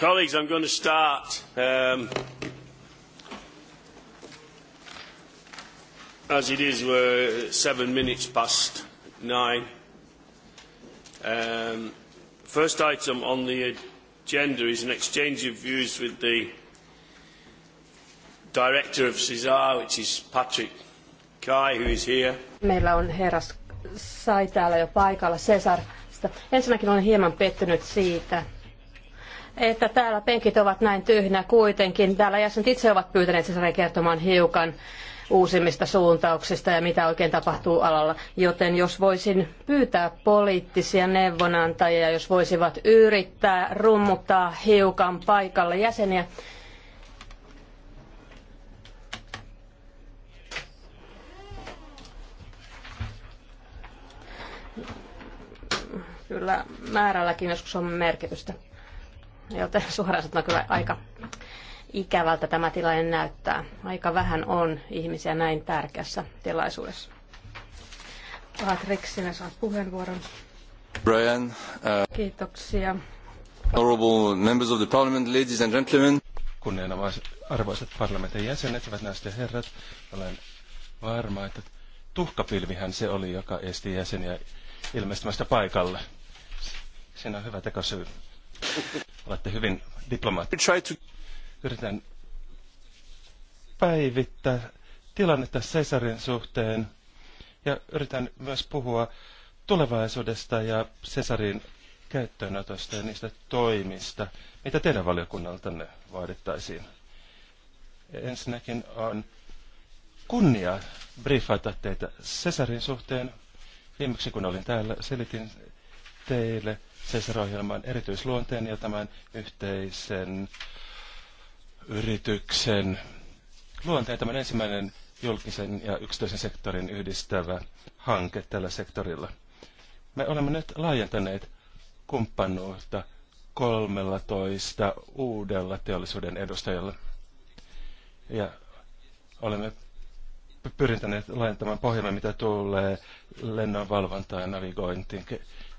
Colleagues, I'm going to start. Um, as it is, we're seven minutes past nine. Um, first item on the agenda is an exchange of views with the director of CESAR, which is Patrick Kai, who is here. Meillä on herras Sai täällä jo paikalla, Cesar. Ensinnäkin olen hieman pettynyt siitä, että täällä penkit ovat näin tyhjinä kuitenkin. Täällä jäsenet itse ovat pyytäneet sisäreen kertomaan hiukan uusimmista suuntauksista ja mitä oikein tapahtuu alalla. Joten jos voisin pyytää poliittisia neuvonantajia, jos voisivat yrittää rummuttaa hiukan paikalle jäseniä, Kyllä määrälläkin joskus on merkitystä joten suoraan sanottuna kyllä aika ikävältä tämä tilanne näyttää. Aika vähän on ihmisiä näin tärkeässä tilaisuudessa. Patrick, sinä saat puheenvuoron. Brian, uh, Kiitoksia. Honorable members of the parliament, ladies and gentlemen. Kunnianarvoiset parlamentin jäsenet, hyvät näistä ja herrat, olen varma, että tuhkapilvihän se oli, joka esti jäseniä ilmestymästä paikalle. Siinä on hyvä tekosyy. Olette hyvin diplomaattinen. Yritän päivittää tilannetta Cesarin suhteen ja yritän myös puhua tulevaisuudesta ja Cesarin käyttöönotosta ja niistä toimista, mitä teidän valiokunnaltanne vaadittaisiin. Ensinnäkin on kunnia briefata teitä Cesarin suhteen. Viimeksi kun olin täällä, selitin teille CSR-ohjelman erityisluonteen ja tämän yhteisen yrityksen luonteen. Tämän ensimmäinen julkisen ja yksityisen sektorin yhdistävä hanke tällä sektorilla. Me olemme nyt laajentaneet kumppanuutta 13 uudella teollisuuden edustajalla. Ja olemme pyrintäneet laajentamaan pohjamme, mitä tulee lennonvalvontaan ja navigointiin.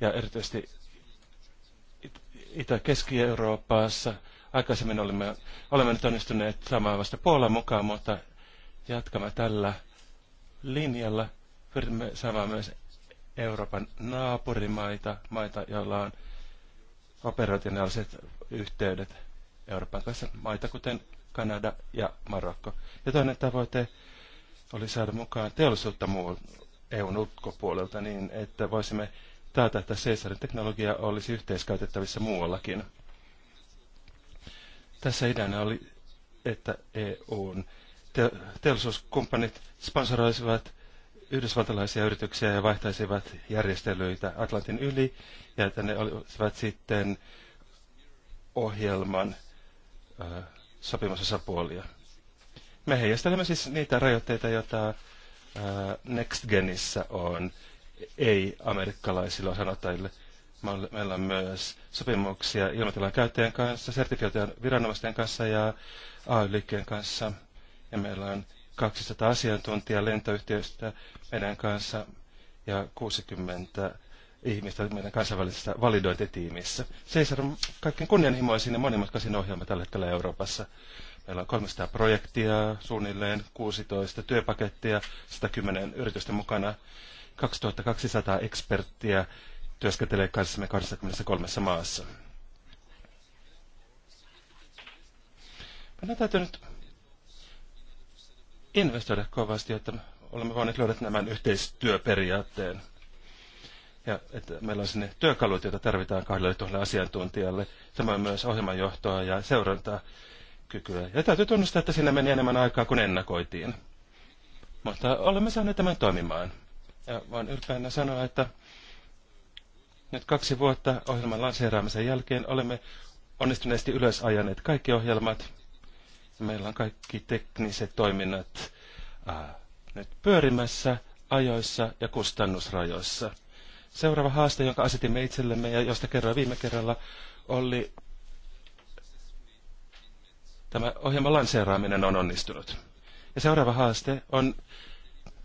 Ja erityisesti Itä-Keski-Euroopassa. Aikaisemmin olemme olemme nyt onnistuneet saamaan vasta Puolan mukaan, mutta jatkamme tällä linjalla. Pyrimme saamaan myös Euroopan naapurimaita, maita, joilla on operationaaliset yhteydet Euroopan kanssa, maita kuten Kanada ja Marokko. Ja toinen tavoite oli saada mukaan teollisuutta muun EUn ulkopuolelta niin, että voisimme taata, että Caesarin teknologia olisi yhteiskäytettävissä muuallakin. Tässä ideana oli, että EUn te- teollisuuskumppanit sponsoroisivat yhdysvaltalaisia yrityksiä ja vaihtaisivat järjestelyitä Atlantin yli, ja että ne olisivat sitten ohjelman äh, sopimusosapuolia. Me heijastelemme siis niitä rajoitteita, joita äh, NextGenissä on ei-amerikkalaisille sanottajille. Meillä on myös sopimuksia ilmatilan käyttäjän kanssa, sertifioitujen viranomaisten kanssa ja AY-liikkeen kanssa. Ja meillä on 200 asiantuntijaa lentoyhtiöistä meidän kanssa ja 60 ihmistä meidän kansainvälisessä validointitiimissä. Seisar on kaikkein kunnianhimoisin ja monimutkaisin ohjelma tällä hetkellä Euroopassa. Meillä on 300 projektia, suunnilleen 16 työpakettia, 110 yritystä mukana. 2200 eksperttiä työskentelee 23 maassa. Meidän täytyy nyt investoida kovasti, että olemme voineet löydä tämän yhteistyöperiaatteen. Ja että meillä on sinne työkalut, joita tarvitaan tuolle asiantuntijalle. Samoin myös ohjelmanjohtoa ja seurantaa kykyä. Ja täytyy tunnustaa, että siinä meni enemmän aikaa kuin ennakoitiin. Mutta olemme saaneet tämän toimimaan. Ja voin ylpeänä sanoa, että nyt kaksi vuotta ohjelman lanseeraamisen jälkeen olemme onnistuneesti ylös ajaneet kaikki ohjelmat. Meillä on kaikki tekniset toiminnat äh, nyt pyörimässä ajoissa ja kustannusrajoissa. Seuraava haaste, jonka asetimme itsellemme ja josta kerran viime kerralla, oli tämä ohjelman lanseeraaminen on onnistunut. Ja seuraava haaste on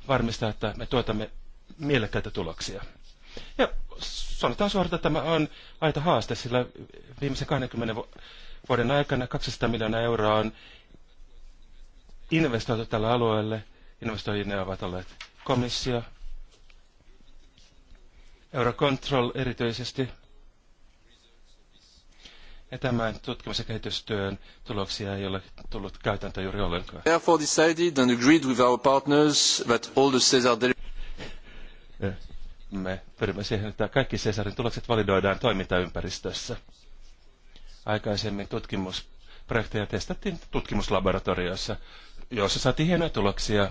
varmistaa, että me tuotamme mielekkäitä tuloksia. Ja sanotaan suoraan, että tämä on aito haaste, sillä viimeisen 20 vuoden aikana 200 miljoonaa euroa on investoitu tällä alueelle. Investoijina ovat olleet komissio, Eurocontrol erityisesti. Ja tämän tutkimus- ja kehitystyön tuloksia ei ole tullut käytäntöön juuri ollenkaan. Therefore decided and agreed with our partners that all the Cesar me pyrimme siihen, että kaikki Cesarin tulokset validoidaan toimintaympäristössä. Aikaisemmin tutkimusprojekteja testattiin tutkimuslaboratorioissa, joissa saatiin hienoja tuloksia,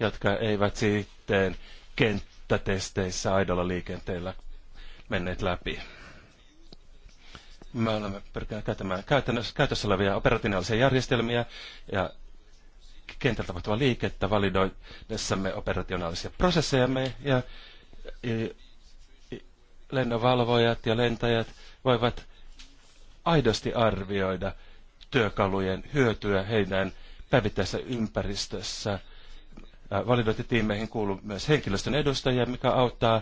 jotka eivät sitten kenttätesteissä aidolla liikenteellä menneet läpi. Me olemme pyrkineet käyttämään käytännössä, käytössä olevia operationaalisia järjestelmiä ja kentällä tapahtuvaa liikettä validoidessamme operationaalisia prosessejamme ja, ja lennonvalvojat ja lentäjät voivat aidosti arvioida työkalujen hyötyä heidän päivittäisessä ympäristössä. Validointitiimeihin kuuluu myös henkilöstön edustajia, mikä auttaa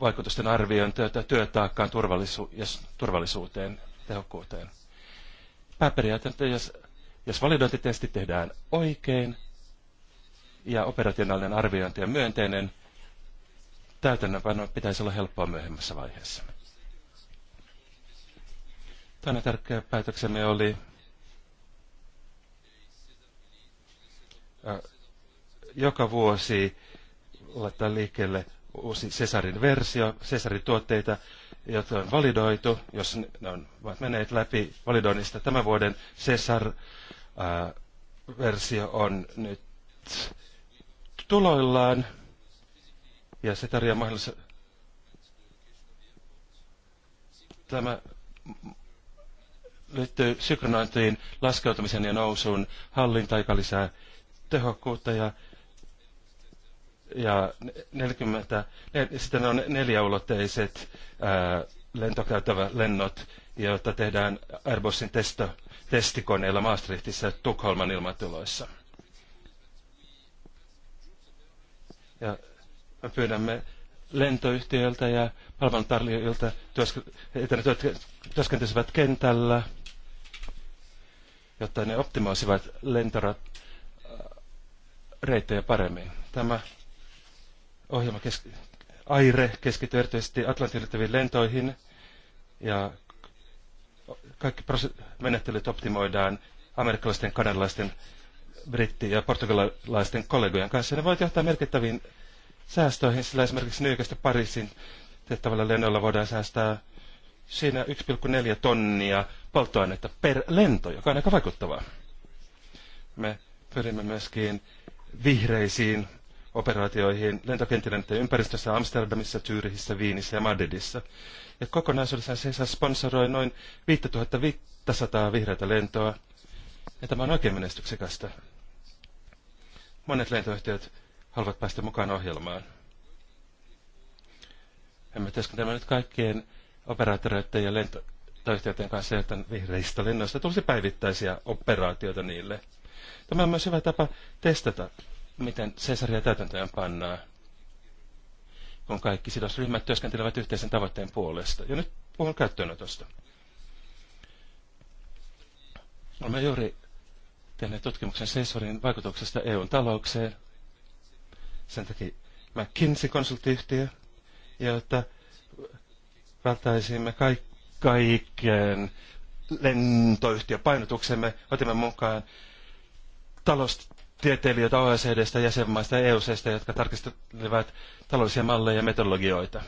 vaikutusten arviointia työtaakkaan turvallisu- turvallisuuteen, tehokkuuteen. Pääperiaate, jos jos validointitesti tehdään oikein ja operationaalinen arviointi on myönteinen, täytännönpano pitäisi olla helppoa myöhemmässä vaiheessa. Toinen tärkeä päätöksemme oli äh, joka vuosi laittaa liikkeelle uusi Cesarin versio, Cesarin tuotteita, jotka on validoitu, jos ne on menneet läpi validoinnista. Tämän vuoden Cesar-versio äh, on nyt tuloillaan ja se tarjoaa mahdollisuus. Tämä liittyy synkronointiin, laskeutumisen ja nousuun, hallintaan, joka lisää tehokkuutta ja ja 40, ne, sitten on neljäulotteiset ää, lentokäytävälennot, joita tehdään Airbusin testo, testikoneilla Maastrichtissa Tukholman ilmatiloissa. Ja me pyydämme lentoyhtiöiltä ja palveluntarjoajilta, että ne työskentelisivät kentällä, jotta ne optimoisivat lentoreittejä paremmin. Tämä ohjelma keski, AIRE keskittyy erityisesti Atlantin ylittäviin lentoihin ja kaikki menettelyt optimoidaan amerikkalaisten, kanadalaisten, britti- ja portugalaisten kollegojen kanssa. Ne voivat johtaa merkittäviin säästöihin, sillä esimerkiksi Nyykästä Pariisin tehtävällä lennolla voidaan säästää siinä 1,4 tonnia polttoainetta per lento, joka on aika vaikuttavaa. Me pyrimme myöskin vihreisiin operaatioihin lentokentillä ympäristössä Amsterdamissa, Tyyrihissä, Viinissä ja Madridissa. Ja kokonaisuudessaan se sponsoroi noin 5500 vihreitä lentoa. Ja tämä on oikein menestyksekästä. Monet lentoyhtiöt haluavat päästä mukaan ohjelmaan. Emme tämä nyt kaikkien operaattoreiden ja lentoyhtiöiden kanssa, että vihreistä lennoista tulisi päivittäisiä operaatioita niille. Tämä on myös hyvä tapa testata miten Cesaria täytäntöön pannaan, kun kaikki sidosryhmät työskentelevät yhteisen tavoitteen puolesta. Ja nyt puhun käyttöönotosta. Olemme juuri tehneet tutkimuksen Cesarin vaikutuksesta EUn taloukseen. Sen takia McKinsey-konsulttiyhtiö, jotta välttäisimme kaik- kaikkien lentoyhtiöpainotuksemme, otimme mukaan talous- tieteilijöitä OECDstä, jäsenmaista ja EUCstä, jotka tarkistelevat taloudellisia malleja ja metodologioita.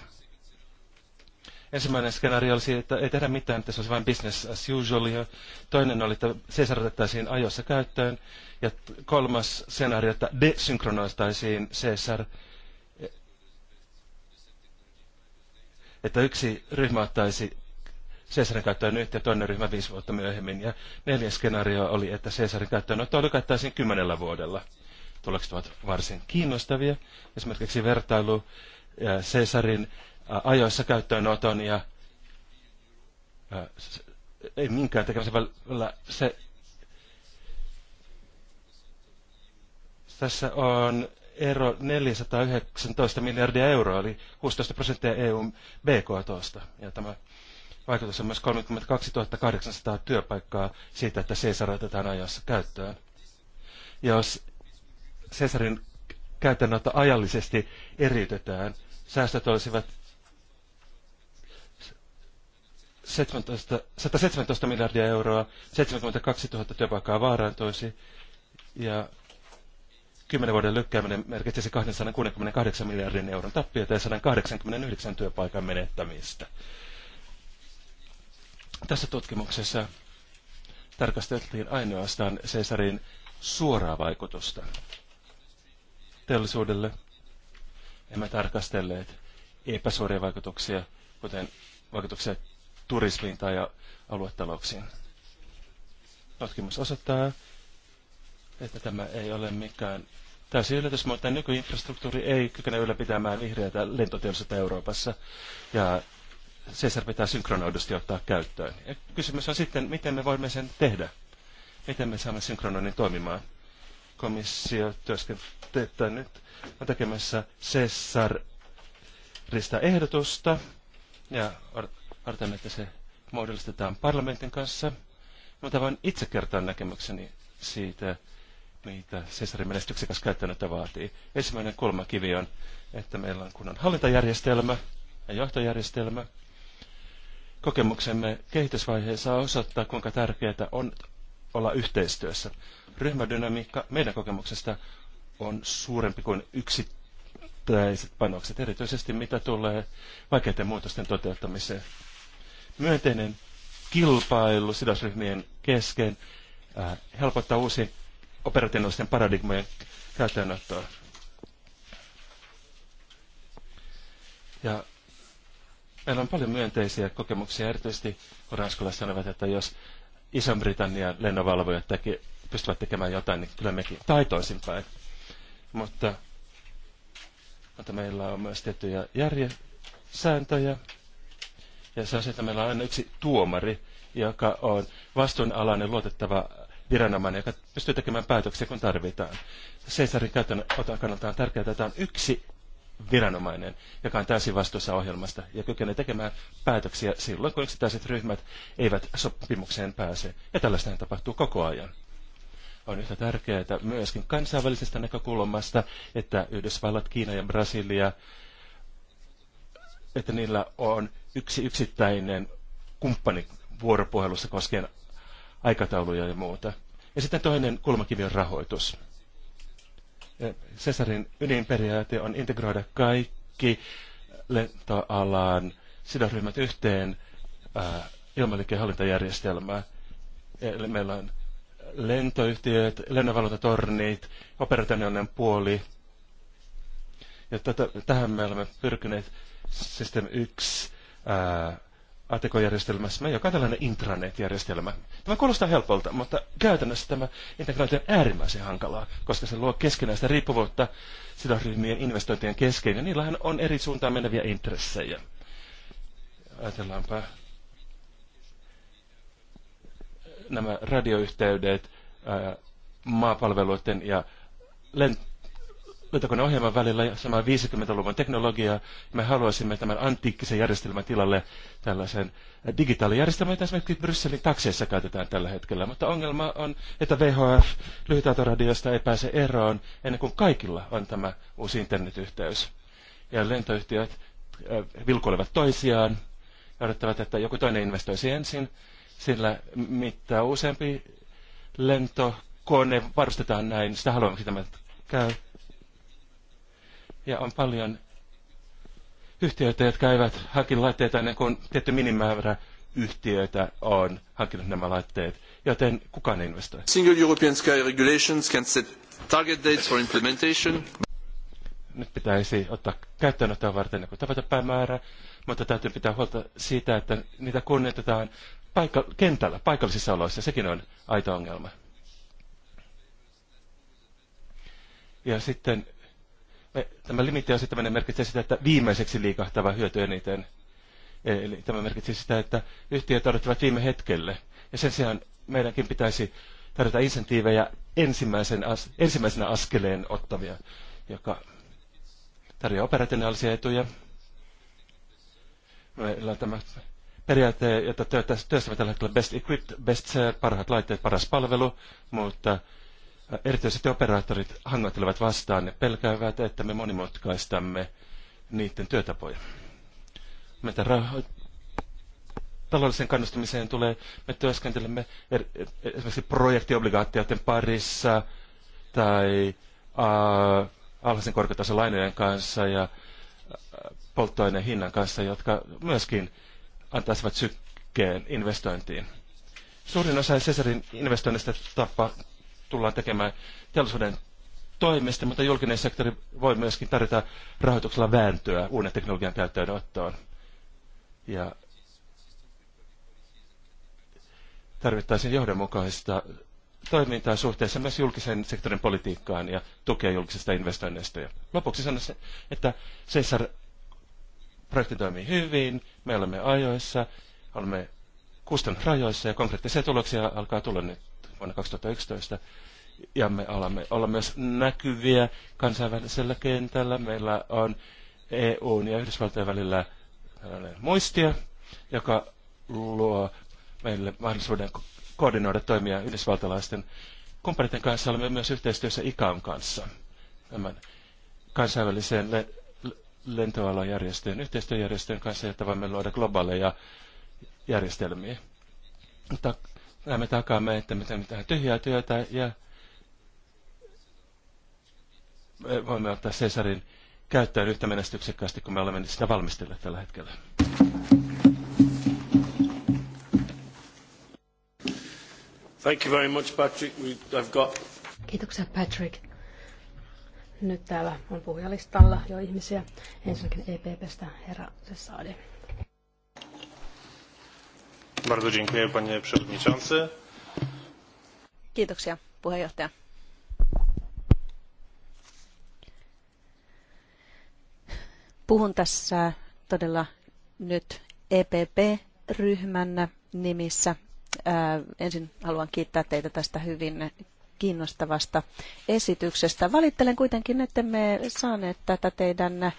Ensimmäinen skenaario oli, että ei tehdä mitään, että se olisi vain business as usual. Ja toinen oli, että Cesar otettaisiin ajoissa käyttöön. Ja kolmas skenaario, että desynkronoistaisiin CSR. Että yksi ryhmä ottaisi Cesarin nyt ja toinen ryhmä viisi vuotta myöhemmin. Ja neljäs skenaario oli, että Cesarin käyttöönotto lykättäisiin kymmenellä vuodella. Tulokset ovat varsin kiinnostavia. Esimerkiksi vertailu Cesarin ajoissa käyttöönoton ja ei minkään tekemisen välillä se tässä on ero 419 miljardia euroa, eli 16 prosenttia EUn BKTosta. Ja tämä vaikutus on myös 32 800 työpaikkaa siitä, että Caesar otetaan ajassa käyttöön. Jos Caesarin käytännötä ajallisesti eriytetään, säästöt olisivat 17, 117 miljardia euroa, 72 000 työpaikkaa vaarantuisi ja 10 vuoden lykkääminen merkitsisi 268 miljardin euron tappiota ja 189 työpaikan menettämistä. Tässä tutkimuksessa tarkasteltiin ainoastaan Cesarin suoraa vaikutusta teollisuudelle. Emme tarkastelleet epäsuoria vaikutuksia, kuten vaikutuksia turismiin tai aluetalouksiin. Tutkimus osoittaa, että tämä ei ole mikään täysi yllätys, mutta nykyinfrastruktuuri ei kykene ylläpitämään vihreätä lentoteollisuutta Euroopassa. Ja CSR pitää synkronoidusti ottaa käyttöön. Ja kysymys on sitten, miten me voimme sen tehdä? Miten me saamme synkronoinnin toimimaan? Komissio työskentelee nyt on tekemässä CSRista ehdotusta ja odotamme, että se muodollistetaan parlamentin kanssa. Mutta vain itse kertoa näkemykseni siitä, mitä Cesarin menestyksekäs käyttäytymistä vaatii. Ensimmäinen kulmakivi on, että meillä on kunnan hallintajärjestelmä ja johtojärjestelmä – Kokemuksemme kehitysvaiheessa osoittaa, kuinka tärkeää on olla yhteistyössä. Ryhmädynamiikka meidän kokemuksesta on suurempi kuin yksittäiset panokset, erityisesti mitä tulee vaikeiden muutosten toteuttamiseen. Myönteinen kilpailu sidosryhmien kesken äh, helpottaa uusien operatiivisten paradigmojen käyttöönottoa. Ja Meillä on paljon myönteisiä kokemuksia, erityisesti kun ranskalaiset sanovat, että jos Iso-Britannian lennonvalvojat teki, pystyvät tekemään jotain, niin kyllä mekin taitoisinpäin. Mutta, mutta meillä on myös tiettyjä järjesääntöjä. Ja se on se, että meillä on aina yksi tuomari, joka on vastuunalainen luotettava viranomainen, joka pystyy tekemään päätöksiä, kun tarvitaan. Seisarin käytön kannalta on tärkeää, että tämä on yksi viranomainen, joka on täysin vastuussa ohjelmasta ja kykenee tekemään päätöksiä silloin, kun yksittäiset ryhmät eivät sopimukseen pääse. Ja tällaista tapahtuu koko ajan. On yhtä tärkeää että myöskin kansainvälisestä näkökulmasta, että Yhdysvallat, Kiina ja Brasilia, että niillä on yksi yksittäinen kumppani vuoropuhelussa koskien aikatauluja ja muuta. Ja sitten toinen kulmakivi on rahoitus. Eh, Cesarin ydinperiaate on integroida kaikki lentoalan sidosryhmät yhteen ilmaliikkeen hallintajärjestelmään. Eli meillä on lentoyhtiöt, lennonvalvontatornit, operatiivinen puoli. Ja tätä, tota, tähän me olemme pyrkineet System 1 ää, ATK-järjestelmässä. Meillä on tällainen intranet-järjestelmä. Tämä kuulostaa helpolta, mutta käytännössä tämä integraatio on äärimmäisen hankalaa, koska se luo keskenäistä riippuvuutta sidosryhmien investointien kesken, ja niillähän on eri suuntaan meneviä intressejä. Ajatellaanpa nämä radioyhteydet, maapalveluiden ja lent- tietokoneohjelman välillä ja sama 50-luvun teknologiaa. Me haluaisimme tämän antiikkisen järjestelmän tilalle tällaisen äh, digitaalijärjestelmän, jota esimerkiksi Brysselin takseissa käytetään tällä hetkellä. Mutta ongelma on, että VHF lyhytautoradiosta ei pääse eroon ennen kuin kaikilla on tämä uusi internetyhteys. Ja lentoyhtiöt äh, vilkuilevat toisiaan ja odottavat, että joku toinen investoisi ensin, sillä mitä useampi lentokone varustetaan näin, sitä haluamme että tämä käy. Ja on paljon yhtiöitä, jotka eivät hankin laitteita ennen kuin tietty minimäärä yhtiöitä on hankinut nämä laitteet, joten kukaan ei investoi. Single European Sky Regulations can set target dates for implementation. Nyt pitäisi ottaa ottaa varten joku tavoitepäämäärä, mutta täytyy pitää huolta siitä, että niitä kunnioitetaan paikka- kentällä, paikallisissa oloissa. Sekin on aito ongelma. Ja sitten tämä limitti asettaminen merkitsee sitä, että viimeiseksi liikahtava hyöty eniten. E, eli tämä merkitsee sitä, että yhtiöt odottavat viime hetkelle. Ja sen sijaan meidänkin pitäisi tarjota insentiivejä ensimmäisen as, ensimmäisenä askeleen ottavia, joka tarjoaa operationaalisia etuja. Meillä on tämä periaate, jota työstämme tällä hetkellä best equipped, best share, parhaat laitteet, paras palvelu, mutta Erityisesti operaattorit hangoittelevat vastaan ja pelkäävät, että me monimutkaistamme niiden työtapoja. Meitä taloudellisen kannustamiseen tulee, me työskentelemme er, er- esimerkiksi projektiobligaatioiden parissa tai äh, alhaisen korkotason lainojen kanssa ja äh, polttoaineen hinnan kanssa, jotka myöskin antaisivat sykkeen investointiin. Suurin osa Cesarin investoinnista tapa, tullaan tekemään teollisuuden toimesta, mutta julkinen sektori voi myöskin tarjota rahoituksella vääntöä uuden teknologian käyttöönottoon. Ja tarvittaisiin johdonmukaista toimintaa suhteessa myös julkisen sektorin politiikkaan ja tukea julkisesta investoinneista. Ja lopuksi sanon se, että Cesar projekti toimii hyvin, me olemme ajoissa, olemme kustannusrajoissa ja konkreettisia tuloksia alkaa tulla nyt vuonna 2011. Ja me alamme olla myös näkyviä kansainvälisellä kentällä. Meillä on EUn ja Yhdysvaltojen välillä tällainen äh, muistia, joka luo meille mahdollisuuden koordinoida toimia yhdysvaltalaisten kumppaneiden kanssa. Olemme myös yhteistyössä ICAN kanssa, tämän kansainvälisen le- lentoalan järjestöjen, yhteistyöjärjestöjen kanssa, jotta voimme luoda globaaleja järjestelmiä. Mutta me takaamme, että me teemme tähän tyhjää työtä ja me voimme ottaa Cesarin käyttöön yhtä menestyksekkäästi, kun me olemme sitä valmistelleet tällä hetkellä. Thank you very much, Patrick. We, I've got... Kiitoksia, Patrick. Nyt täällä on puhujalistalla jo ihmisiä. Ensinnäkin EPPstä herra Sessaade panie przewodniczący. Kiitoksia, Puhun tässä todella nyt EPP-ryhmän nimissä. Ensin haluan kiittää teitä tästä hyvin kiinnostavasta esityksestä. Valittelen kuitenkin, että me saaneet tätä teidän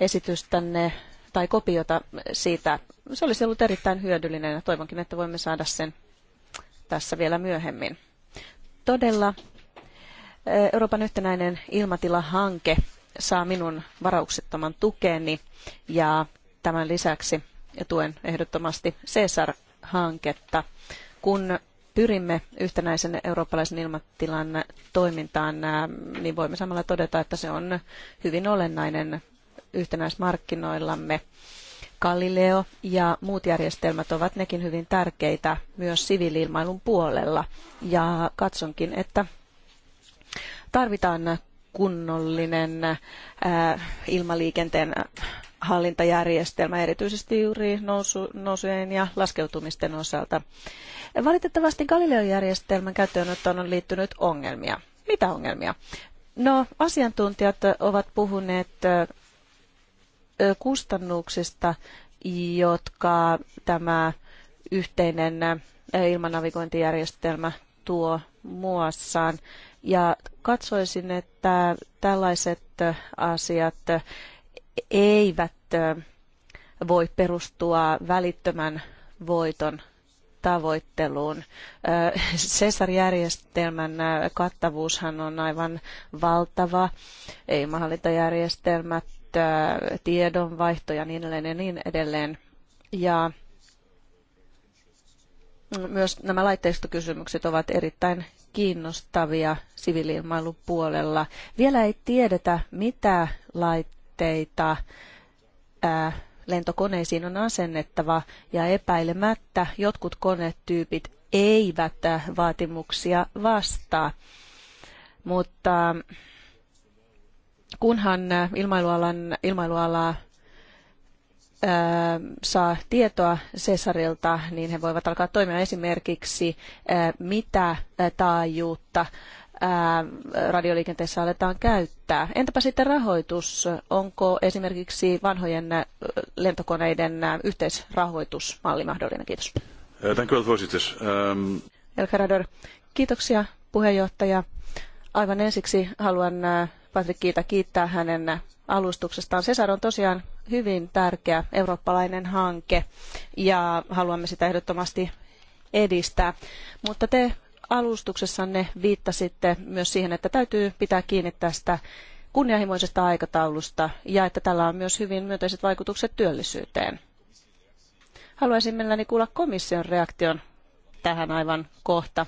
esitystänne tai kopiota siitä. Se olisi ollut erittäin hyödyllinen ja toivonkin, että voimme saada sen tässä vielä myöhemmin. Todella eh, Euroopan yhtenäinen ilmatilahanke saa minun varauksettoman tukeni ja tämän lisäksi tuen ehdottomasti CESAR-hanketta. Kun pyrimme yhtenäisen eurooppalaisen ilmatilan toimintaan, eh, niin voimme samalla todeta, että se on hyvin olennainen yhtenäismarkkinoillamme. Galileo ja muut järjestelmät ovat nekin hyvin tärkeitä myös siviiliilmailun puolella. Ja katsonkin, että tarvitaan kunnollinen äh, ilmaliikenteen hallintajärjestelmä, erityisesti juuri nousu, nousujen ja laskeutumisten osalta. Valitettavasti Galileo-järjestelmän käyttöönottoon on liittynyt ongelmia. Mitä ongelmia? No, asiantuntijat ovat puhuneet äh, kustannuksista, jotka tämä yhteinen ilmanavigointijärjestelmä tuo muassaan. Ja katsoisin, että tällaiset asiat eivät voi perustua välittömän voiton tavoitteluun. Cesar-järjestelmän kattavuushan on aivan valtava. Ei mahallintajärjestelmät, Äh, tiedonvaihto ja niin edelleen ja niin edelleen. Ja myös nämä laitteistokysymykset ovat erittäin kiinnostavia siviiliilmailun puolella. Vielä ei tiedetä, mitä laitteita ää, äh, lentokoneisiin on asennettava ja epäilemättä jotkut konetyypit eivät äh, vaatimuksia vastaa. Mutta kunhan äh, ilmailualan, ilmailualaa äh, saa tietoa Cesarilta, niin he voivat alkaa toimia esimerkiksi, äh, mitä taajuutta radioliikenteessä aletaan käyttää. Entäpä sitten rahoitus? Onko esimerkiksi vanhojen lentokoneiden yhteisrahoitusmalli mahdollinen? Kiitos. Thank you, ähm, El Kiitoksia puheenjohtaja. Aivan ensiksi haluan Patrick kiittää hänen alustuksestaan. Cesar on tosiaan hyvin tärkeä eurooppalainen hanke ja haluamme sitä ehdottomasti edistää. Mutta te alustuksessanne viittasitte myös siihen, että täytyy pitää kiinni tästä kunnianhimoisesta aikataulusta ja että tällä on myös hyvin myönteiset vaikutukset työllisyyteen. Haluaisin mielelläni kuulla komission reaktion tähän aivan kohta.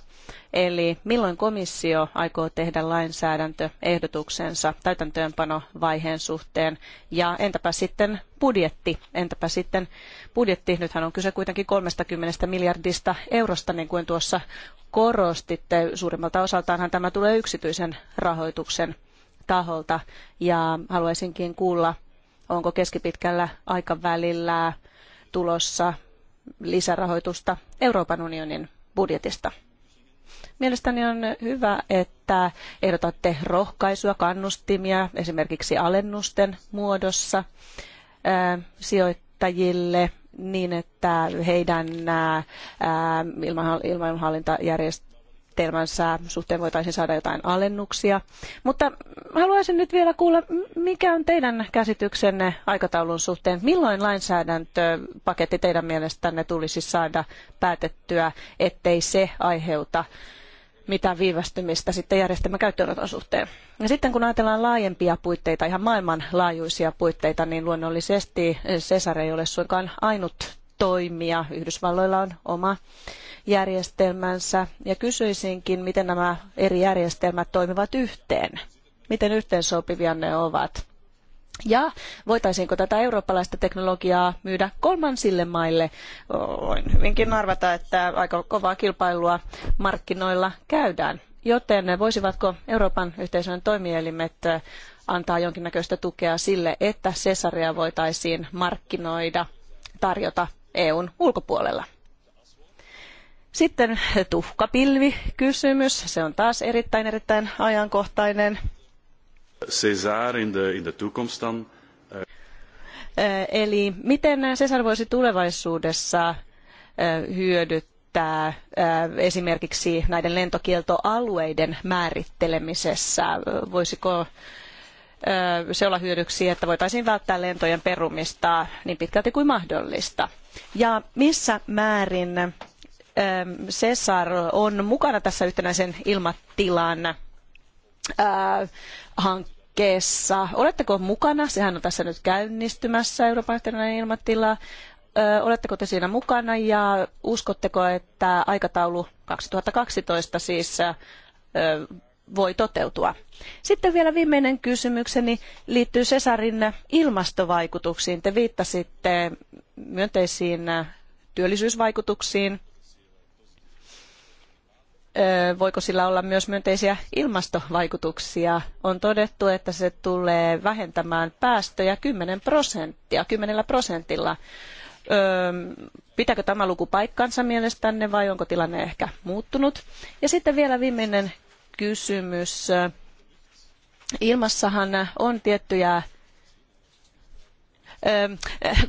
Eli milloin komissio aikoo tehdä lainsäädäntöehdotuksensa täytäntöönpanovaiheen suhteen ja entäpä sitten budjetti? Entäpä sitten budjetti? Nythän on kyse kuitenkin 30 miljardista eurosta, niin kuin tuossa korostitte. Suurimmalta osaltaanhan tämä tulee yksityisen rahoituksen taholta ja haluaisinkin kuulla, onko keskipitkällä aikavälillä tulossa lisärahoitusta Euroopan unionin budjetista. Mielestäni on hyvä, että ehdotatte rohkaisua, kannustimia esimerkiksi alennusten muodossa sijoittajille niin, että heidän ilmanhallintajärjestelmät suunnitelmansa suhteen voitaisiin saada jotain alennuksia. Mutta haluaisin nyt vielä kuulla, mikä on teidän käsityksenne aikataulun suhteen? Milloin lainsäädäntöpaketti teidän mielestänne tulisi saada päätettyä, ettei se aiheuta mitään viivästymistä sitten järjestelmän käyttöönoton suhteen. Ja sitten kun ajatellaan laajempia puitteita, ihan maailmanlaajuisia puitteita, niin luonnollisesti Cesar ei ole suinkaan ainut toimia. Yhdysvalloilla on oma järjestelmänsä ja kysyisinkin, miten nämä eri järjestelmät toimivat yhteen. Miten yhteensopivia ne ovat? Ja voitaisiinko tätä eurooppalaista teknologiaa myydä kolmansille maille? Voin hyvinkin arvata, että aika kovaa kilpailua markkinoilla käydään. Joten voisivatko Euroopan yhteisön toimielimet antaa jonkinnäköistä tukea sille, että Cesaria voitaisiin markkinoida, tarjota EUn ulkopuolella. Sitten tuhkapilvi kysymys, se on taas erittäin erittäin ajankohtainen. Cesar in the, in the tukomstan. Eh, eli miten Cesar voisi tulevaisuudessa eh, hyödyttää eh, esimerkiksi näiden lentokieltoalueiden määrittelemisessä? Voisiko se olla hyödyksi, että voitaisiin välttää lentojen perumista niin pitkälti kuin mahdollista? ja missä määrin ähm, Cesar on mukana tässä yhtenäisen ilmatilan äh, hankkeessa. Oletteko mukana? Sehän on tässä nyt käynnistymässä Euroopan yhtenäinen ilmatila. Äh, oletteko te siinä mukana ja uskotteko, että aikataulu 2012 siis äh, voi toteutua. Sitten vielä viimeinen kysymykseni liittyy Cesarin ilmastovaikutuksiin. Te viittasitte myönteisiin työllisyysvaikutuksiin. Voiko sillä olla myös myönteisiä ilmastovaikutuksia? On todettu, että se tulee vähentämään päästöjä 10 prosenttia, 10 prosentilla. Pitääkö tämä luku paikkansa mielestänne vai onko tilanne ehkä muuttunut? Ja sitten vielä viimeinen kysymys. Ilmassahan on tiettyjä ähm,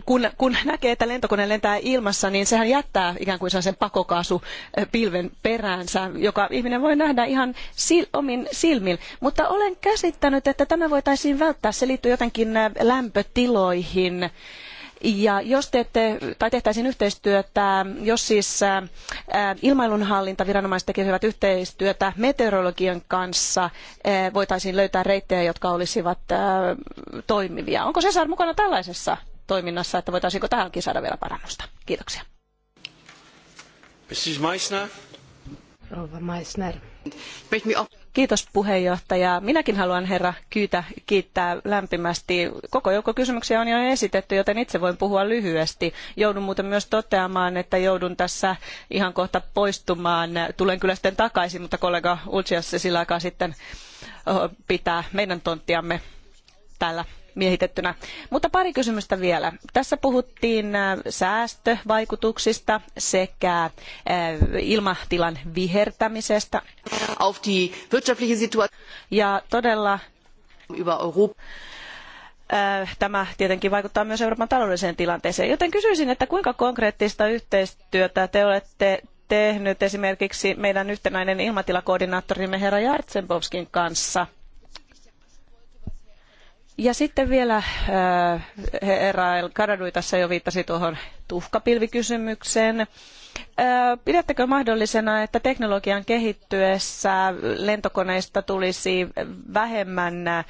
kun, kun näkee, että lentokone lentää ilmassa, niin sehän jättää ikään kuin sen pakokaasupilven peräänsä, joka ihminen voi nähdä ihan sil, omin silmin. Mutta olen käsittänyt, että tämä voitaisiin välttää. Se liittyy jotenkin äh, lämpötiloihin ja jos teette, tai tehtäisiin yhteistyötä, jos siis ilmailunhallintaviranomaiset tekisivät yhteistyötä meteorologian kanssa, voitaisiin löytää reittejä, jotka olisivat toimivia. Onko Cesar mukana tällaisessa toiminnassa, että voitaisiinko tähänkin saada vielä parannusta? Kiitoksia. Mrs. Meissner. Rouva Meissner. Kiitos puheenjohtaja. Minäkin haluan herra Kyytä kiittää lämpimästi. Koko joukko kysymyksiä on jo esitetty, joten itse voin puhua lyhyesti. Joudun muuten myös toteamaan, että joudun tässä ihan kohta poistumaan. Tulen kyllä sitten takaisin, mutta kollega Ulcias sillä aikaa sitten pitää meidän tonttiamme täällä miehitettynä. Mutta pari kysymystä vielä. Tässä puhuttiin äh, säästövaikutuksista sekä äh, ilmatilan vihertämisestä. Auf die wirtschaftliche Situation. Ja todella äh, tämä tietenkin vaikuttaa myös Euroopan taloudelliseen tilanteeseen. Joten kysyisin, että kuinka konkreettista yhteistyötä te olette tehnyt esimerkiksi meidän yhtenäinen ilmatilakoordinaattorimme herra Jartsenbovskin kanssa – ja sitten vielä äh, herra El Karadui tässä jo viittasi tuohon tuhkapilvikysymykseen. Äh, pidättekö mahdollisena, että teknologian kehittyessä lentokoneista tulisi vähemmän äh,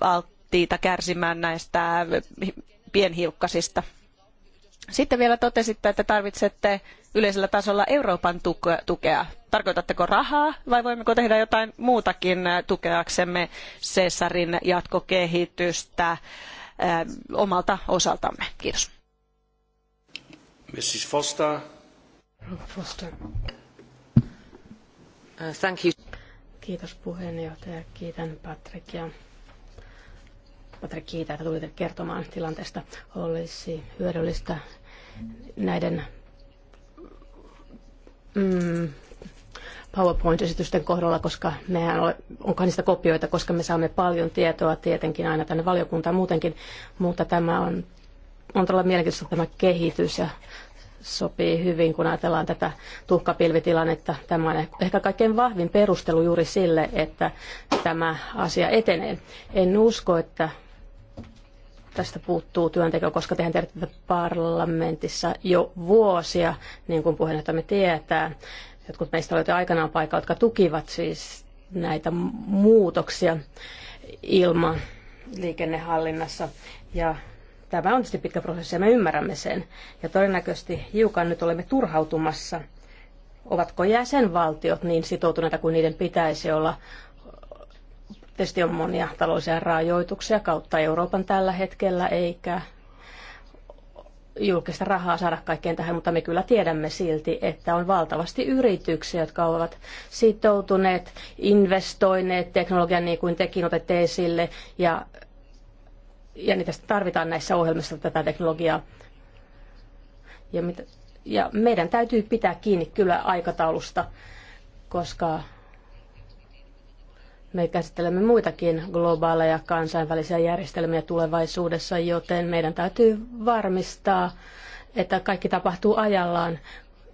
alttiita kärsimään näistä pienhiukkasista? Sitten vielä totesitte, että tarvitsette yleisellä tasolla Euroopan tukea. Tarkoitatteko rahaa vai voimmeko tehdä jotain muutakin äh, tukeaksemme Cesarin jatkokehitystä äh, omalta osaltamme? Kiitos. Mrs. Foster. Foster. Uh, thank you. Kiitos puheenjohtaja. Kiitän Patrikia. Patrik, kiitä, että tulitte kertomaan tilanteesta. Olisi hyödyllistä näiden mm, PowerPoint-esitysten kohdalla, koska mehän on onko niistä kopioita, koska me saamme paljon tietoa tietenkin aina tänne valiokuntaan muutenkin, mutta tämä on, on todella mielenkiintoista tämä kehitys ja sopii hyvin, kun ajatellaan tätä tuhkapilvitilannetta. Tämä on ehkä kaikkein vahvin perustelu juuri sille, että tämä asia etenee. En usko, että tästä puuttuu työnteko, koska tehän tiedätte, parlamentissa jo vuosia, niin kuin puheenjohtajamme tietää, jotkut meistä olivat jo aikanaan paikka, jotka tukivat siis näitä muutoksia ilman liikennehallinnassa. Ja tämä on tietysti pitkä prosessi ja me ymmärrämme sen. Ja todennäköisesti hiukan nyt olemme turhautumassa. Ovatko jäsenvaltiot niin sitoutuneita kuin niiden pitäisi olla Tietysti on monia taloudellisia rajoituksia kautta Euroopan tällä hetkellä, eikä julkista rahaa saada kaikkeen tähän, mutta me kyllä tiedämme silti, että on valtavasti yrityksiä, jotka ovat sitoutuneet, investoineet teknologian niin kuin tekin otette esille, ja, ja niitä tarvitaan näissä ohjelmissa tätä teknologiaa. Ja, mit, ja meidän täytyy pitää kiinni kyllä aikataulusta, koska me käsittelemme muitakin globaaleja kansainvälisiä järjestelmiä tulevaisuudessa, joten meidän täytyy varmistaa, että kaikki tapahtuu ajallaan.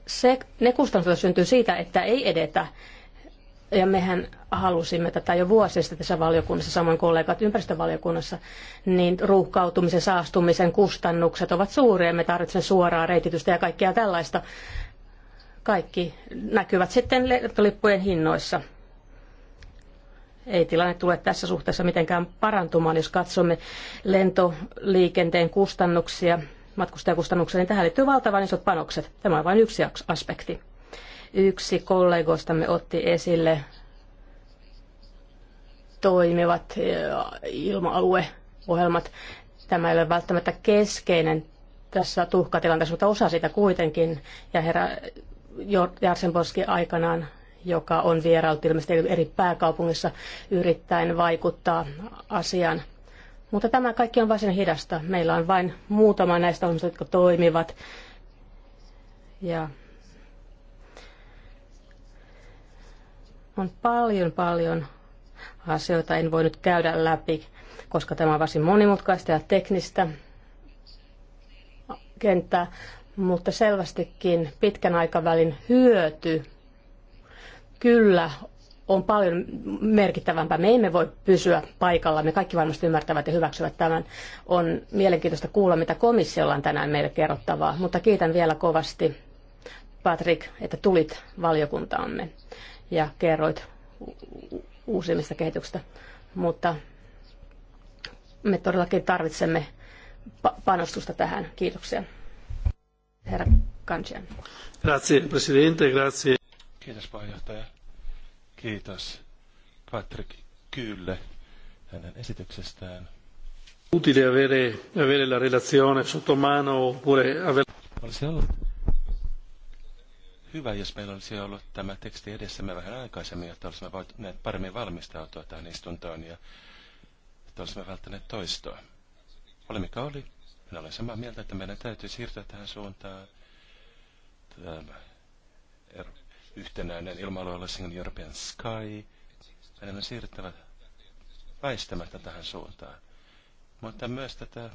Se, ne kustannukset syntyy siitä, että ei edetä. Ja mehän halusimme tätä jo vuosi sitten tässä valiokunnassa, samoin kollegat ympäristövaliokunnassa, niin ruuhkautumisen, saastumisen kustannukset ovat suuria. Me tarvitsemme suoraa reititystä ja kaikkea tällaista. Kaikki näkyvät sitten lippujen hinnoissa ei tilanne tule tässä suhteessa mitenkään parantumaan, jos katsomme lentoliikenteen kustannuksia, matkustajakustannuksia, niin tähän liittyy valtavan isot panokset. Tämä on vain yksi aspekti. Yksi kollegoistamme otti esille toimivat ilma-alueohjelmat. Tämä ei ole välttämättä keskeinen tässä tuhkatilanteessa, mutta osa siitä kuitenkin. Ja herra Jarsenboski aikanaan joka on vieraillut ilmeisesti eri pääkaupungissa yrittäen vaikuttaa asiaan. Mutta tämä kaikki on varsin hidasta. Meillä on vain muutama näistä ohjelmista, jotka toimivat. Ja on paljon, paljon asioita. En voi nyt käydä läpi, koska tämä on varsin monimutkaista ja teknistä kenttää, mutta selvästikin pitkän aikavälin hyöty kyllä on paljon merkittävämpää. Me emme voi pysyä paikalla. Me kaikki varmasti ymmärtävät ja hyväksyvät tämän. On mielenkiintoista kuulla, mitä komissiolla on tänään meille kerrottavaa. Mutta kiitän vielä kovasti, Patrick, että tulit valiokuntaamme ja kerroit uusimmista kehityksistä. Mutta me todellakin tarvitsemme panostusta tähän. Kiitoksia. Herra Kansian. Grazie, Presidente. Grazie. Kiitos puheenjohtaja. Kiitos Patrick Kylle hänen esityksestään. Utile avere, avere la relazione sotto mano oppure avere... Olisi ollut hyvä, jos meillä olisi ollut tämä teksti edessämme vähän aikaisemmin, että olisimme voineet paremmin valmistautua tähän istuntoon ja että olisimme välttäneet toistoa. Oli mikä oli. Minä olen samaa mieltä, että meidän täytyy siirtyä tähän suuntaan. Tämä yhtenäinen ilmailualue Single European Sky. Meidän on siirryttävä väistämättä tähän suuntaan. Mutta myös tätä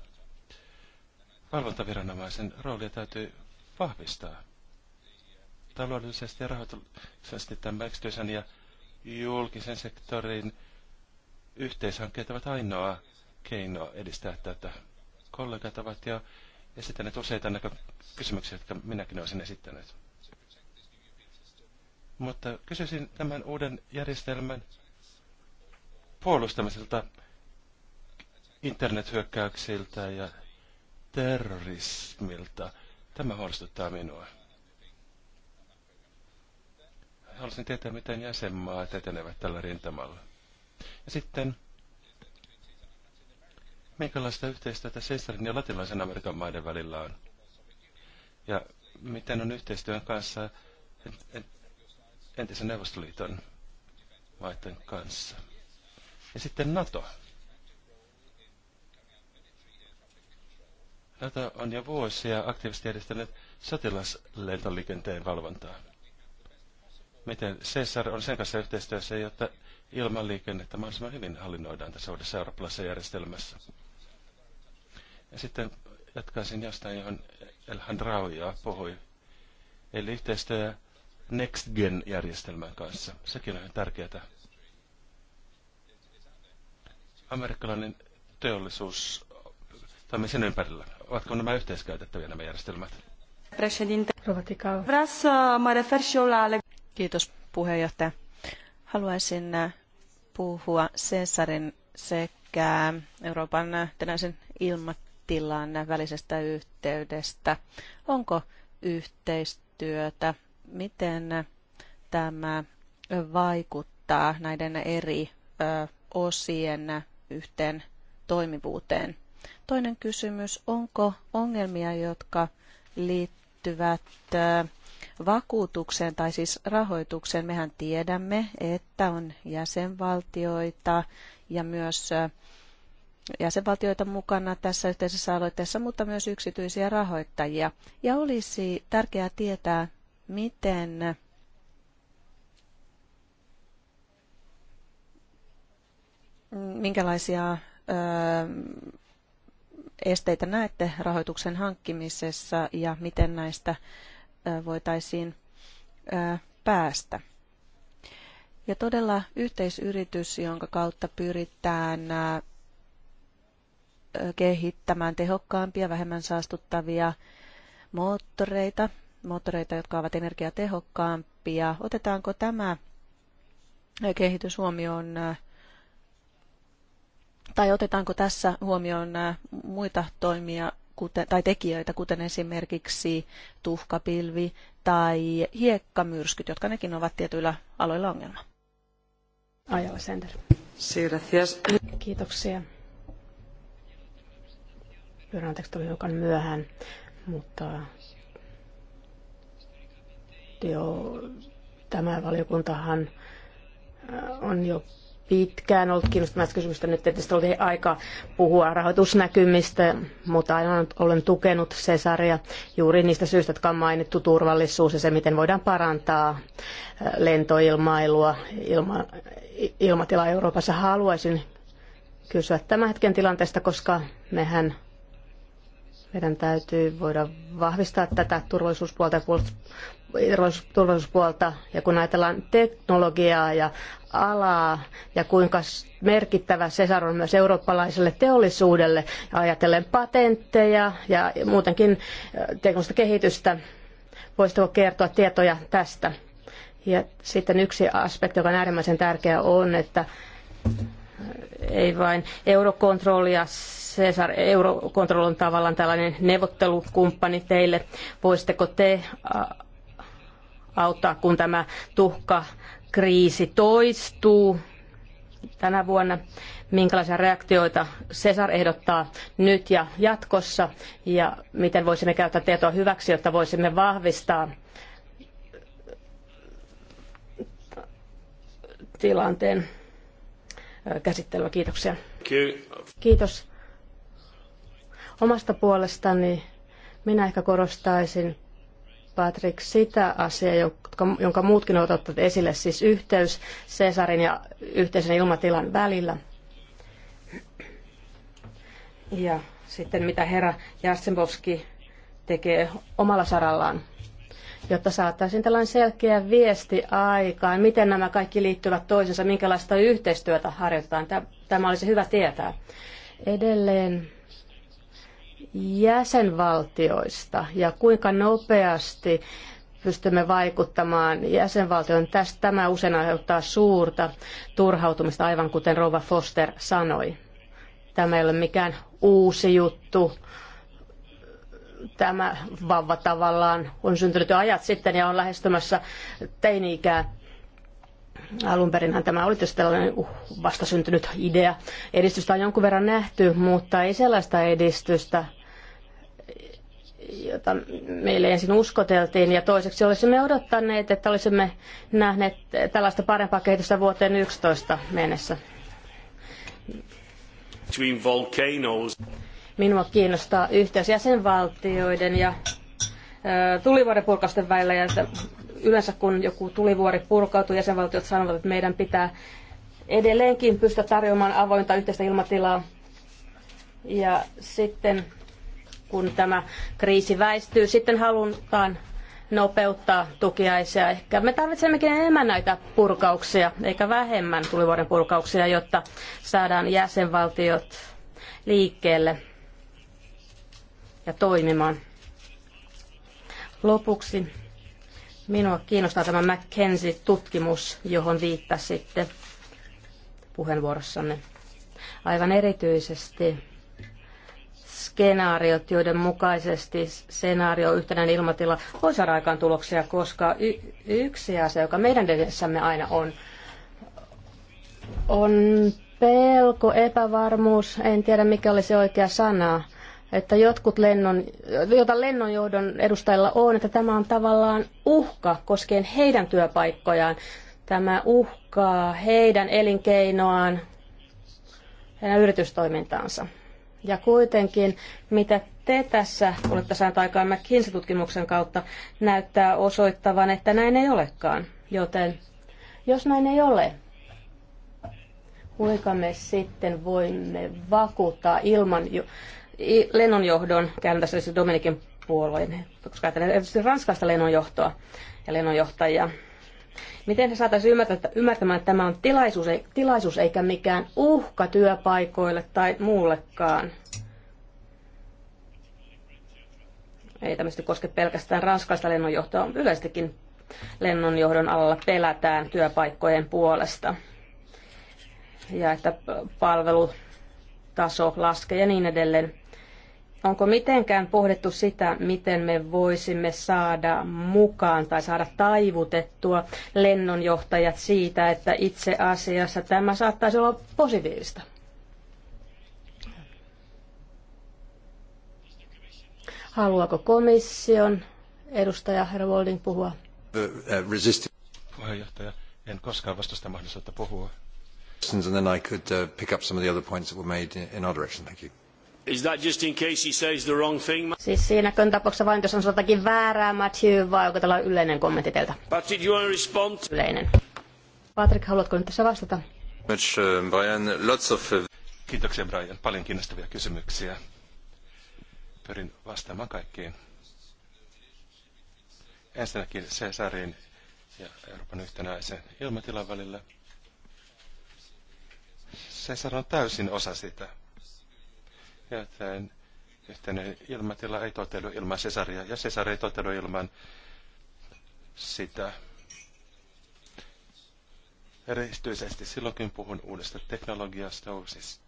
valvontaviranomaisen roolia täytyy vahvistaa. Taloudellisesti ja rahoituksellisesti tämän yksityisen ja julkisen sektorin yhteishankkeet ovat ainoa keino edistää tätä. Kollegat ovat jo esittäneet useita näkökysymyksiä, jotka minäkin olisin esittänyt. Mutta kysyisin tämän uuden järjestelmän puolustamiselta internethyökkäyksiltä ja terrorismilta. Tämä huolestuttaa minua. Haluaisin tietää, miten jäsenmaat etenevät tällä rintamalla. Ja sitten, minkälaista yhteistyötä Seisarin ja latinalaisen Amerikan maiden välillä on? Ja miten on yhteistyön kanssa entisen Neuvostoliiton maiden kanssa. Ja sitten NATO. NATO on jo vuosia aktiivisesti edistänyt sotilaslentoliikenteen valvontaa. Miten Cesar on sen kanssa yhteistyössä, jotta ilmanliikennettä mahdollisimman hyvin hallinnoidaan tässä uudessa eurooppalaisessa järjestelmässä. Ja sitten jatkaisin jostain, johon Elhan Rauja puhui. Eli yhteistyö NextGen-järjestelmän kanssa. Sekin on tärkeää. Amerikkalainen teollisuus toimii sen ympärillä. Ovatko nämä yhteiskäytettäviä nämä järjestelmät? Kiitos puheenjohtaja. Haluaisin puhua Cesarin sekä Euroopan tänäisen ilmatilan välisestä yhteydestä. Onko yhteistyötä miten tämä vaikuttaa näiden eri osien yhteen toimivuuteen. Toinen kysymys, onko ongelmia, jotka liittyvät vakuutukseen tai siis rahoitukseen? Mehän tiedämme, että on jäsenvaltioita ja myös jäsenvaltioita mukana tässä yhteisessä aloitteessa, mutta myös yksityisiä rahoittajia. Ja olisi tärkeää tietää, miten minkälaisia esteitä näette rahoituksen hankkimisessa ja miten näistä voitaisiin päästä. Ja todella yhteisyritys, jonka kautta pyritään kehittämään tehokkaampia, vähemmän saastuttavia moottoreita, moottoreita, jotka ovat energiatehokkaampia. Otetaanko tämä kehitys huomioon äh, tai otetaanko tässä huomioon äh, muita toimia kuten, tai tekijöitä, kuten esimerkiksi tuhkapilvi tai hiekkamyrskyt, jotka nekin ovat tietyillä aloilla ongelma? Ajalla Sender. Kiitoksia. Pyydän anteeksi, tuli hiukan myöhään, mutta jo, tämä valiokuntahan äh, on jo pitkään ollut kiinnostunut kysymystä. Nyt tietysti oli aika puhua rahoitusnäkymistä, mutta aina olen tukenut Cesaria juuri niistä syistä, jotka on mainittu, turvallisuus ja se, miten voidaan parantaa äh, lentoilmailua. Ilma, ilmatila Euroopassa haluaisin kysyä tämän hetken tilanteesta, koska mehän meidän täytyy voida vahvistaa tätä turvallisuuspuolta ja turvallisuuspuolta ja kun ajatellaan teknologiaa ja alaa ja kuinka merkittävä Cesar on myös eurooppalaiselle teollisuudelle ja ajatellen patentteja ja muutenkin teknologista kehitystä. Voisitko kertoa tietoja tästä? Ja sitten yksi aspekti, joka on äärimmäisen tärkeä, on, että ei vain Eurocontrol ja Cesar Eurocontrol on tavallaan tällainen neuvottelukumppani teille. Voisitteko te auttaa, kun tämä tuhkakriisi toistuu tänä vuonna. Minkälaisia reaktioita Cesar ehdottaa nyt ja jatkossa ja miten voisimme käyttää tietoa hyväksi, jotta voisimme vahvistaa tilanteen käsittelyä. Kiitoksia. Kiitos. Omasta puolestani minä ehkä korostaisin Patrick, sitä asiaa, jotka, jonka muutkin ovat ottaneet esille, siis yhteys Cesarin ja yhteisen ilmatilan välillä. Ja sitten mitä herra Jasenbovski tekee omalla sarallaan, jotta saataisiin tällainen selkeä viesti aikaan, miten nämä kaikki liittyvät toisensa, minkälaista yhteistyötä harjoitetaan. Tämä olisi hyvä tietää. Edelleen jäsenvaltioista ja kuinka nopeasti pystymme vaikuttamaan jäsenvaltioon. Tästä tämä usein aiheuttaa suurta turhautumista, aivan kuten Rova Foster sanoi. Tämä ei ole mikään uusi juttu. Tämä vauva tavallaan on syntynyt jo ajat sitten ja on lähestymässä teini-ikää. Alun perinhän tämä oli tietysti tällainen uh, vastasyntynyt idea. Edistystä on jonkun verran nähty, mutta ei sellaista edistystä, jota meille ensin uskoteltiin, ja toiseksi olisimme odottaneet, että olisimme nähneet tällaista parempaa kehitystä vuoteen 11 mennessä. Minua kiinnostaa yhteys jäsenvaltioiden ja tulivuoripurkausten välillä, ja yleensä kun joku tulivuori purkautuu, jäsenvaltiot sanovat, että meidän pitää edelleenkin pystyä tarjoamaan avointa yhteistä ilmatilaa, ja sitten kun tämä kriisi väistyy. Sitten halutaan nopeuttaa tukiaisia. Ehkä me tarvitsemmekin enemmän näitä purkauksia, eikä vähemmän tulivuoden purkauksia, jotta saadaan jäsenvaltiot liikkeelle ja toimimaan. Lopuksi minua kiinnostaa tämä McKenzie-tutkimus, johon viittasitte puheenvuorossanne aivan erityisesti skenaariot, joiden mukaisesti skenaario yhtenäinen ilmatila voi saada aikaan tuloksia, koska y- yksi asia, joka meidän edessämme aina on, on pelko, epävarmuus, en tiedä mikä se oikea sana, että jotkut lennon, jota lennonjohdon edustajilla on, että tämä on tavallaan uhka koskien heidän työpaikkojaan. Tämä uhkaa heidän elinkeinoaan, heidän yritystoimintaansa. Ja kuitenkin, mitä te tässä olette saaneet aikaan McKinsey-tutkimuksen kautta, näyttää osoittavan, että näin ei olekaan. Joten jos näin ei ole, kuinka me sitten voimme vakuuttaa ilman jo, lennonjohdon, käyn tässä siis Dominikin puolueen, koska ajattelen erityisesti Ranskasta lennonjohtoa ja lennonjohtajia, Miten he saataisiin ymmärtämään, että tämä on tilaisuus, tilaisuus eikä mikään uhka työpaikoille tai muullekaan? Ei tämmöistä koske pelkästään ranskalaista lennonjohtoa, Yleistäkin lennonjohdon alalla pelätään työpaikkojen puolesta. Ja että palvelutaso laskee ja niin edelleen. Onko mitenkään pohdittu sitä, miten me voisimme saada mukaan tai saada taivutettua lennonjohtajat siitä, että itse asiassa tämä saattaisi olla positiivista? Haluaako komission edustaja herra Wolding puhua? Uh, Puheenjohtaja, en koskaan sitä mahdollisuutta puhua. And then I could uh, pick up some of the other points that were made in our direction. Thank you. Is that just in case he says the wrong thing? Siis tapauksessa vain, jos on jotakin väärää, Matthew, vai onko tällä yleinen kommentti teiltä? Patrick, you want to respond? Yleinen. Patrick, haluatko nyt tässä vastata? Much, uh, Brian. Lots of... Uh, Kiitoksia, Brian. Paljon kiinnostavia kysymyksiä. Pyrin vastaamaan kaikkiin. Ensinnäkin Cesarin ja Euroopan yhtenäisen ilmatilan välillä. Cesar on täysin osa sitä Joten yhteinen ilmatila ei toteudu ilman sesaria ja sesari ei toteudu ilman sitä. Erityisesti silloin, puhun uudesta teknologiasta, uusista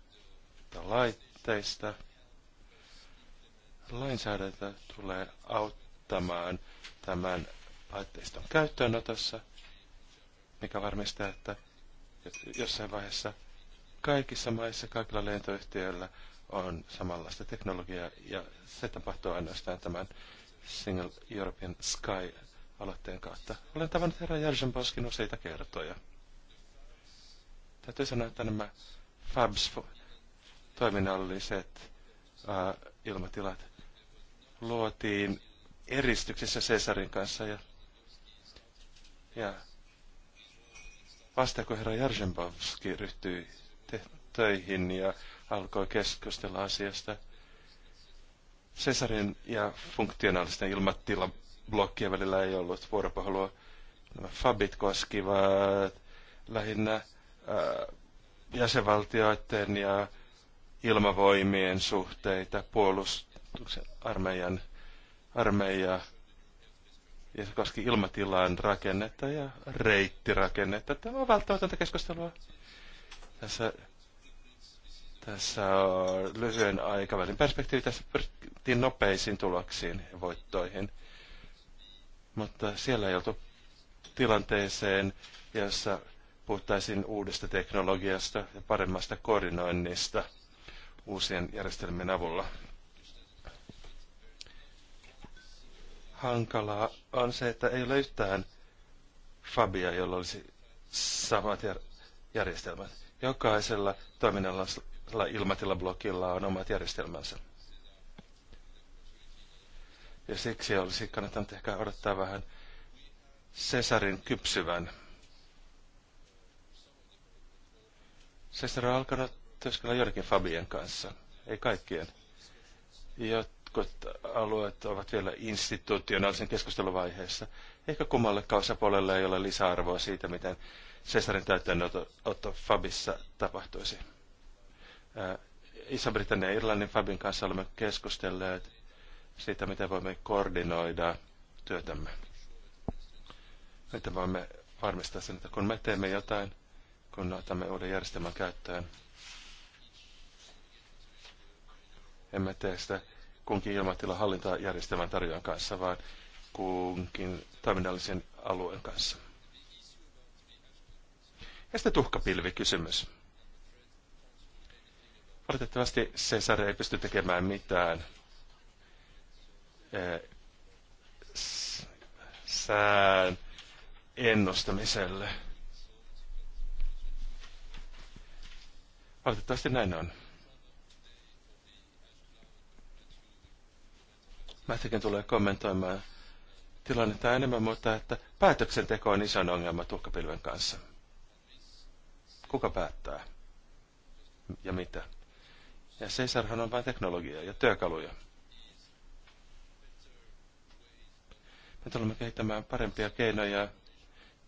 laitteista, lainsäädäntö tulee auttamaan tämän laitteiston käyttöönotossa, mikä varmistaa, että jossain vaiheessa kaikissa maissa, kaikilla lentoyhtiöillä – on samanlaista teknologiaa ja se tapahtuu ainoastaan tämän Single European Sky-aloitteen kautta. Olen tavannut herra Boskin useita kertoja. Täytyy sanoa, että nämä Fabs-toiminnalliset äh, ilmatilat luotiin eristyksessä Cesarin kanssa ja, ja vasta kun herra Jarsenbovski ryhtyi töihin ja alkoi keskustella asiasta. Cesarin ja funktionaalisten ilmatilan blokkien välillä ei ollut vuoropuhelua. Nämä fabit koskivat lähinnä ää, äh, jäsenvaltioiden ja ilmavoimien suhteita, puolustuksen armeijan, armeijaa, ja se koski ilmatilan rakennetta ja reittirakennetta. Tämä on välttämätöntä keskustelua. Tässä tässä on lyhyen aikavälin perspektiivi. Tässä pyrittiin nopeisiin tuloksiin ja voittoihin. Mutta siellä ei oltu tilanteeseen, jossa puhuttaisiin uudesta teknologiasta ja paremmasta koordinoinnista uusien järjestelmien avulla. Hankalaa on se, että ei ole yhtään Fabia, jolla olisi samat järjestelmät. Jokaisella toiminnalla ilmatilablokilla on omat järjestelmänsä. Ja siksi olisi kannattanut ehkä odottaa vähän Cesarin kypsyvän. Cesar on alkanut työskennellä joidenkin Fabien kanssa, ei kaikkien. Jotkut alueet ovat vielä institutionaalisen keskusteluvaiheessa. Ehkä kummallekaan kausapuolelle ei ole lisäarvoa siitä, miten Cesarin otto Fabissa tapahtuisi. Äh, Iso-Britannian ja Irlannin Fabin kanssa olemme keskustelleet siitä, miten voimme koordinoida työtämme. Miten voimme varmistaa sen, että kun me teemme jotain, kun otamme uuden järjestelmän käyttöön, emme tee sitä kunkin ilmatilan hallintajärjestelmän tarjoajan kanssa, vaan kunkin toiminnallisen alueen kanssa. Ja sitten tuhkapilvikysymys. kysymys. Valitettavasti Cesar ei pysty tekemään mitään. Eh, sään ennustamiselle. Valitettavasti näin on. Mätikin tulee kommentoimaan tilannetta enemmän, mutta että päätöksenteko on iso ongelma tuhkapilven kanssa. Kuka päättää? Ja mitä? Ja Caesarhan on vain teknologiaa ja työkaluja. Me tulemme kehittämään parempia keinoja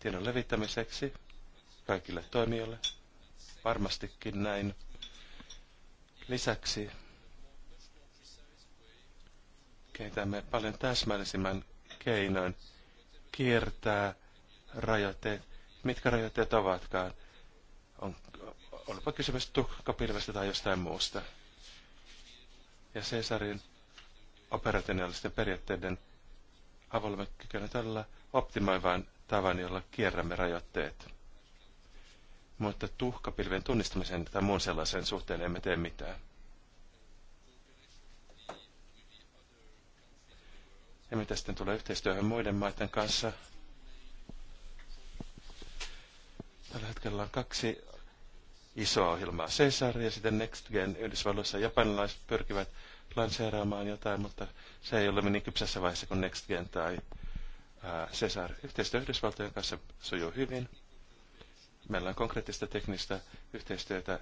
tiedon levittämiseksi kaikille toimijoille. Varmastikin näin. Lisäksi kehitämme paljon täsmällisimmän keinoin kiertää rajoitteet, mitkä rajoitteet ovatkaan – Olipa kysymys tukkapilvestä tai jostain muusta. Ja Caesarin operationaalisten periaatteiden avulla me kykenemme tällä optimoivaan tavan, jolla kierrämme rajoitteet. Mutta tuhkapilven tunnistamisen tai muun sellaisen suhteen emme tee mitään. Ja mitä sitten tulee yhteistyöhön muiden maiden kanssa? Tällä hetkellä on kaksi isoa ohjelmaa Cesar ja sitten Next Gen Yhdysvalloissa japanilaiset pyrkivät lanseeraamaan jotain, mutta se ei ole niin kypsässä vaiheessa kuin Next Gen tai Cesar. Yhteistyö Yhdysvaltojen kanssa sujuu hyvin. Meillä on konkreettista teknistä yhteistyötä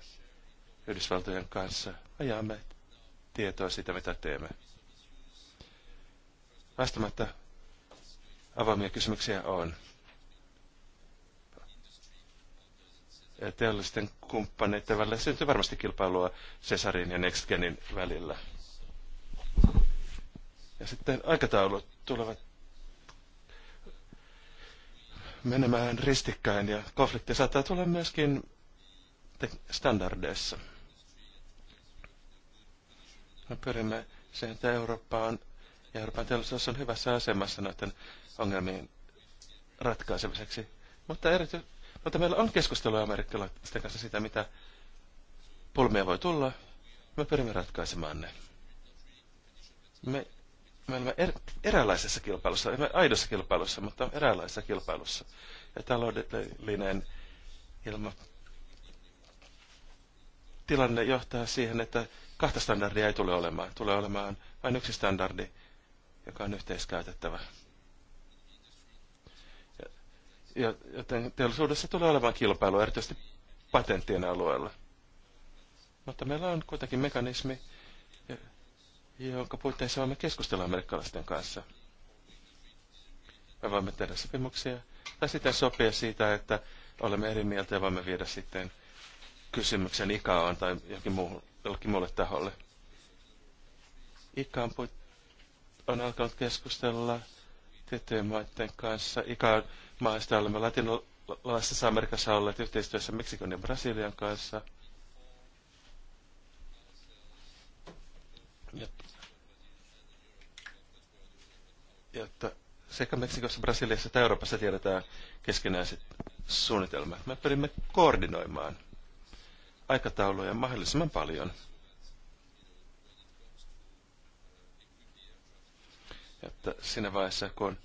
Yhdysvaltojen kanssa. Ajamme tietoa siitä, mitä teemme. Vastamatta avoimia kysymyksiä on. teollisten kumppaneiden välillä syntyy varmasti kilpailua Cesarin ja Nextgenin välillä. Ja sitten aikataulut tulevat menemään ristikkäin ja konflikti saattaa tulla myöskin standardeissa. Me pyrimme siihen, että Eurooppa on, ja Euroopan teollisuus on hyvässä asemassa näiden ongelmien ratkaisemiseksi. Mutta erity, mutta meillä on keskustelua amerikkalaisten kanssa sitä, mitä pulmia voi tulla. Me pyrimme ratkaisemaan ne. Me, me olemme er, eräänlaisessa kilpailussa, emme aidossa kilpailussa, mutta eräänlaisessa kilpailussa. Ja taloudellinen ilma tilanne johtaa siihen, että kahta standardia ei tule olemaan. Tulee olemaan vain yksi standardi, joka on yhteiskäytettävä joten teollisuudessa tulee olemaan kilpailu erityisesti patenttien alueella. Mutta meillä on kuitenkin mekanismi, jonka puitteissa voimme keskustella amerikkalaisten kanssa. Me voimme tehdä sopimuksia tai sitten sopia siitä, että olemme eri mieltä ja voimme viedä sitten kysymyksen ikään tai jokin muu muulle taholle. Ikaan on alkanut keskustella tiettyjen maiden kanssa. ikään. on maista. Olemme Latinalaisessa Amerikassa olleet yhteistyössä Meksikon ja Brasilian kanssa. Jotta sekä Meksikossa, Brasiliassa että Euroopassa tiedetään keskenäiset suunnitelmat. Me pyrimme koordinoimaan aikatauluja mahdollisimman paljon. Että siinä vaiheessa, kun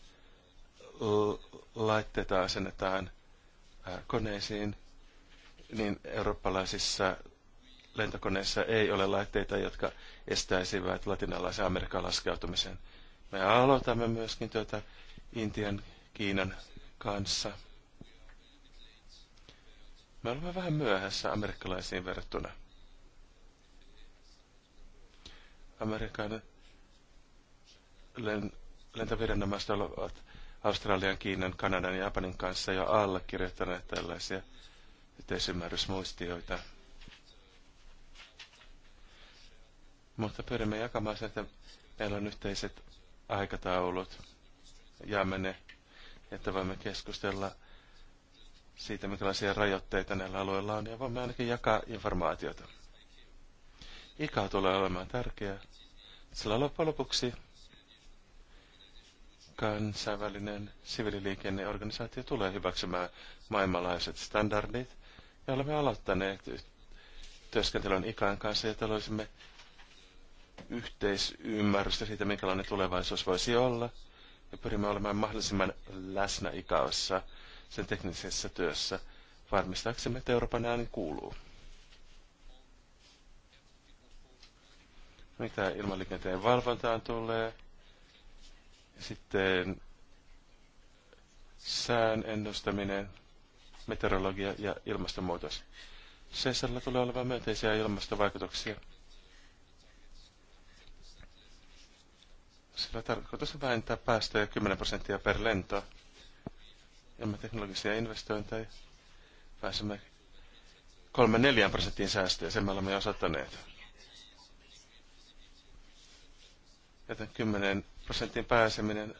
laitteita asennetaan koneisiin, niin eurooppalaisissa lentokoneissa ei ole laitteita, jotka estäisivät latinalaisen Amerikan laskeutumisen. Me aloitamme myöskin työtä tuota Intian, Kiinan kanssa. Me olemme vähän myöhässä amerikkalaisiin verrattuna. Amerikan lentoviranomaiset ovat Australian, Kiinan, Kanadan ja Japanin kanssa jo allekirjoittaneet tällaisia yhteisymmärrysmuistioita. Mutta pyrimme jakamaan se, että meillä on yhteiset aikataulut, jaamme ne, että voimme keskustella siitä, minkälaisia rajoitteita näillä alueilla on, ja voimme ainakin jakaa informaatiota. Ikä tulee olemaan tärkeää, sillä loppujen lopuksi kansainvälinen siviililiikenneorganisaatio tulee hyväksymään maailmanlaajuiset standardit, ja olemme aloittaneet työskentelyn ikään kanssa, jotta olisimme yhteisymmärrystä siitä, minkälainen tulevaisuus voisi olla, ja pyrimme olemaan mahdollisimman läsnä ikaossa sen teknisessä työssä, varmistaaksemme, että Euroopan ääni kuuluu. Mitä ilmaliikenteen valvontaan tulee, sitten sään ennustaminen, meteorologia ja ilmastonmuutos. Cesarilla tulee olemaan myönteisiä ilmastovaikutuksia. Sillä tarkoitus on vähentää päästöjä 10 prosenttia per lento. Emme teknologisia investointeja pääsemme 3-4 prosenttiin säästöjä, sen me olemme osoittaneet. Joten 10 prosenttiin pääseminen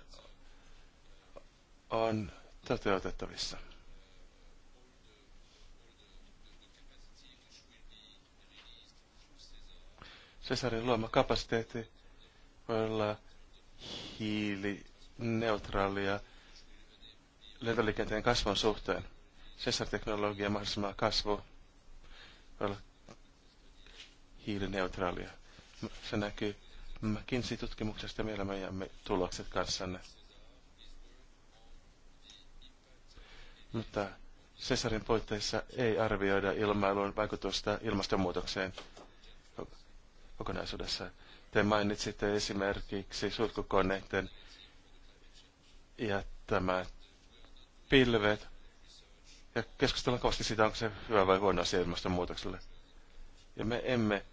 on toteutettavissa. Cesarin luoma kapasiteetti voi olla hiilineutraalia lentoliikenteen kasvun suhteen. Cesar-teknologia mahdollisimman kasvu voi olla hiilineutraalia. Se näkyy McKinsey-tutkimuksesta mielemme tulokset kanssanne. Mutta Cesarin puitteissa ei arvioida ilmailun vaikutusta ilmastonmuutokseen kokonaisuudessa. Te mainitsitte esimerkiksi sulkukoneiden jättämät pilvet. Ja keskustellaan kovasti siitä, onko se hyvä vai huono asia ilmastonmuutokselle. Ja me emme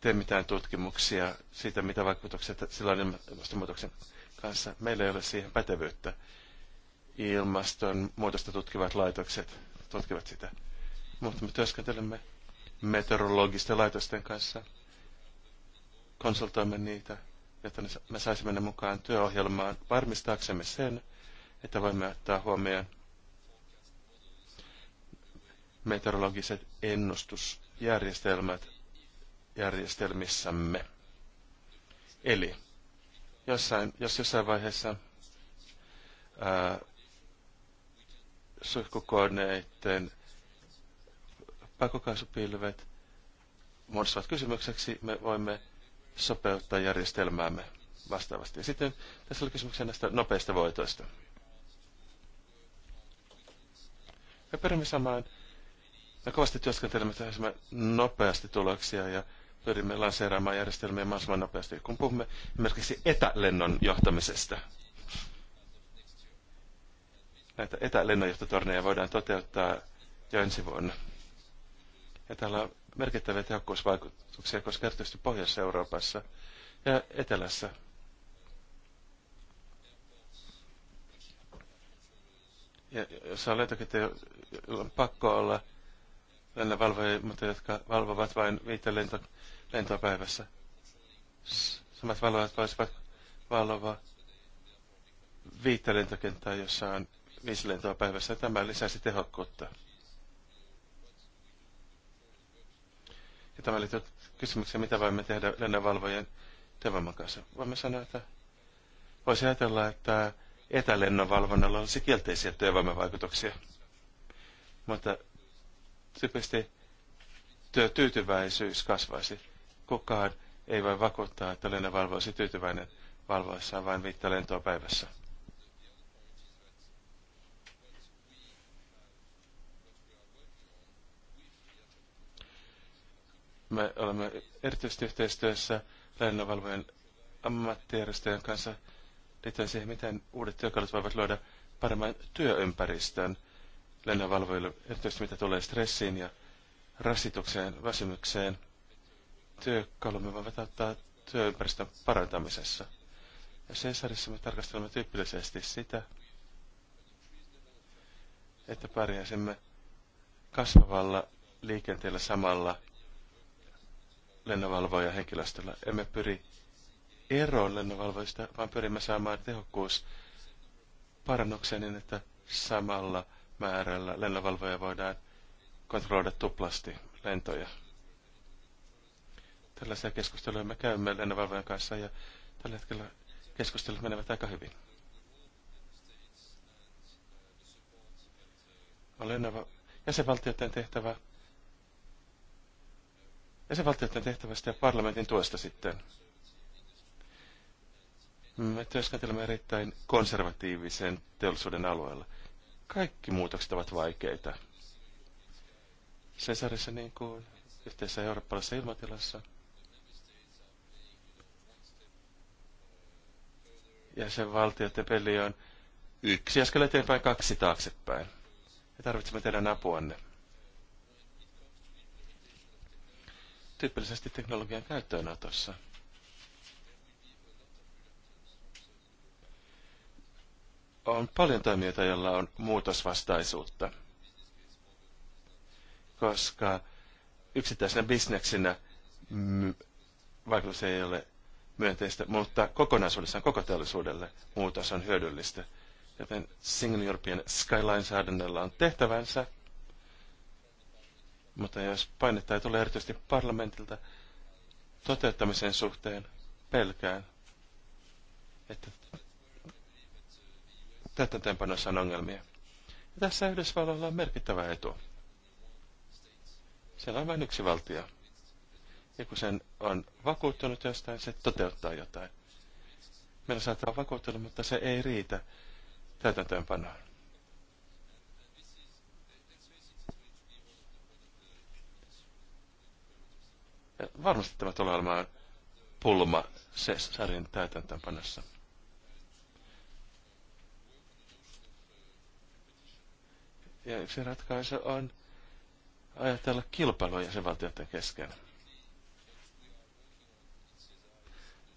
tee mitään tutkimuksia siitä, mitä vaikutuksia sillä on ilmastonmuutoksen kanssa. Meillä ei ole siihen pätevyyttä. Ilmastonmuutosta tutkivat laitokset tutkivat sitä. Mutta me työskentelemme meteorologisten laitosten kanssa. Konsultoimme niitä, jotta me saisimme ne mukaan työohjelmaan varmistaaksemme sen, että voimme ottaa huomioon meteorologiset ennustusjärjestelmät järjestelmissämme. Eli jossain, jos jossain vaiheessa suihkukoneiden pakokaasupilvet muodostavat kysymykseksi, me voimme sopeuttaa järjestelmäämme vastaavasti. Ja sitten tässä oli kysymyksiä näistä nopeista voitoista. Me pyrimme samaan, me kovasti työskentelemme, että nopeasti tuloksia ja pyrimme lanseeraamaan järjestelmiä mahdollisimman nopeasti, kun puhumme esimerkiksi etälennon johtamisesta. Näitä etälennonjohtotorneja voidaan toteuttaa jo ensi vuonna. Ja täällä on merkittäviä tehokkuusvaikutuksia, koska erityisesti Pohjois-Euroopassa ja Etelässä ja, jos on lentokenttää, on pakko olla lennonvalvojia, mutta jotka valvovat vain viittä lento, lentoa päivässä. Samat valvojat voisivat valvoa viittä lentokenttää, jossa on viisi lentoa päivässä. Tämä lisäisi tehokkuutta. Ja tämä oli kysymykseen, mitä voimme tehdä lennävalvojen työvoiman kanssa. Voimme sanoa, että voisi ajatella, että valvonnalla olisi kielteisiä työvoimavaikutuksia. Mutta työ tyytyväisyys kasvaisi. Kukaan ei voi vakuuttaa, että lennevalvo olisi tyytyväinen valvoessaan vain viittä lentoa päivässä. Me olemme erityisesti yhteistyössä lennonvalvojen ammattijärjestöjen kanssa liittyen siihen, miten uudet työkalut voivat luoda paremman työympäristön lennonvalvoille, erityisesti mitä tulee stressiin ja rasitukseen, väsymykseen. Työkalumme voivat auttaa työympäristön parantamisessa. Ja Cesarissa me tarkastelemme tyypillisesti sitä, että pärjäisimme kasvavalla liikenteellä samalla lennonvalvoja henkilöstöllä. Emme pyri eroon lennonvalvoista, vaan pyrimme saamaan tehokkuus parannukseen niin, että samalla – määrällä lennonvalvoja voidaan kontrolloida tuplasti lentoja. Tällaisia keskusteluja me käymme lennonvalvojan kanssa ja tällä hetkellä keskustelut menevät aika hyvin. Lennonva- jäsenvaltioiden tehtävä jäsenvaltioiden tehtävästä ja parlamentin tuosta sitten. Me työskentelemme erittäin konservatiivisen teollisuuden alueella. Kaikki muutokset ovat vaikeita. Cesarissa niin kuin yhteisessä eurooppalaisessa ilmatilassa. ja peli on yksi askel eteenpäin, kaksi taaksepäin. Me tarvitsemme teidän apuanne. Tyypillisesti teknologian käyttöönotossa – on paljon toimijoita, joilla on muutosvastaisuutta, koska yksittäisenä bisneksinä vaikutus ei ole myönteistä, mutta kokonaisuudessaan koko teollisuudelle muutos on hyödyllistä. Joten Single European skyline säädännöllä on tehtävänsä, mutta jos painetta ei tule erityisesti parlamentilta toteuttamisen suhteen, pelkään, että täytäntöönpanossa on ongelmia. Ja tässä Yhdysvalloilla on merkittävä etu. Siellä on vain yksi valtio. Ja kun sen on vakuuttunut jostain, se toteuttaa jotain. Meillä saattaa vakuuttunut, mutta se ei riitä täytäntöönpanoon. varmasti tämä tulee olemaan pulma se sarjan täytäntöönpanossa. Ja yksi ratkaisu on ajatella kilpailua jäsenvaltioiden kesken.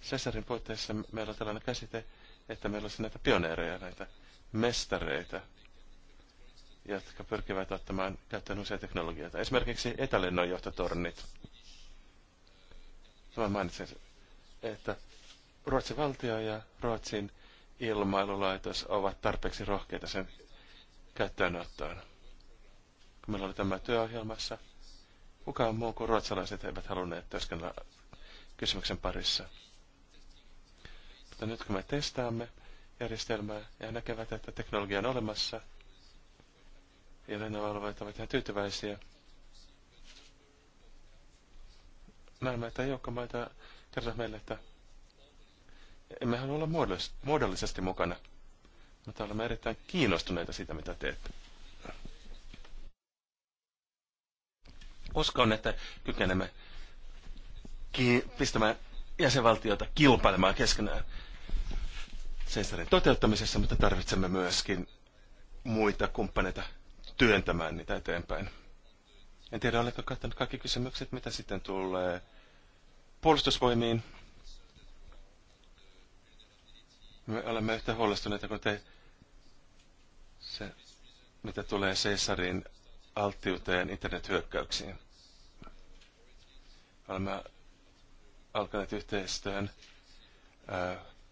Cesarin puitteissa meillä on tällainen käsite, että meillä olisi näitä pioneereja, näitä mestareita, jotka pyrkivät ottamaan käyttöön uusia teknologioita. Esimerkiksi etälennonjohtotornit. Tämä mainitsen, että Ruotsin valtio ja Ruotsin ilmailulaitos ovat tarpeeksi rohkeita sen käyttöönottoon. Kun meillä oli tämä työohjelmassa, kukaan muu kuin ruotsalaiset eivät halunneet työskennellä kysymyksen parissa. Mutta nyt kun me testaamme järjestelmää ja näkevät, että teknologia on olemassa, ja lennoalueet ovat ihan tyytyväisiä, näemme, että joukko kertoo meille, että emme halua olla muodollisesti mukana – No, täällä me erittäin kiinnostuneita siitä, mitä teette. Uskon, että kykenemme pistämään jäsenvaltioita kilpailemaan keskenään sensorin toteuttamisessa, mutta tarvitsemme myöskin muita kumppaneita työntämään niitä eteenpäin. En tiedä, oletko kattanut kaikki kysymykset, mitä sitten tulee puolustusvoimiin. Me olemme yhtä huolestuneita kuin te. Se, mitä tulee Caesarin alttiuteen internethyökkäyksiin. Olemme alkaneet yhteistyön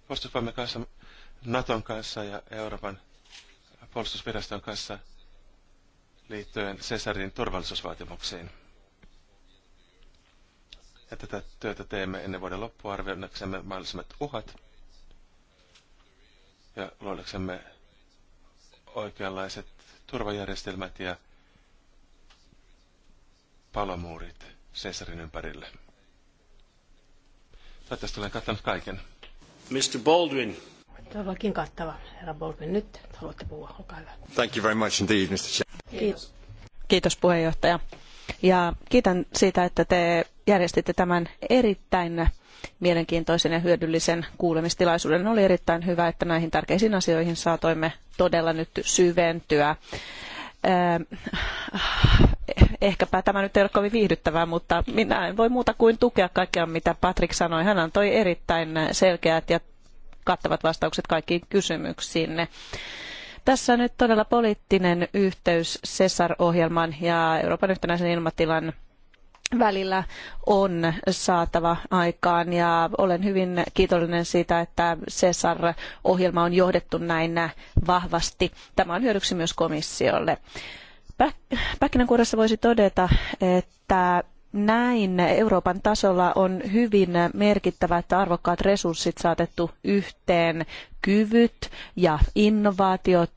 puolustusvoimien kanssa, Naton kanssa ja Euroopan puolustusviraston kanssa liittyen Cesarin turvallisuusvaatimuksiin. Ja tätä työtä teemme ennen vuoden loppuarvioinnaksemme mahdollisimmat uhat ja luodaksemme oikeanlaiset turvajärjestelmät ja palomuurit Caesarin ympärille. Toivottavasti olen kattanut kaiken. Mr. Baldwin. Todellakin kattava, herra Baldwin. Nyt haluatte puhua, olkaa hyvä. Thank you very much indeed, Mr. Chairman. Kiitos. Kiitos puheenjohtaja. Ja kiitän siitä, että te järjestitte tämän erittäin mielenkiintoisen ja hyödyllisen kuulemistilaisuuden. Oli erittäin hyvä, että näihin tärkeisiin asioihin saatoimme todella nyt syventyä. Äh, ehkäpä tämä nyt ei ole kovin viihdyttävää, mutta minä en voi muuta kuin tukea kaikkea, mitä Patrick sanoi. Hän antoi erittäin selkeät ja kattavat vastaukset kaikkiin kysymyksiinne. Tässä nyt todella poliittinen yhteys Cesar-ohjelman ja Euroopan yhtenäisen ilmatilan välillä on saatava aikaan ja olen hyvin kiitollinen siitä, että Cesar-ohjelma on johdettu näin vahvasti. Tämä on hyödyksi myös komissiolle. Päkkinänkuoressa voisi todeta, että näin Euroopan tasolla on hyvin merkittävät arvokkaat resurssit saatettu yhteen, kyvyt ja innovaatiot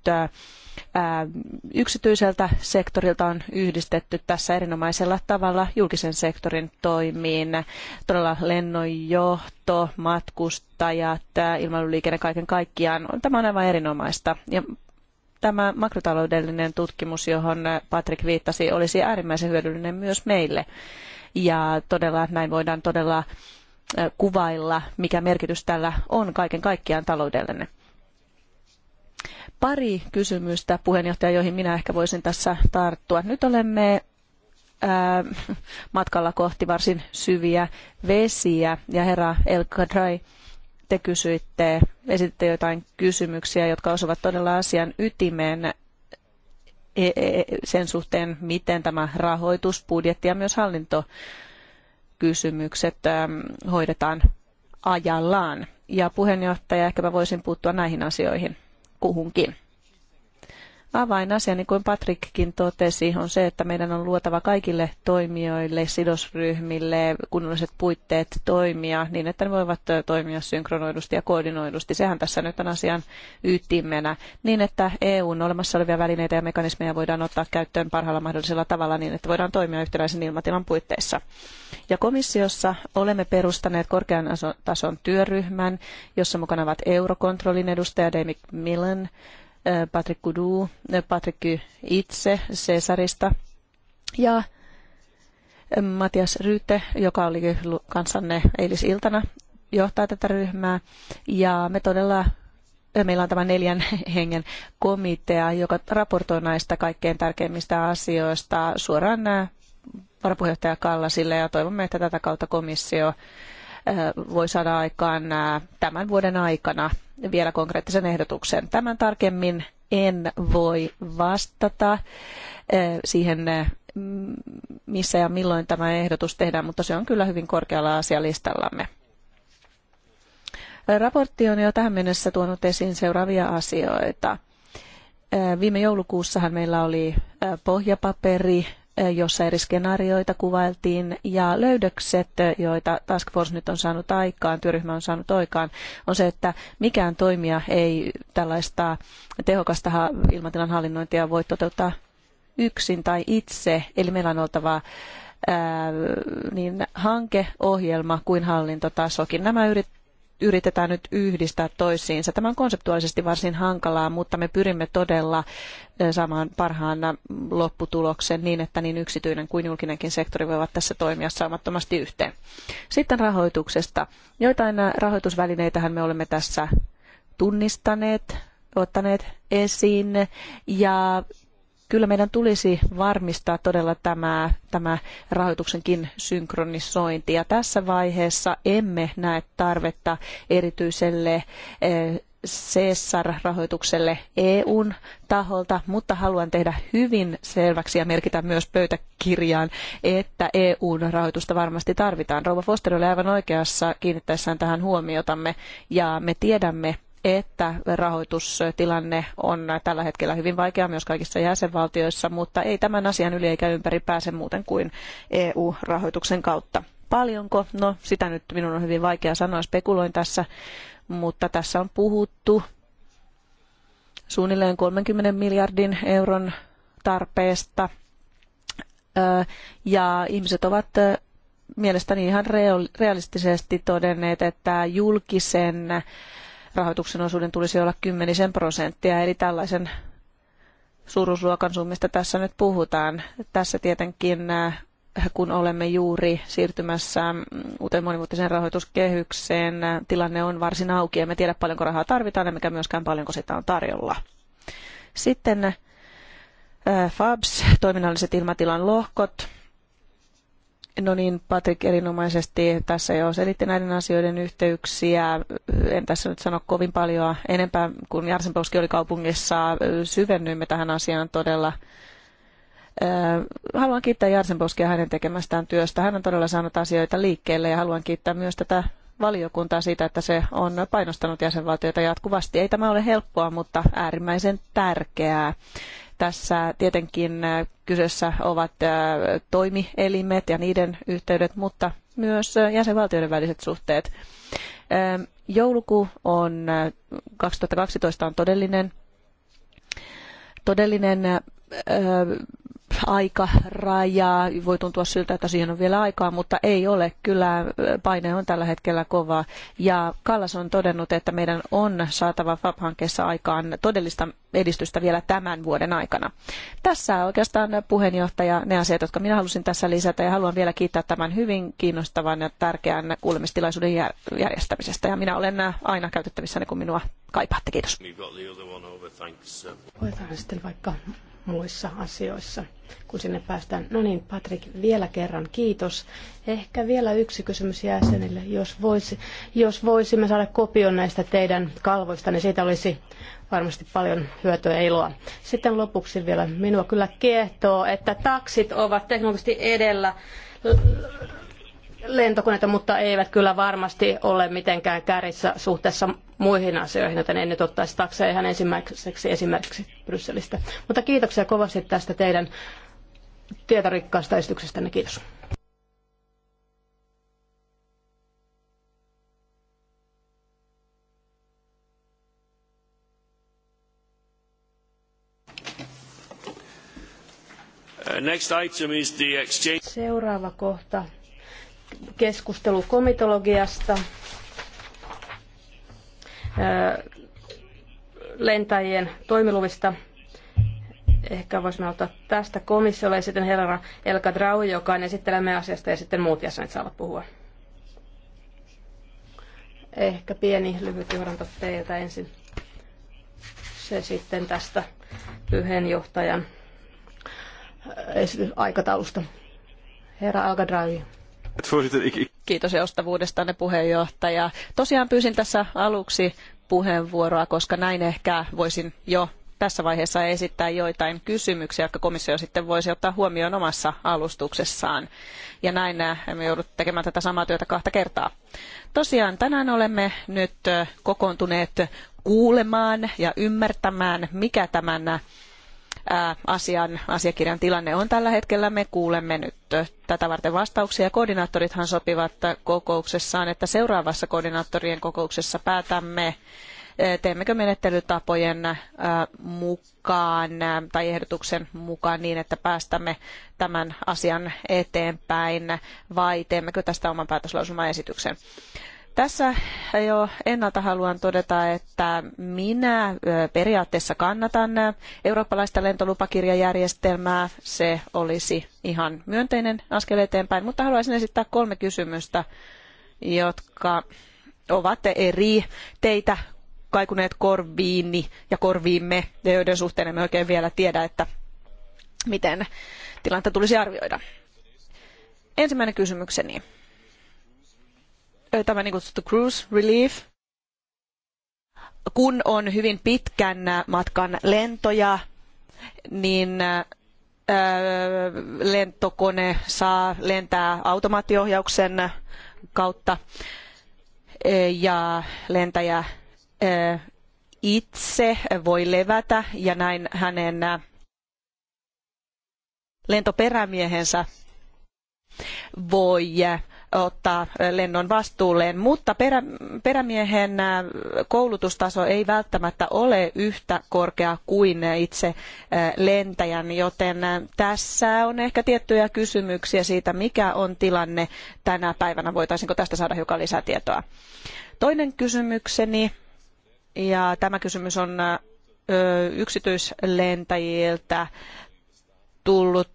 yksityiseltä sektorilta on yhdistetty tässä erinomaisella tavalla julkisen sektorin toimiin. Todella lennonjohto, matkustajat, ilmailuliikenne kaiken kaikkiaan. Tämä on aivan erinomaista. Ja tämä makrotaloudellinen tutkimus, johon Patrick viittasi, olisi äärimmäisen hyödyllinen myös meille. Ja todella näin voidaan todella kuvailla, mikä merkitys tällä on kaiken kaikkiaan taloudellinen. Pari kysymystä puheenjohtaja, joihin minä ehkä voisin tässä tarttua. Nyt olemme matkalla kohti varsin syviä vesiä ja herra El Kadrai te kysyitte, esititte jotain kysymyksiä, jotka osuvat todella asian ytimeen e, e, e, sen suhteen, miten tämä rahoitus, budjetti ja myös hallintokysymykset hoidetaan ajallaan. Ja puheenjohtaja, ehkäpä voisin puuttua näihin asioihin kuhunkin avainasia, niin kuin Patrikkin totesi, on se, että meidän on luotava kaikille toimijoille, sidosryhmille kunnolliset puitteet toimia niin, että ne voivat toimia synkronoidusti ja koordinoidusti. Sehän tässä nyt on asian ytimenä, niin että EUn olemassa olevia välineitä ja mekanismeja voidaan ottaa käyttöön parhaalla mahdollisella tavalla niin, että voidaan toimia yhtenäisen ilmatilan puitteissa. Ja komissiossa olemme perustaneet korkean tason työryhmän, jossa mukana ovat Eurokontrollin edustaja David Millen, Patrick Kudu, Patrick itse Cesarista ja Matias Ryte, joka oli kanssanne eilisiltana, johtaa tätä ryhmää. Ja me todella meillä on tämä neljän hengen komitea, joka raportoi näistä kaikkein tärkeimmistä asioista suoraan äh, varapuheenjohtaja Kallasille ja toivomme, että tätä kautta komissio voi saada aikaan tämän vuoden aikana vielä konkreettisen ehdotuksen. Tämän tarkemmin en voi vastata siihen, missä ja milloin tämä ehdotus tehdään, mutta se on kyllä hyvin korkealla asialistallamme. Raportti on jo tähän mennessä tuonut esiin seuraavia asioita. Viime joulukuussahan meillä oli pohjapaperi Eh, jossa eri skenaarioita kuvailtiin ja löydökset, eh, joita Task Force nyt on saanut aikaan, työryhmä on saanut aikaan, on se, että mikään toimija ei tällaista tehokasta ilmatilan hallinnointia voi toteuttaa yksin tai itse, eli meillä on oltava ää, niin hankeohjelma kuin hallintotasokin. Nämä yrittävät yritetään nyt yhdistää toisiinsa. Tämä on konseptuaalisesti varsin hankalaa, mutta me pyrimme todella eh, saamaan parhaan eh, lopputuloksen niin, että niin yksityinen kuin julkinenkin sektori voivat tässä toimia saamattomasti yhteen. Sitten rahoituksesta. Joitain eh, rahoitusvälineitähän me olemme tässä tunnistaneet ottaneet esiin ja kyllä meidän tulisi varmistaa todella tämä, tämä rahoituksenkin synkronisointi. Ja tässä vaiheessa emme näe tarvetta erityiselle eh, csr rahoitukselle EUn taholta, mutta haluan tehdä hyvin selväksi ja merkitä myös pöytäkirjaan, että EUn rahoitusta varmasti tarvitaan. Rouva Foster oli aivan oikeassa kiinnittäessään tähän huomiotamme ja me tiedämme, että rahoitustilanne on tällä hetkellä hyvin vaikea myös kaikissa jäsenvaltioissa, mutta ei tämän asian yli eikä ympäri pääse muuten kuin EU-rahoituksen kautta. Paljonko? No sitä nyt minun on hyvin vaikea sanoa, spekuloin tässä, mutta tässä on puhuttu suunnilleen 30 miljardin euron tarpeesta. Ja ihmiset ovat mielestäni ihan realistisesti todenneet, että julkisen rahoituksen osuuden tulisi olla kymmenisen prosenttia, eli tällaisen suuruusluokan summista tässä nyt puhutaan. Tässä tietenkin äh, kun olemme juuri siirtymässä mm, uuteen monivuotiseen rahoituskehykseen, äh, tilanne on varsin auki. Emme tiedä paljonko rahaa tarvitaan, emmekä myöskään paljonko sitä on tarjolla. Sitten äh, FABS, toiminnalliset ilmatilan lohkot. No niin, Patrik erinomaisesti tässä jo selitti näiden asioiden yhteyksiä. En tässä nyt sano kovin paljon enempää, kun Jarsenpouski oli kaupungissa. Syvennyimme tähän asiaan todella. Äh, haluan kiittää Jarsenpouskia hänen tekemästään työstä. Hän on todella saanut asioita liikkeelle ja haluan kiittää myös tätä valiokuntaa siitä, että se on painostanut jäsenvaltioita jatkuvasti. Ei tämä ole helppoa, mutta äärimmäisen tärkeää. Tässä tietenkin äh, kyseessä ovat äh, toimielimet ja niiden yhteydet, mutta myös äh, jäsenvaltioiden väliset suhteet. Ähm, joulukuu on 2012 on todellinen, todellinen aikarajaa. Voi tuntua siltä, että siihen on vielä aikaa, mutta ei ole. Kyllä paine on tällä hetkellä kova. Ja Kallas on todennut, että meidän on saatava FAB-hankkeessa aikaan todellista edistystä vielä tämän vuoden aikana. Tässä oikeastaan puheenjohtaja ne asiat, jotka minä halusin tässä lisätä ja haluan vielä kiittää tämän hyvin kiinnostavan ja tärkeän kuulemistilaisuuden järjestämisestä. Ja minä olen aina käytettävissä, kun minua kaipaatte. Kiitos. Uh, Voit vaikka muissa asioissa, kun sinne päästään. No niin, Patrik, vielä kerran kiitos. Ehkä vielä yksi kysymys jäsenille. Jos, voisi, jos voisimme saada kopion näistä teidän kalvoista, niin siitä olisi varmasti paljon hyötyä ja iloa. Sitten lopuksi vielä minua kyllä kiehtoo, että taksit ovat teknologisesti edellä lentokoneita, mutta eivät kyllä varmasti ole mitenkään kärjissä suhteessa muihin asioihin, joten en nyt ottaisi takseja ihan ensimmäiseksi esimerkiksi Brysselistä. Mutta kiitoksia kovasti tästä teidän tietorikkaasta esityksestänne. Kiitos. Seuraava kohta keskustelu komitologiasta, lentäjien toimiluvista. Ehkä voisimme ottaa tästä komissiolle ja sitten herra Elka Drau, joka on esittelemme asiasta ja sitten muut jäsenet saavat puhua. Ehkä pieni lyhyt johdanto teiltä ensin. Se sitten tästä puheenjohtajan aikataulusta. Herra Drau. Kiitos joustavuudestanne puheenjohtaja. Tosiaan pyysin tässä aluksi puheenvuoroa, koska näin ehkä voisin jo tässä vaiheessa esittää joitain kysymyksiä, jotka komissio sitten voisi ottaa huomioon omassa alustuksessaan. Ja näin äh, me joudut tekemään tätä samaa työtä kahta kertaa. Tosiaan tänään olemme nyt äh, kokoontuneet kuulemaan ja ymmärtämään, mikä tämän äh, asian, asiakirjan tilanne on tällä hetkellä. Me kuulemme nyt tätä varten vastauksia. Koordinaattorithan sopivat kokouksessaan, että seuraavassa koordinaattorien kokouksessa päätämme, teemmekö menettelytapojen mukaan tai ehdotuksen mukaan niin, että päästämme tämän asian eteenpäin vai teemmekö tästä oman päätöslausumaesityksen. Tässä jo ennalta haluan todeta, että minä periaatteessa kannatan eurooppalaista lentolupakirjajärjestelmää. Se olisi ihan myönteinen askel eteenpäin, mutta haluaisin esittää kolme kysymystä, jotka ovat eri teitä kaikuneet korviini ja korviimme, ja joiden suhteen emme oikein vielä tiedä, että miten tilannetta tulisi arvioida. Ensimmäinen kysymykseni tämä niin kutsuttu cruise relief, kun on hyvin pitkän matkan lentoja, niin lentokone saa lentää automaattiohjauksen kautta ja lentäjä itse voi levätä ja näin hänen lentoperämiehensä voi ottaa lennon vastuulleen, mutta perä, perämiehen koulutustaso ei välttämättä ole yhtä korkea kuin itse lentäjän, joten tässä on ehkä tiettyjä kysymyksiä siitä, mikä on tilanne tänä päivänä. voitaisiinko tästä saada hiukan lisää tietoa? Toinen kysymykseni, ja tämä kysymys on yksityislentäjiltä tullut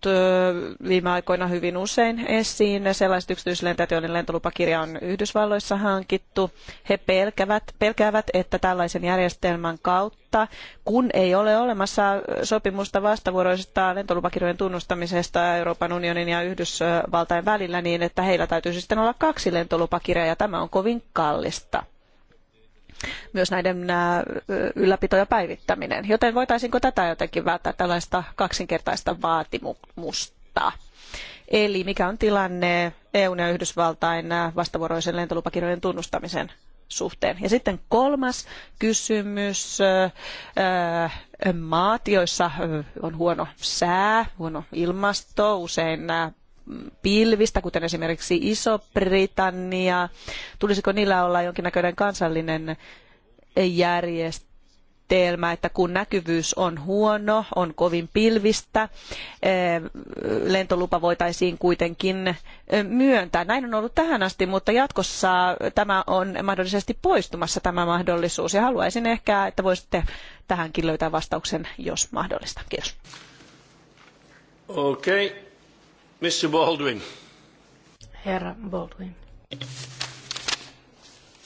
viime aikoina hyvin usein esiin. Sellaiset yksityislentäjät, joiden lentolupakirja on Yhdysvalloissa hankittu, he pelkävät, pelkäävät, että tällaisen järjestelmän kautta, kun ei ole olemassa sopimusta vastavuoroisesta lentolupakirjojen tunnustamisesta Euroopan unionin ja Yhdysvaltain välillä, niin että heillä täytyisi sitten olla kaksi lentolupakirjaa ja tämä on kovin kallista myös näiden ylläpito ja päivittäminen. Joten voitaisiinko tätä jotenkin välttää tällaista kaksinkertaista vaatimusta? Eli mikä on tilanne EUn ja Yhdysvaltain vastavuoroisen lentolupakirjojen tunnustamisen suhteen. Ja sitten kolmas kysymys. Maat, joissa on huono sää, huono ilmasto, usein pilvistä, kuten esimerkiksi Iso-Britannia. Tulisiko niillä olla jonkinnäköinen kansallinen järjestelmä, että kun näkyvyys on huono, on kovin pilvistä, eh, lentolupa voitaisiin kuitenkin eh, myöntää. Näin on ollut tähän asti, mutta jatkossa tämä on mahdollisesti poistumassa tämä mahdollisuus ja haluaisin ehkä, että voisitte tähänkin löytää vastauksen, jos mahdollista. Kiitos. Okei. Okay. Mr. Baldwin. Herra Baldwin.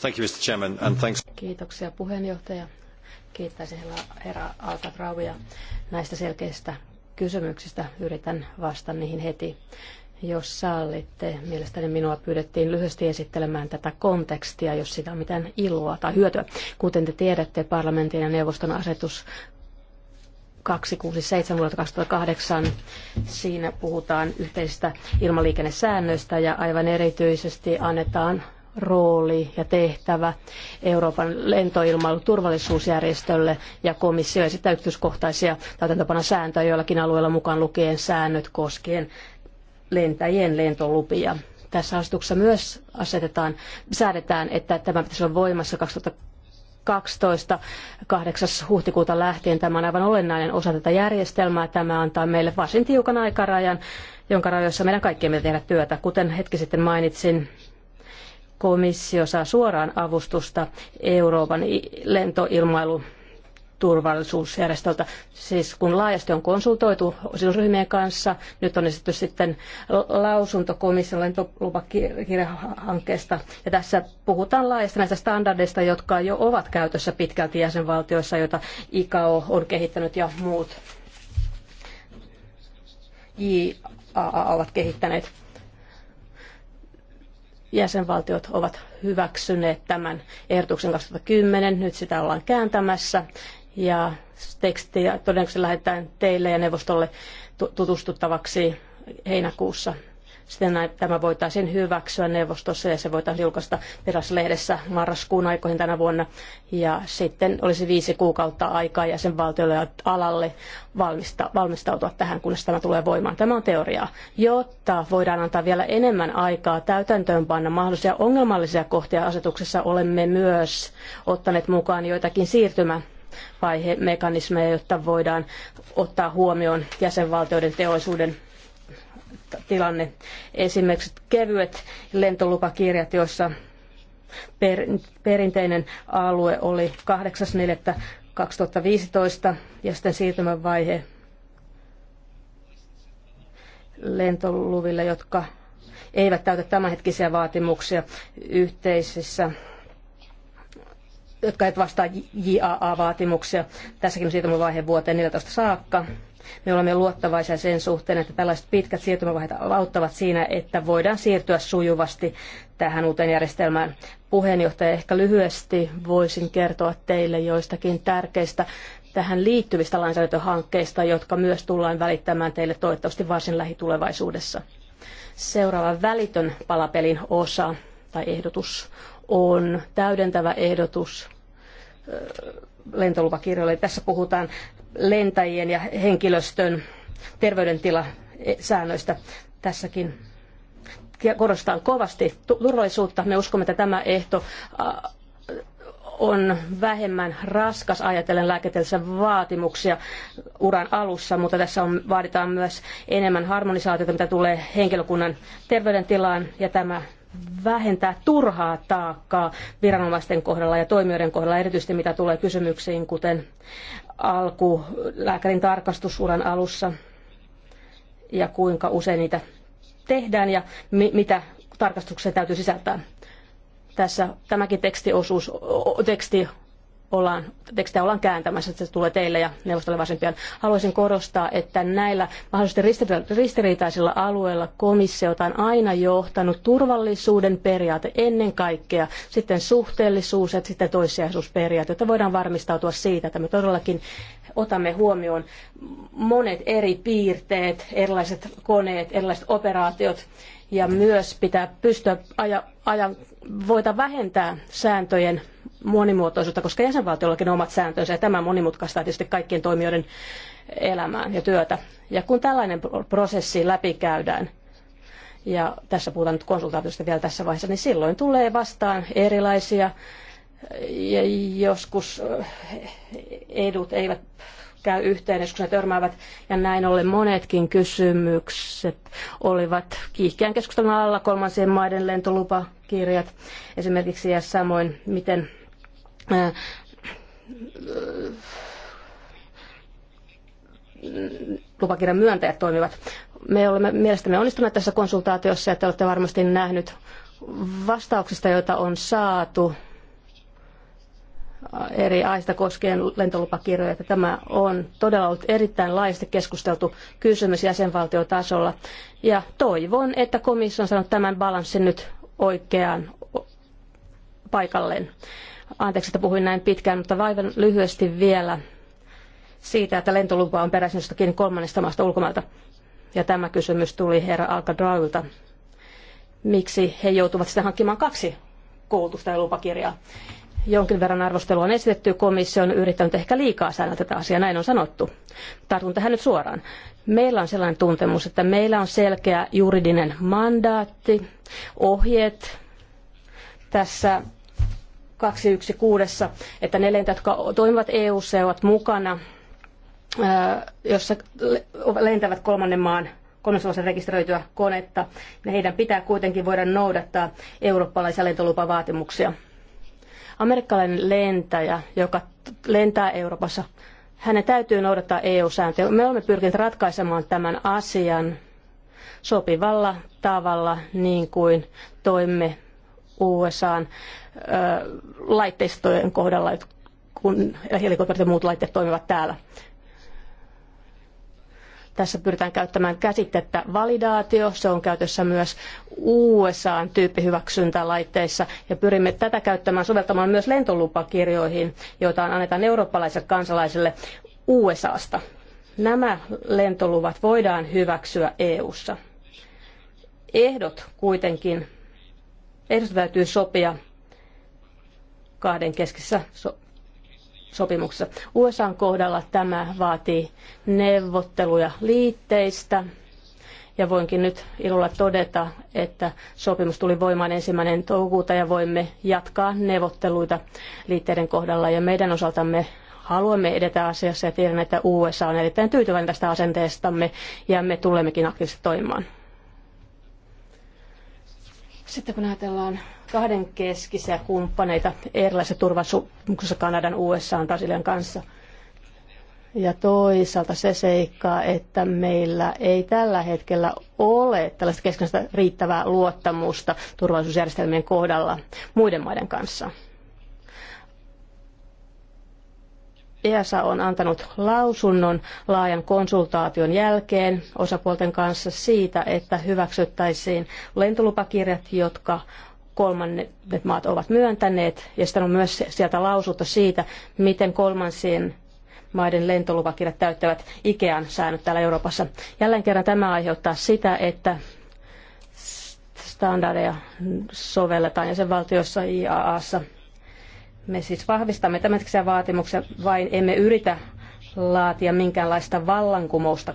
Thank you, Mr. Chairman, and thanks. Kiitoksia puheenjohtaja. Kiittäisin herra Alkatrauvia näistä selkeistä kysymyksistä. Yritän vastata niihin heti. Jos sallitte, mielestäni minua pyydettiin lyhyesti esittelemään tätä kontekstia, jos sitä on mitään iloa tai hyötyä. Kuten te tiedätte, parlamentin ja neuvoston asetus 267 vuodelta 2008. Siinä puhutaan yhteisistä ilmaliikennesäännöistä ja aivan erityisesti annetaan rooli ja tehtävä Euroopan lentoilmailun turvallisuusjärjestölle ja komissio esittää yksityiskohtaisia täytäntöpana sääntöjä joillakin alueilla mukaan lukien säännöt koskien lentäjien lentolupia. Tässä asetuksessa myös asetetaan, säädetään, että tämä pitäisi olla voimassa 2020 12. 8. huhtikuuta lähtien. Tämä on aivan olennainen osa tätä järjestelmää. Tämä antaa meille varsin tiukan aikarajan, jonka rajoissa meidän kaikkien pitää tehdä työtä. Kuten hetki sitten mainitsin, komissio saa suoraan avustusta Euroopan lentoilmailu turvallisuusjärjestöltä. Siis kun laajasti on konsultoitu sidosryhmien kanssa, nyt on esitetty sitten lausunto komission lentolupakirjahankkeesta. Ja tässä puhutaan laajasti näistä standardeista, jotka jo ovat käytössä pitkälti jäsenvaltioissa, joita ICAO on kehittänyt ja muut JAA ovat kehittäneet. Jäsenvaltiot ovat hyväksyneet tämän ehdotuksen 2010, nyt sitä ollaan kääntämässä ja tekstiä todennäköisesti lähetetään teille ja neuvostolle tutustuttavaksi heinäkuussa. Sitten näin, tämä voitaisiin hyväksyä neuvostossa ja se voitaisiin julkaista teräslehdessä marraskuun aikoihin tänä vuonna. Ja sitten olisi viisi kuukautta aikaa jäsenvaltiolle ja alalle valmista, valmistautua tähän, kunnes tämä tulee voimaan. Tämä on teoriaa. Jotta voidaan antaa vielä enemmän aikaa täytäntöönpanna mahdollisia ongelmallisia kohtia asetuksessa, olemme myös ottaneet mukaan joitakin siirtymä vaihemekanismeja, jotta voidaan ottaa huomioon jäsenvaltioiden teollisuuden tilanne. Esimerkiksi kevyet lentolupakirjat, joissa per, perinteinen alue oli 8.4.2015 ja sitten siirtymävaihe lentoluville, jotka eivät täytä tämänhetkisiä vaatimuksia yhteisissä jotka eivät vastaa JAA-vaatimuksia. Tässäkin siirtymävaihe vuoteen 14 saakka. Me olemme luottavaisia sen suhteen, että tällaiset pitkät siirtymävaiheet auttavat siinä, että voidaan siirtyä sujuvasti tähän uuteen järjestelmään. Puheenjohtaja, ehkä lyhyesti voisin kertoa teille joistakin tärkeistä tähän liittyvistä lainsäädäntöhankkeista, jotka myös tullaan välittämään teille toivottavasti varsin lähitulevaisuudessa. Seuraava välitön palapelin osa tai ehdotus on täydentävä ehdotus lentolupakirjoille. Tässä puhutaan lentäjien ja henkilöstön terveydentilasäännöistä e, tässäkin korostan kovasti turvallisuutta. Me uskomme, että tämä ehto on vähemmän raskas ajatellen lääketieteellisiä vaatimuksia uran alussa, mutta tässä on, vaaditaan myös enemmän harmonisaatiota, mitä tulee henkilökunnan terveydentilaan, ja tämä vähentää turhaa taakkaa viranomaisten kohdalla ja toimijoiden kohdalla, erityisesti mitä tulee kysymyksiin, kuten alku lääkärin tarkastusuran alussa ja kuinka usein niitä tehdään ja mi- mitä tarkastuksia täytyy sisältää. Tässä tämäkin tekstiosuus, teksti ollaan, tekstejä ollaan kääntämässä, että se tulee teille ja neuvostolle vasempiaan. Haluaisin korostaa, että näillä mahdollisesti ristiriitaisilla alueilla komissiota on aina johtanut turvallisuuden periaate ennen kaikkea, sitten suhteellisuus ja sitten toissijaisuusperiaate, jotta voidaan varmistautua siitä, että me todellakin otamme huomioon monet eri piirteet, erilaiset koneet, erilaiset operaatiot, ja myös pitää pystyä aja, aja, voita vähentää sääntöjen monimuotoisuutta, koska jäsenvaltiollakin on omat sääntönsä ja tämä monimutkaistaa tietysti kaikkien toimijoiden elämää ja työtä. Ja kun tällainen prosessi läpikäydään, ja tässä puhutaan nyt konsultaatiosta vielä tässä vaiheessa, niin silloin tulee vastaan erilaisia ja joskus eh, edut eivät käy yhteen, joskus ne törmäävät. Ja näin ollen monetkin kysymykset olivat kiihkeän keskustelun alla kolmansien maiden lentolupakirjat esimerkiksi ja samoin miten Äh, lupakirjan myöntäjät toimivat. Me olemme mielestämme onnistuneet tässä konsultaatiossa ja te olette varmasti nähnyt vastauksista, joita on saatu eri aista koskien lentolupakirjoja, että tämä on todella ollut erittäin laajasti keskusteltu kysymys jäsenvaltiotasolla. Ja toivon, että komissio on saanut tämän balanssin nyt oikeaan paikalleen. Anteeksi, että puhuin näin pitkään, mutta vaivan lyhyesti vielä siitä, että lentolupa on peräisin jostakin kolmannesta maasta ulkomailta. Ja tämä kysymys tuli herra Alcadrailta. Miksi he joutuvat sitten hankkimaan kaksi koulutusta ja lupakirjaa? Jonkin verran arvostelua on esitetty, komissio on yrittänyt ehkä liikaa säännä tätä asiaa, näin on sanottu. Tartun tähän nyt suoraan. Meillä on sellainen tuntemus, että meillä on selkeä juridinen mandaatti, ohjeet tässä 216, että ne lentää, jotka toimivat EU-ssa ja ovat mukana, jossa lentävät kolmannen maan kolmasosan rekisteröityä konetta, ja niin heidän pitää kuitenkin voida noudattaa eurooppalaisia lentolupavaatimuksia. Amerikkalainen lentäjä, joka lentää Euroopassa, hänen täytyy noudattaa EU-sääntöjä. Me olemme pyrkineet ratkaisemaan tämän asian sopivalla tavalla, niin kuin toimme USAn laitteistojen kohdalla, kun helikopterit ja muut laitteet toimivat täällä. Tässä pyritään käyttämään käsitettä validaatio, se on käytössä myös USAn tyyppihyväksyntälaitteissa ja pyrimme tätä käyttämään soveltamaan myös lentolupakirjoihin, joita annetaan eurooppalaisille kansalaisille USAsta. Nämä lentoluvat voidaan hyväksyä EUssa. Ehdot kuitenkin Ehdosta täytyy sopia kahden keskisessä so- sopimuksessa. USAn kohdalla tämä vaatii neuvotteluja liitteistä. Ja voinkin nyt ilolla todeta, että sopimus tuli voimaan ensimmäinen toukokuuta ja voimme jatkaa neuvotteluita liitteiden kohdalla. Ja meidän osaltamme haluamme edetä asiassa ja tiedän, että USA on erittäin tyytyväinen tästä asenteestamme ja me tulemmekin aktiivisesti toimimaan. Sitten kun ajatellaan kahdenkeskisiä kumppaneita erilaisissa turvallisuuksissa Kanadan, USA on Brasilian kanssa, ja toisaalta se seikkaa, että meillä ei tällä hetkellä ole tällaista keskinäistä riittävää luottamusta turvallisuusjärjestelmien kohdalla muiden maiden kanssa. EASA on antanut lausunnon laajan konsultaation jälkeen osapuolten kanssa siitä, että hyväksyttäisiin lentolupakirjat, jotka kolmannet maat ovat myöntäneet, ja sitten on myös sieltä lausunto siitä, miten kolmansien maiden lentolupakirjat täyttävät IKEAn säännöt täällä Euroopassa. Jälleen kerran tämä aiheuttaa sitä, että standardeja sovelletaan jäsenvaltioissa IAAssa me siis vahvistamme tämänhetkisiä vaatimuksia, vain emme yritä laatia minkäänlaista vallankumousta.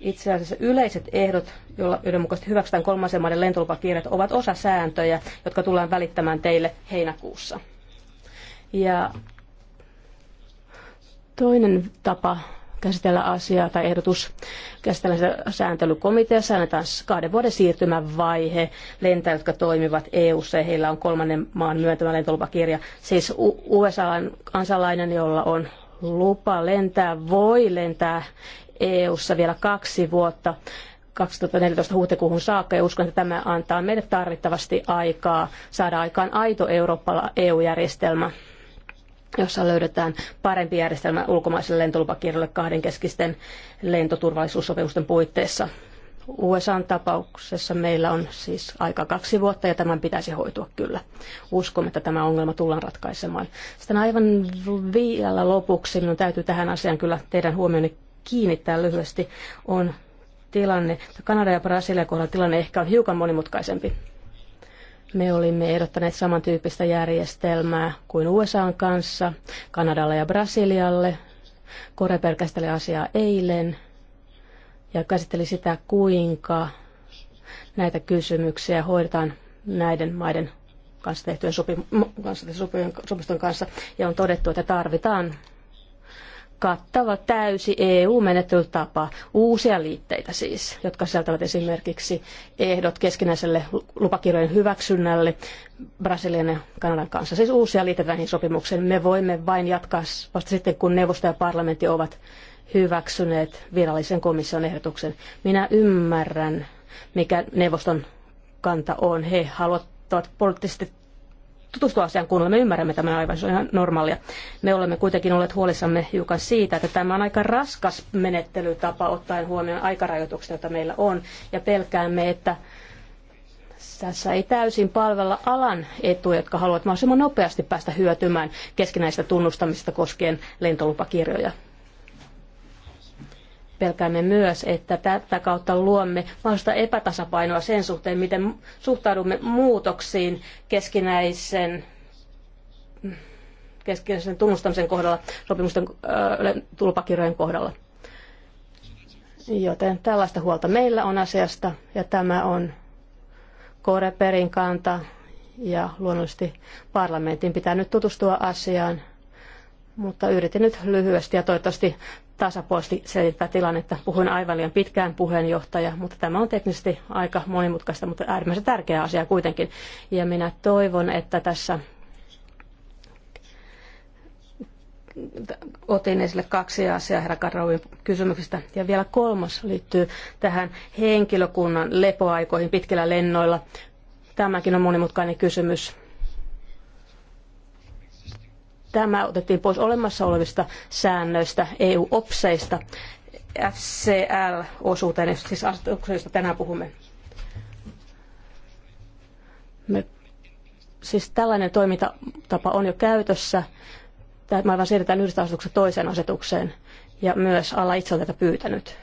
Itse asiassa yleiset ehdot, joiden mukaisesti hyväksytään kolmansien maiden lentolupakirjat, ovat osa sääntöjä, jotka tullaan välittämään teille heinäkuussa. Ja toinen tapa käsitellä asiaa tai ehdotus käsitellään sääntelykomiteassa. Annetaan kahden vuoden siirtymävaihe lentäjät, jotka toimivat EU-ssa ja heillä on kolmannen maan myöntämä lentolupakirja. Siis USA-kansalainen, jolla on lupa lentää, voi lentää EU-ssa vielä kaksi vuotta 2014 huhtikuuhun saakka ja uskon, että tämä antaa meille tarvittavasti aikaa saada aikaan aito Eurooppala EU-järjestelmä jossa löydetään parempi järjestelmä ulkomaiselle lentolupakierrolle kahdenkeskisten lentoturvallisuussopimusten puitteissa. USAn tapauksessa meillä on siis aika kaksi vuotta ja tämän pitäisi hoitua kyllä. Uskon, että tämä ongelma tullaan ratkaisemaan. Sitten aivan vielä lopuksi minun täytyy tähän asiaan kyllä teidän huomionne kiinnittää lyhyesti on tilanne, Kanada ja Brasilia kohdalla tilanne ehkä on hiukan monimutkaisempi. Me olimme ehdottaneet samantyyppistä järjestelmää kuin USAn kanssa, Kanadalle ja Brasilialle. Koreper käsitteli asiaa eilen ja käsitteli sitä, kuinka näitä kysymyksiä hoidetaan näiden maiden kanssa tehtyjen sopimusten kanssa. Ja on todettu, että tarvitaan kattava täysi EU-menettelytapa, uusia liitteitä siis, jotka sisältävät esimerkiksi ehdot keskinäiselle lupakirjojen hyväksynnälle Brasilian ja Kanadan kanssa. Siis uusia liitteitä näihin sopimuksiin. Me voimme vain jatkaa vasta sitten, kun neuvosto ja parlamentti ovat hyväksyneet virallisen komission ehdotuksen. Minä ymmärrän, mikä neuvoston kanta on. He haluavat poliittisesti tutustua asiaan kunnolla. Me ymmärrämme tämän aivan, se on ihan normaalia. Me olemme kuitenkin olleet huolissamme hiukan siitä, että tämä on aika raskas menettelytapa ottaen huomioon aikarajoitukset, joita meillä on. Ja pelkäämme, että tässä ei täysin palvella alan etuja, jotka haluavat mahdollisimman nopeasti päästä hyötymään keskinäistä tunnustamista koskien lentolupakirjoja. Pelkäämme myös, että tätä kautta luomme mahdollista epätasapainoa sen suhteen, miten suhtaudumme muutoksiin keskinäisen keskinäisen tunnustamisen kohdalla, sopimusten äh, tulpakirjojen kohdalla. Joten tällaista huolta meillä on asiasta ja tämä on Koreperin kanta ja luonnollisesti parlamentin pitää nyt tutustua asiaan. Mutta yritin nyt lyhyesti ja toivottavasti tasapuolisesti selittää tilannetta. Puhuin aivan liian pitkään puheenjohtaja, mutta tämä on teknisesti aika monimutkaista, mutta äärimmäisen tärkeä asia kuitenkin. Ja minä toivon, että tässä otin esille kaksi asiaa herra Karrovin kysymyksistä. Ja vielä kolmas liittyy tähän henkilökunnan lepoaikoihin pitkillä lennoilla. Tämäkin on monimutkainen kysymys Tämä otettiin pois olemassa olevista säännöistä, EU-opseista, FCL-osuuteen, siis asetuksesta tänään puhumme. Me, siis tällainen toimintatapa on jo käytössä. Tämä vain siirretään yhdestä asetuksesta toiseen asetukseen ja myös ala itse tätä pyytänyt.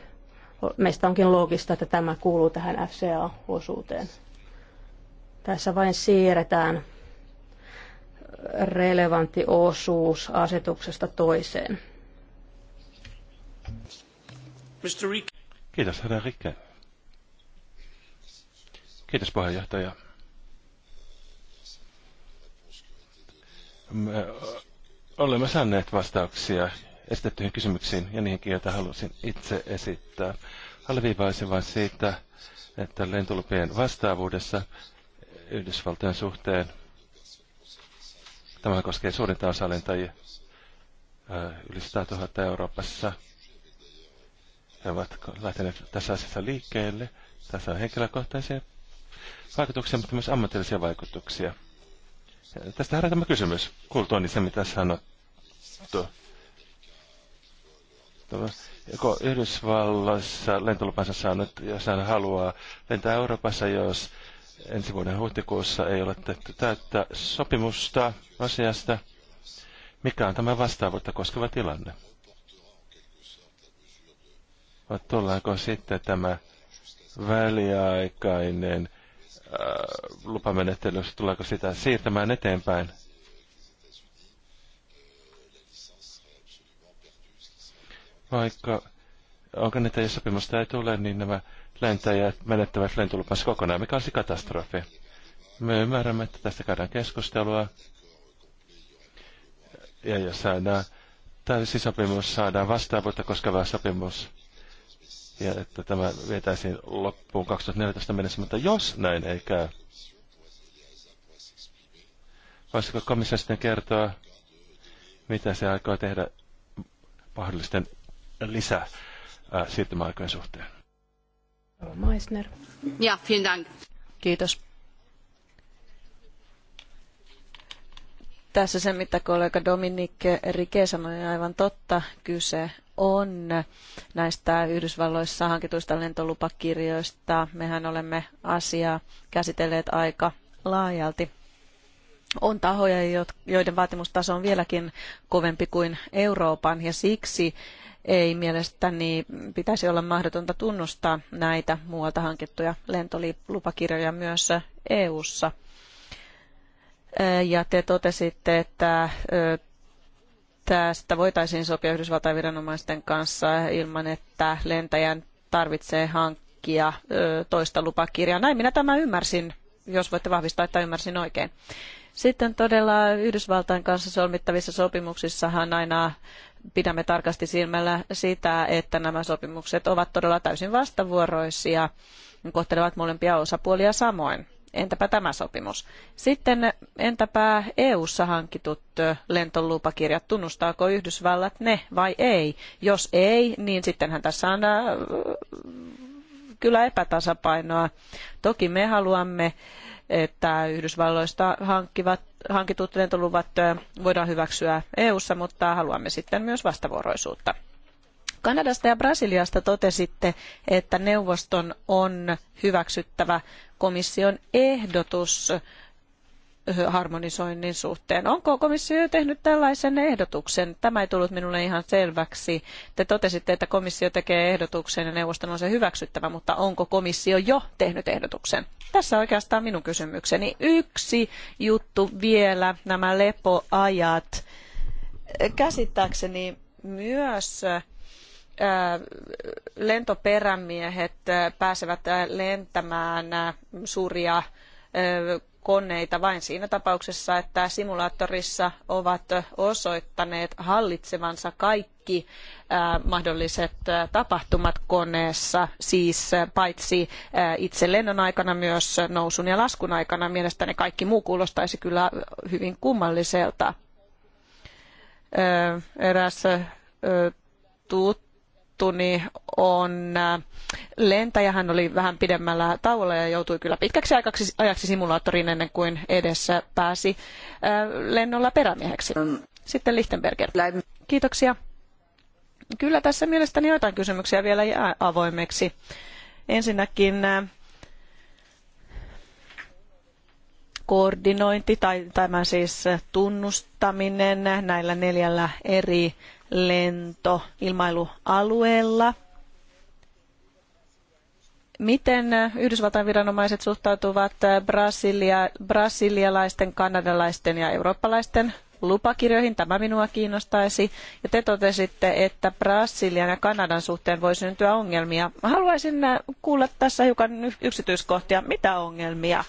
Meistä onkin loogista, että tämä kuuluu tähän FCA-osuuteen. Tässä vain siirretään relevantti osuus asetuksesta toiseen. Kiitos, herra Rikke. Kiitos, puheenjohtaja. Me olemme saaneet vastauksia esitettyihin kysymyksiin ja niihinkin, joita halusin itse esittää. Alleviivaisin vain siitä, että lentolupien vastaavuudessa Yhdysvaltojen suhteen Tämä koskee suurinta osa lentäjiä yli 100 000 Euroopassa. He ovat lähteneet tässä asiassa liikkeelle. Tässä on henkilökohtaisia vaikutuksia, mutta myös ammatillisia vaikutuksia. Ja tästä herää tämä kysymys, kuultuani niin se mitä sanottu. Joko Yhdysvalloissa lentolupansa saanut, jos hän haluaa lentää Euroopassa, jos ensi vuoden huhtikuussa ei ole tehty täyttä sopimusta asiasta. Mikä on tämä vastaavuutta koskeva tilanne? Vai tullaanko sitten tämä väliaikainen äh, lupamenettely, tullaanko sitä siirtämään eteenpäin? Vaikka onko niitä, jos sopimusta ei tule, niin nämä lentäjät menettävät lentolupansa kokonaan, mikä olisi katastrofi. Me ymmärrämme, että tästä käydään keskustelua. Ja jos saadaan täysi sopimus, saadaan vastaavuutta koskeva sopimus. Ja että tämä vietäisiin loppuun 2014 mennessä, mutta jos näin ei käy, voisiko komissio sitten kertoa, mitä se aikoo tehdä mahdollisten lisä äh, siirtymäaikojen suhteen? Meissner. Ja, vielen Dank. Kiitos. Tässä se, mitä kollega Dominique Rike sanoi, on aivan totta. Kyse on näistä Yhdysvalloissa hankituista lentolupakirjoista. Mehän olemme asiaa käsitelleet aika laajalti. On tahoja, joiden vaatimustaso on vieläkin kovempi kuin Euroopan, ja siksi ei mielestäni pitäisi olla mahdotonta tunnustaa näitä muualta hankittuja lentolupakirjoja myös EU-ssa. Ja te totesitte, että tästä voitaisiin sopia Yhdysvaltain viranomaisten kanssa ilman, että lentäjän tarvitsee hankkia toista lupakirjaa. Näin minä tämä ymmärsin, jos voitte vahvistaa, että ymmärsin oikein. Sitten todella Yhdysvaltain kanssa solmittavissa sopimuksissahan aina pidämme tarkasti silmällä sitä, että nämä sopimukset ovat todella täysin vastavuoroisia, kohtelevat molempia osapuolia samoin. Entäpä tämä sopimus? Sitten entäpä EU-ssa hankitut lentolupakirjat, tunnustaako Yhdysvallat ne vai ei? Jos ei, niin sittenhän tässä on kyllä epätasapainoa. Toki me haluamme, että Yhdysvalloista hankkivat hankitut lentoluvat voidaan hyväksyä EU-ssa, mutta haluamme sitten myös vastavuoroisuutta. Kanadasta ja Brasiliasta totesitte, että neuvoston on hyväksyttävä komission ehdotus harmonisoinnin suhteen. Onko komissio jo tehnyt tällaisen ehdotuksen? Tämä ei tullut minulle ihan selväksi. Te totesitte, että komissio tekee ehdotuksen ja neuvoston on se hyväksyttävä, mutta onko komissio jo tehnyt ehdotuksen? Tässä oikeastaan minun kysymykseni. Yksi juttu vielä, nämä lepoajat. Käsittääkseni myös lentoperämiehet pääsevät lentämään suuria koneita vain siinä tapauksessa, että simulaattorissa ovat osoittaneet hallitsevansa kaikki mahdolliset tapahtumat koneessa, siis paitsi itse lennon aikana myös nousun ja laskun aikana. Mielestäni kaikki muu kuulostaisi kyllä hyvin kummalliselta. Eräs tuttu tuttuani on äh, lentäjä. Hän oli vähän pidemmällä tauolla ja joutui kyllä pitkäksi ajaksi, ajaksi simulaattoriin ennen kuin edessä pääsi äh, lennolla perämieheksi. Sitten Lichtenberger. Kiitoksia. Kyllä tässä mielestäni joitain kysymyksiä vielä jää avoimeksi. Ensinnäkin äh, koordinointi tai tämän siis tunnustaminen näillä neljällä eri lentoilmailualueella. Miten Yhdysvaltain viranomaiset suhtautuvat Brasilia, brasilialaisten, kanadalaisten ja eurooppalaisten lupakirjoihin? Tämä minua kiinnostaisi. Ja te totesitte, että Brasilian ja Kanadan suhteen voi syntyä ongelmia. Haluaisin kuulla tässä hiukan yksityiskohtia. Mitä ongelmia?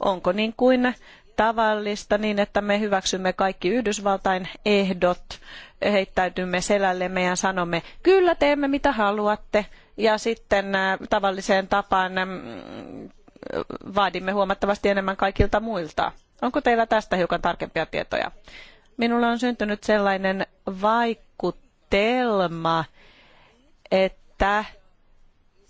Onko niin kuin tavallista niin, että me hyväksymme kaikki Yhdysvaltain ehdot, heittäydymme selällemme ja sanomme, kyllä teemme mitä haluatte, ja sitten äh, tavalliseen tapaan mm, vaadimme huomattavasti enemmän kaikilta muilta. Onko teillä tästä hiukan tarkempia tietoja? Minulla on syntynyt sellainen vaikutelma, että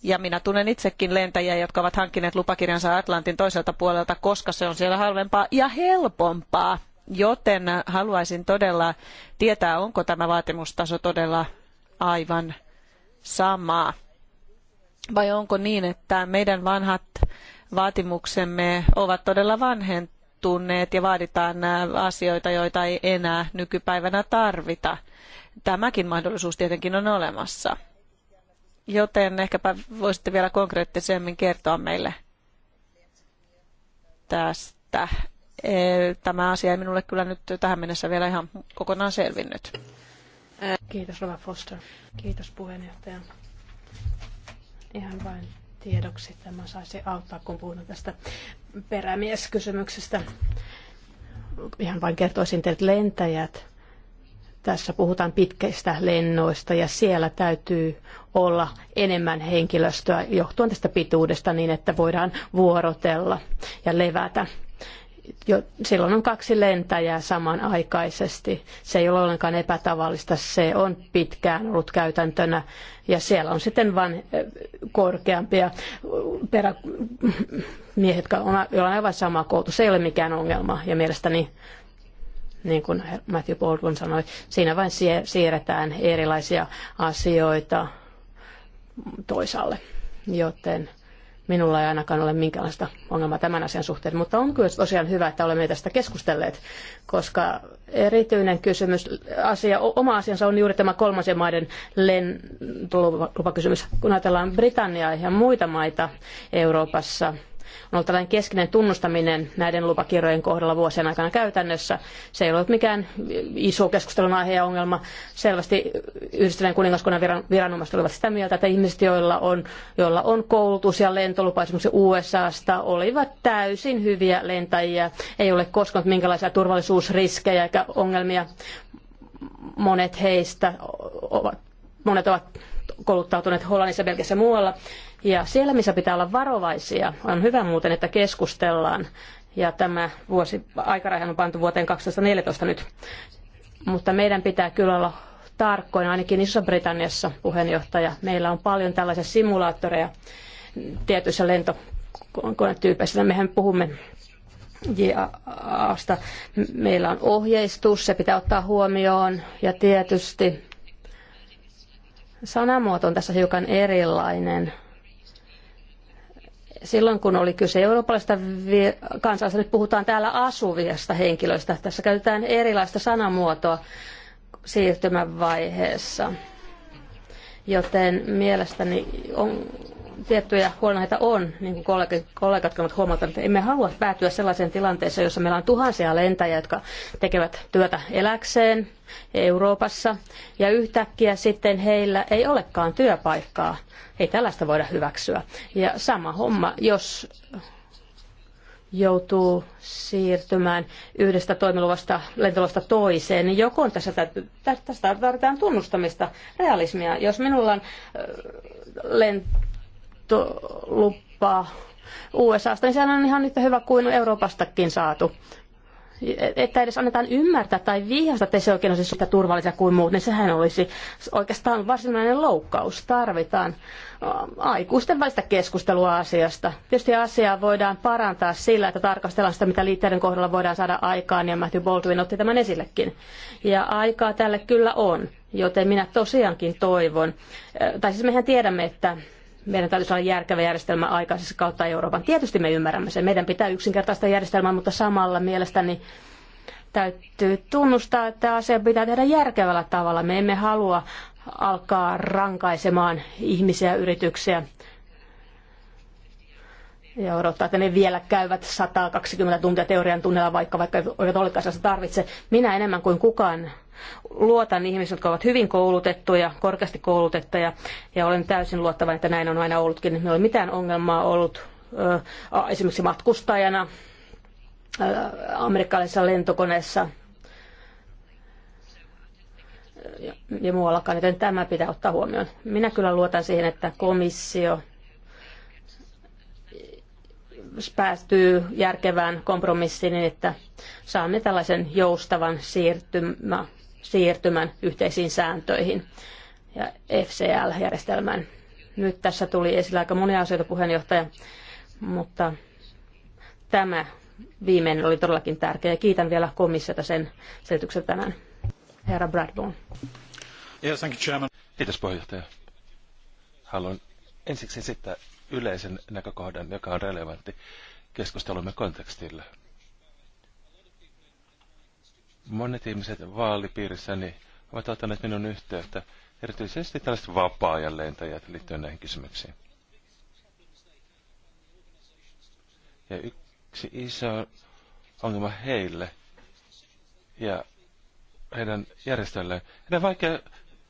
ja minä tunnen itsekin lentäjiä, jotka ovat hankkineet lupakirjansa Atlantin toiselta puolelta, koska se on siellä halvempaa ja helpompaa. Joten haluaisin todella tietää, onko tämä vaatimustaso todella aivan sama. Vai onko niin, että meidän vanhat vaatimuksemme ovat todella vanhentuneet ja vaaditaan asioita, joita ei enää nykypäivänä tarvita. Tämäkin mahdollisuus tietenkin on olemassa. Joten ehkäpä voisitte vielä konkreettisemmin kertoa meille tästä. E, tämä asia ei minulle kyllä nyt tähän mennessä vielä ihan kokonaan selvinnyt. Kiitos Rova Foster. Kiitos puheenjohtaja. Ihan vain tiedoksi tämä saisi auttaa, kun puhun tästä perämieskysymyksestä. Ihan vain kertoisin teille lentäjät tässä puhutaan pitkäistä lennoista ja siellä täytyy olla enemmän henkilöstöä johtuen tästä pituudesta niin, että voidaan vuorotella ja levätä. Jo, silloin on kaksi lentäjää samanaikaisesti. Se ei ole ollenkaan epätavallista, se on pitkään ollut käytäntönä ja siellä on sitten vain eh, korkeampia eh, perä, miehet, joilla on aivan sama koulutus. Se ei ole mikään ongelma ja mielestäni niin kuin Matthew Baldwin sanoi, siinä vain siirretään erilaisia asioita toisaalle. Joten minulla ei ainakaan ole minkäänlaista ongelmaa tämän asian suhteen, mutta on kyllä tosiaan hyvä, että olemme tästä keskustelleet, koska erityinen kysymys, asia, oma asiansa on juuri tämä kolmansien maiden lentolupakysymys. Kun ajatellaan Britanniaa ja muita maita Euroopassa, on ollut tällainen keskinen tunnustaminen näiden lupakirjojen kohdalla vuosien aikana käytännössä. Se ei ollut mikään iso keskustelun aihe ja ongelma. Selvästi yhdistyneen kuningaskunnan viranomaiset olivat sitä mieltä, että ihmiset, joilla on, joilla on koulutus ja lentolupa esimerkiksi USAsta, olivat täysin hyviä lentäjiä. Ei ole koskaan minkälaisia turvallisuusriskejä eikä ongelmia. Monet heistä ovat, monet ovat kouluttautuneet Hollannissa, Belgiassa ja muualla. Ja siellä, missä pitää olla varovaisia, on hyvä muuten, että keskustellaan. Ja tämä vuosi, aikarajahan on pantu vuoteen 2014 nyt. Mutta meidän pitää kyllä olla tarkkoina, ainakin Iso-Britanniassa puheenjohtaja. Meillä on paljon tällaisia simulaattoreja tietyissä lentokonetyypeissä. Mehän puhumme JAAsta. Meillä on ohjeistus, se pitää ottaa huomioon ja tietysti sanamuoto on tässä hiukan erilainen silloin kun oli kyse eurooppalaisesta kansalaisesta, nyt puhutaan täällä asuvista henkilöistä. Tässä käytetään erilaista sanamuotoa siirtymävaiheessa. Joten mielestäni on, tiettyjä huolenaiheita on, niin kuin kollegat, kollegatkin ovat huomauttaneet, emme halua päätyä sellaiseen tilanteeseen, jossa meillä on tuhansia lentäjiä, jotka tekevät työtä eläkseen Euroopassa, ja yhtäkkiä sitten heillä ei olekaan työpaikkaa. Ei tällaista voida hyväksyä. Ja sama homma, jos joutuu siirtymään yhdestä toimiluvasta lentolosta toiseen, niin joko tässä täytyy, tästä tarvitaan tunnustamista, realismia. Jos minulla on lent- lupa USAsta, niin sehän on ihan yhtä hyvä kuin Euroopastakin saatu. Että edes annetaan ymmärtää tai viihasta, että se oikein olisi sitä turvallista kuin muut, niin sehän olisi oikeastaan varsinainen loukkaus. Tarvitaan äh, aikuisten välistä keskustelua asiasta. Tietysti asiaa voidaan parantaa sillä, että tarkastellaan sitä, mitä liitteiden kohdalla voidaan saada aikaan, ja Matthew Baldwin otti tämän esillekin. Ja aikaa tälle kyllä on, joten minä tosiaankin toivon, äh, tai siis mehän tiedämme, että meidän täytyisi olla järkevä järjestelmä aikaisessa kautta Euroopan. Tietysti me ymmärrämme sen. Meidän pitää yksinkertaista järjestelmää, mutta samalla mielestäni täytyy tunnustaa, että asia pitää tehdä järkevällä tavalla. Me emme halua alkaa rankaisemaan ihmisiä, yrityksiä ja odottaa, että ne vielä käyvät 120 tuntia teorian tunnella, vaikka, vaikka eivät olekaan sitä tarvitse. Minä enemmän kuin kukaan luotan ihmisiä, jotka ovat hyvin koulutettuja, korkeasti koulutettuja, ja olen täysin luottava, että näin on aina ollutkin. Meillä ei ole mitään ongelmaa ollut esimerkiksi matkustajana amerikkalaisessa lentokoneessa ja muuallakaan, joten tämä pitää ottaa huomioon. Minä kyllä luotan siihen, että komissio päästyy järkevään kompromissiin, niin että saamme tällaisen joustavan siirtymä, siirtymän yhteisiin sääntöihin ja FCL-järjestelmään. Nyt tässä tuli esillä aika monia asioita puheenjohtaja, mutta tämä viimeinen oli todellakin tärkeä. Kiitän vielä komissiota sen selityksen tänään. Herra Bradburn. Yes, thank you, Chairman. Kiitos puheenjohtaja. Haluan ensiksi esittää yleisen näkökohdan, joka on relevantti keskustelumme kontekstille. Monet ihmiset vaalipiirissäni ovat ottaneet minun yhteyttä, erityisesti tällaiset vapaa-ajan lentäjät liittyen näihin kysymyksiin. Ja yksi iso ongelma heille ja heidän järjestölleen, Heidän on vaikea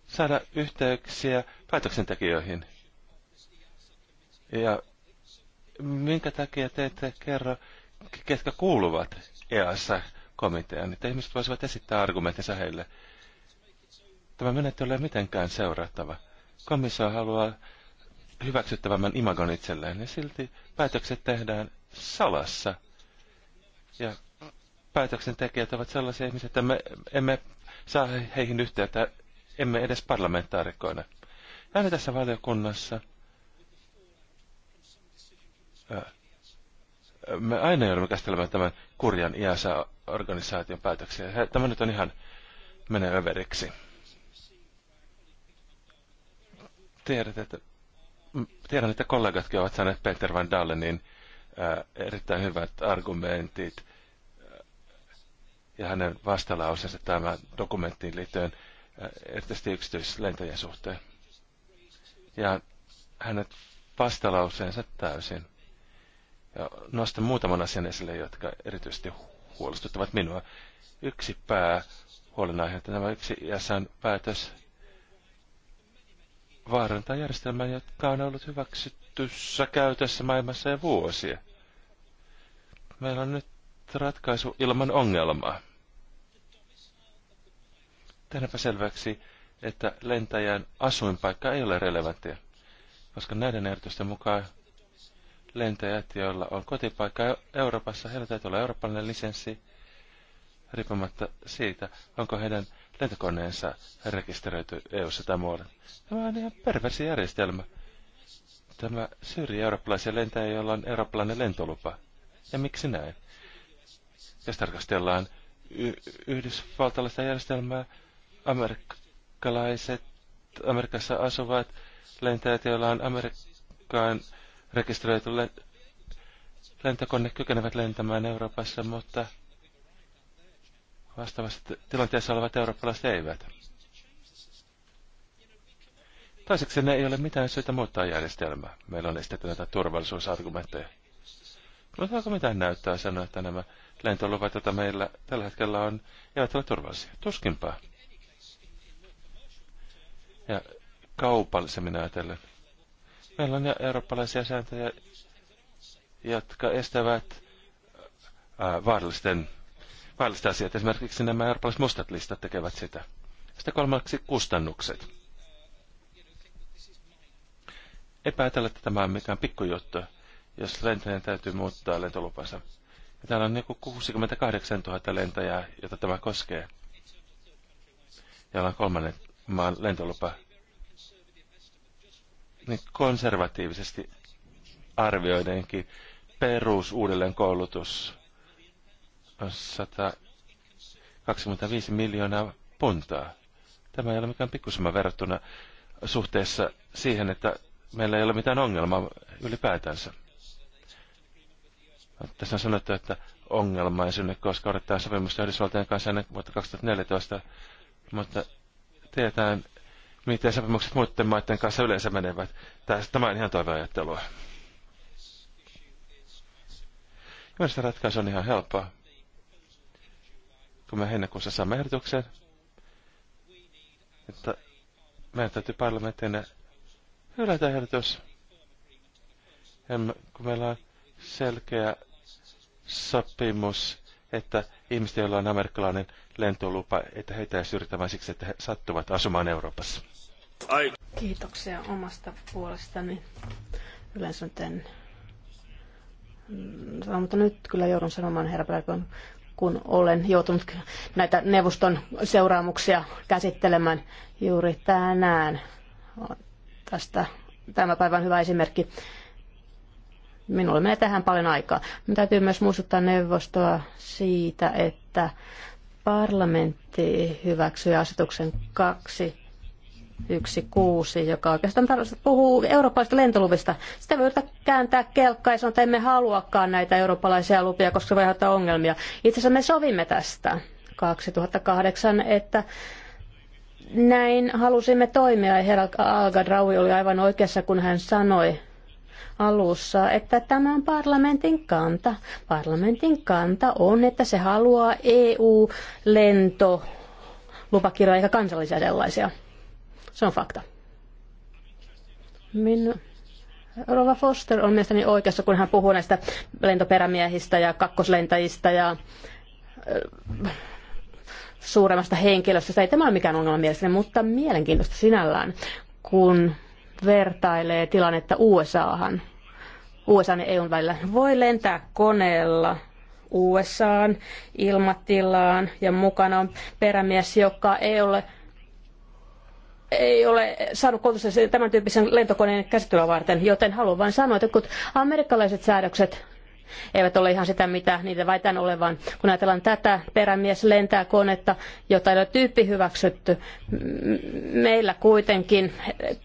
saada yhteyksiä päätöksentekijöihin. Ja minkä takia te ette kerro, ketkä kuuluvat EASA komiteaan, että ihmiset voisivat esittää argumenttinsa heille. Tämä menettely ei ole mitenkään seurattava. Komissio haluaa hyväksyttävämmän imagon itselleen, ja silti päätökset tehdään salassa. Ja päätöksentekijät ovat sellaisia ihmisiä, että me emme saa heihin yhteyttä, emme edes parlamentaarikoina. Ja tässä valiokunnassa – me aina joudumme käsittelemään tämän kurjan iänsä organisaation päätöksiä. Tämä nyt on ihan menee överiksi. Tiedät, että, tiedän, että kollegatkin ovat saaneet Peter Van Dallenin erittäin hyvät argumentit ja hänen vastalausensa tämän dokumenttiin liittyen erityisesti yksityislentojen suhteen. Ja hänet vastalauseensa täysin ja nostan muutaman asian esille, jotka erityisesti huolestuttavat minua. Yksi pää huolenaihe, että nämä yksi jäsen päätös vaarantaa järjestelmän, jotka on ollut hyväksyttyssä käytössä maailmassa ja vuosia. Meillä on nyt ratkaisu ilman ongelmaa. Tehdäänpä selväksi, että lentäjän asuinpaikka ei ole relevanttia, koska näiden ehdotusten mukaan lentäjät, joilla on kotipaikka Euroopassa, heillä täytyy olla eurooppalainen lisenssi riippumatta siitä, onko heidän lentokoneensa rekisteröity EU-ssa tai muualla. Tämä on ihan perversi järjestelmä. Tämä syrjii eurooppalaisia lentäjiä, joilla on eurooppalainen lentolupa. Ja miksi näin? Jos tarkastellaan y- yhdysvaltalaista järjestelmää, amerikkalaiset, Amerikassa asuvat lentäjät, joilla on Amerikkaan rekisteröity lentokone kykenevät lentämään Euroopassa, mutta vastaavassa tilanteessa olevat eurooppalaiset eivät. Toiseksi ne ei ole mitään syytä muuttaa järjestelmää. Meillä on esitetty näitä turvallisuusargumentteja. Mutta onko mitään näyttää sanoa, että nämä lentoluvat, joita meillä tällä hetkellä on, eivät ole turvallisia? Tuskinpaa. Ja kaupallisemmin ajatellen. Meillä on eurooppalaisia sääntöjä, jotka estävät vaarallisten, vaarallisten asiat. Esimerkiksi nämä eurooppalaiset mustat listat tekevät sitä. Sitten kolmaksi kustannukset. Epäätellä, että tämä on mikään pikkujuttu, jos lentäjän täytyy muuttaa lentolupansa. Ja täällä on joku 68 000 lentäjää, jota tämä koskee. Ja on kolmannen maan lentolupa niin konservatiivisesti arvioidenkin perus uudelleenkoulutus on 125 miljoonaa puntaa. Tämä ei ole mikään pikkusumma verrattuna suhteessa siihen, että meillä ei ole mitään ongelmaa ylipäätänsä. Tässä on sanottu, että ongelma ei synny, koska odottaa sopimusta Yhdysvaltojen kanssa ennen vuotta 2014, mutta tietään, miten sopimukset muiden maiden kanssa yleensä menevät. Tämä on ihan toiveajattelua. Mielestäni ratkaisu on ihan helppoa. Kun me heinäkuussa saamme ehdotuksen, että meidän täytyy parlamenttina hylätä ehdotus. kun meillä on selkeä sopimus, että ihmiset, joilla on amerikkalainen lentolupa, että heitä ei syrjitä siksi, että he sattuvat asumaan Euroopassa. Ai. Kiitoksia omasta puolestani. Yleensä en... Mm, mutta nyt kyllä joudun sanomaan herra Blackburn, kun olen joutunut näitä neuvoston seuraamuksia käsittelemään juuri tänään. Tästä tämä päivän hyvä esimerkki. Minulle menee tähän paljon aikaa. Minun täytyy myös muistuttaa neuvostoa siitä, että parlamentti hyväksyi asetuksen kaksi 1.6, joka oikeastaan puhuu eurooppalaisista lentoluvista. Sitä voi yrittää kääntää kelkkaan ja sanoa, että emme haluakaan näitä eurooppalaisia lupia, koska se voi aiheuttaa ongelmia. Itse asiassa me sovimme tästä 2008, että näin halusimme toimia. Ja herra Algadraui oli aivan oikeassa, kun hän sanoi alussa, että tämä on parlamentin kanta. Parlamentin kanta on, että se haluaa EU-lento lupakirjoja eikä kansallisia sellaisia. Se on fakta. Minu Rova Foster on mielestäni oikeassa, kun hän puhuu näistä lentoperämiehistä ja kakkoslentäjistä ja äh, suuremmasta henkilöstöstä. Ei tämä ole mikään ongelma mielestäni, mutta mielenkiintoista sinällään, kun vertailee tilannetta USAhan. USA ja EUn välillä voi lentää koneella USAan ilmatilaan ja mukana on perämies, joka ei ole ei ole saanut koulutusta tämän tyyppisen lentokoneen käsittelyä varten, joten haluan vain sanoa, että kun amerikkalaiset säädökset eivät ole ihan sitä, mitä niitä väitän olevan. Kun ajatellaan tätä, perämies lentää konetta, jota ei ole tyyppi hyväksytty. Meillä kuitenkin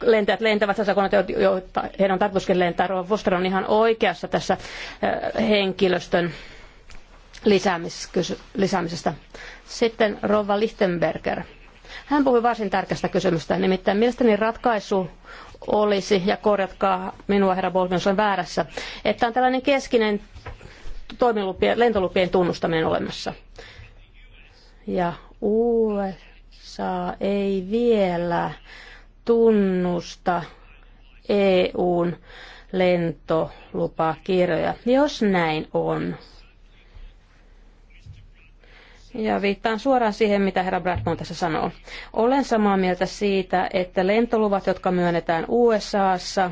lentäjät lentävät sellaisia koneita, joita heidän on tarkoituskin lentää. Rova Foster on ihan oikeassa tässä eh, henkilöstön lisäämisestä. Sitten Rova Lichtenberger hän puhui varsin tärkeästä kysymystä, nimittäin mielestäni ratkaisu olisi, ja korjatkaa minua herra Bolvin, on väärässä, että on tällainen keskinen toimilupien, lentolupien tunnustaminen olemassa. Ja USA ei vielä tunnusta EUn lentolupakirjoja. Jos näin on, ja viittaan suoraan siihen, mitä herra Bradman tässä sanoo. Olen samaa mieltä siitä, että lentoluvat, jotka myönnetään USAssa,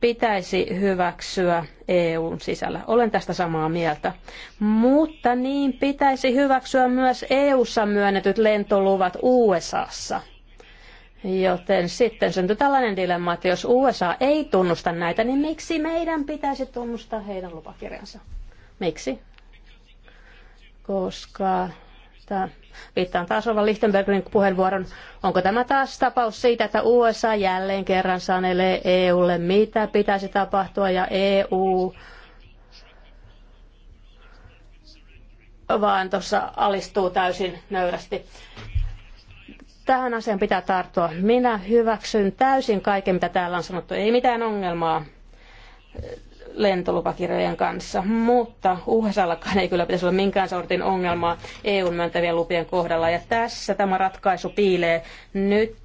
pitäisi hyväksyä EUn sisällä. Olen tästä samaa mieltä. Mutta niin pitäisi hyväksyä myös EUssa myönnetyt lentoluvat USAssa. Joten sitten syntyi tällainen dilemma, että jos USA ei tunnusta näitä, niin miksi meidän pitäisi tunnustaa heidän lupakirjansa? Miksi? koska tämä, viittaan taas Rovan Lichtenbergin puheenvuoron. Onko tämä taas tapaus siitä, että USA jälleen kerran sanelee EUlle, mitä pitäisi tapahtua ja EU vaan tuossa alistuu täysin nöyrästi. Tähän asiaan pitää tarttua. Minä hyväksyn täysin kaiken, mitä täällä on sanottu. Ei mitään ongelmaa lentolupakirjojen kanssa, mutta USAllakaan ei kyllä pitäisi olla minkään sortin ongelmaa EUn myöntävien lupien kohdalla. Ja tässä tämä ratkaisu piilee nyt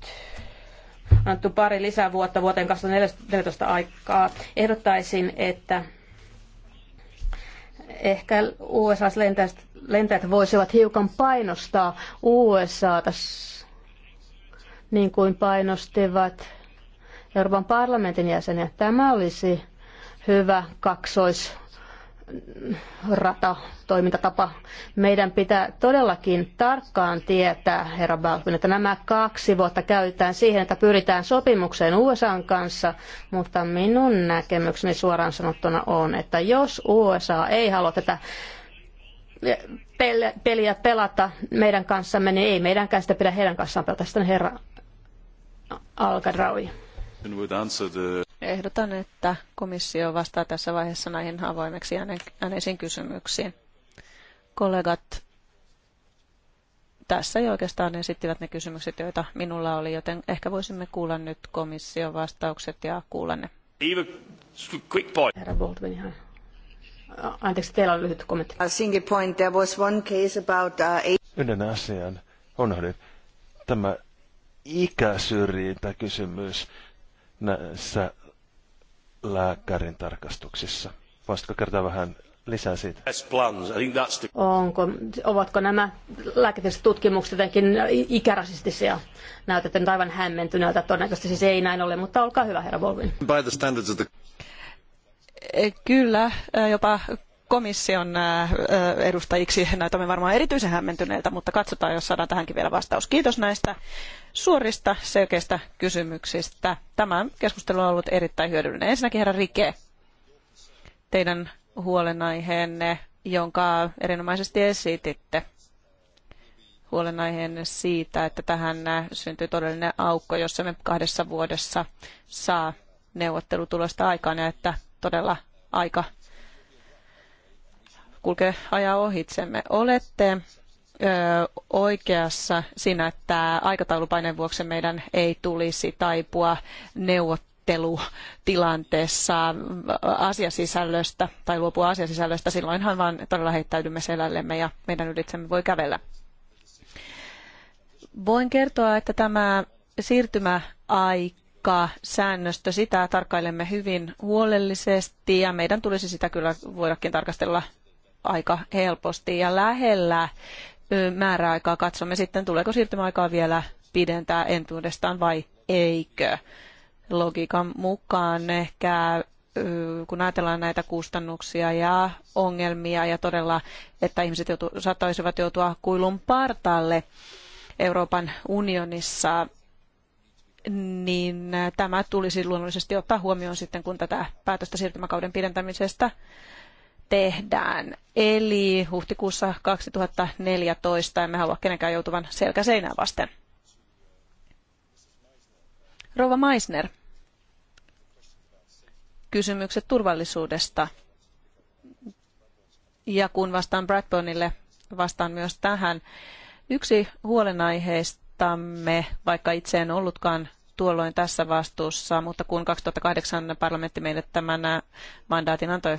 annettu pari lisää vuotta vuoteen 2014 aikaa. Ehdottaisin, että ehkä USA-lentäjät lentäjät voisivat hiukan painostaa USAta niin kuin painostivat Euroopan parlamentin jäseniä. Tämä olisi hyvä kaksoisrata, toimintatapa. Meidän pitää todellakin tarkkaan tietää, herra Balvin, että nämä kaksi vuotta käytetään siihen, että pyritään sopimukseen USAn kanssa, mutta minun näkemykseni suoraan sanottuna on, että jos USA ei halua tätä peliä pelata meidän kanssamme, niin ei meidänkään sitä pidä heidän kanssaan pelata. Sitten herra Alkadraui ehdotan, että komissio vastaa tässä vaiheessa näihin avoimeksi jääneisiin kysymyksiin. Kollegat tässä jo oikeastaan esittivät ne kysymykset, joita minulla oli, joten ehkä voisimme kuulla nyt komission vastaukset ja kuulla ne. Quick point. Herra Baldwin, ihan. Anteeksi, teillä on lyhyt kommentti. A single point, there was one case about... Uh, Yhden asian unohdin. Tämä ikäsyrjintäkysymys näissä lääkärin tarkastuksissa. Voisitko kertoa vähän lisää siitä? Onko, ovatko nämä lääketieteelliset tutkimukset jotenkin ikärasistisia? Näytätte nyt aivan hämmentyneeltä, todennäköisesti siis ei näin ole, mutta olkaa hyvä, herra Volvin. Eh, kyllä, jopa komission edustajiksi. Näytämme varmaan erityisen hämmentyneiltä, mutta katsotaan, jos saadaan tähänkin vielä vastaus. Kiitos näistä suorista, selkeistä kysymyksistä. Tämä keskustelu on ollut erittäin hyödyllinen. Ensinnäkin herra Rike, teidän huolenaiheenne, jonka erinomaisesti esititte huolenaiheen siitä, että tähän syntyy todellinen aukko, jossa me kahdessa vuodessa saa neuvottelutulosta aikaan ja että todella aika kulkee ajaa ohitsemme. Olette oikeassa siinä, että aikataulupaineen vuoksi meidän ei tulisi taipua neuvottelutilanteessa asiasisällöstä tai luopua asiasisällöstä. Silloinhan vaan todella heittäydymme selällemme ja meidän ylitsemme voi kävellä. Voin kertoa, että tämä siirtymäaika säännöstö, sitä tarkkailemme hyvin huolellisesti ja meidän tulisi sitä kyllä voidakin tarkastella aika helposti ja lähellä määräaikaa katsomme sitten, tuleeko siirtymäaikaa vielä pidentää entuudestaan vai eikö. Logiikan mukaan ehkä kun ajatellaan näitä kustannuksia ja ongelmia ja todella, että ihmiset joutu, saattaisivat joutua kuilun partaalle Euroopan unionissa, niin tämä tulisi luonnollisesti ottaa huomioon sitten, kun tätä päätöstä siirtymäkauden pidentämisestä tehdään. Eli huhtikuussa 2014 emme halua kenenkään joutuvan selkäseinään vasten. Rova Meisner, kysymykset turvallisuudesta. Ja kun vastaan Bradburnille, vastaan myös tähän. Yksi huolenaiheistamme, vaikka itse en ollutkaan tuolloin tässä vastuussa, mutta kun 2008 parlamentti meille tämän äh, mandaatin antoi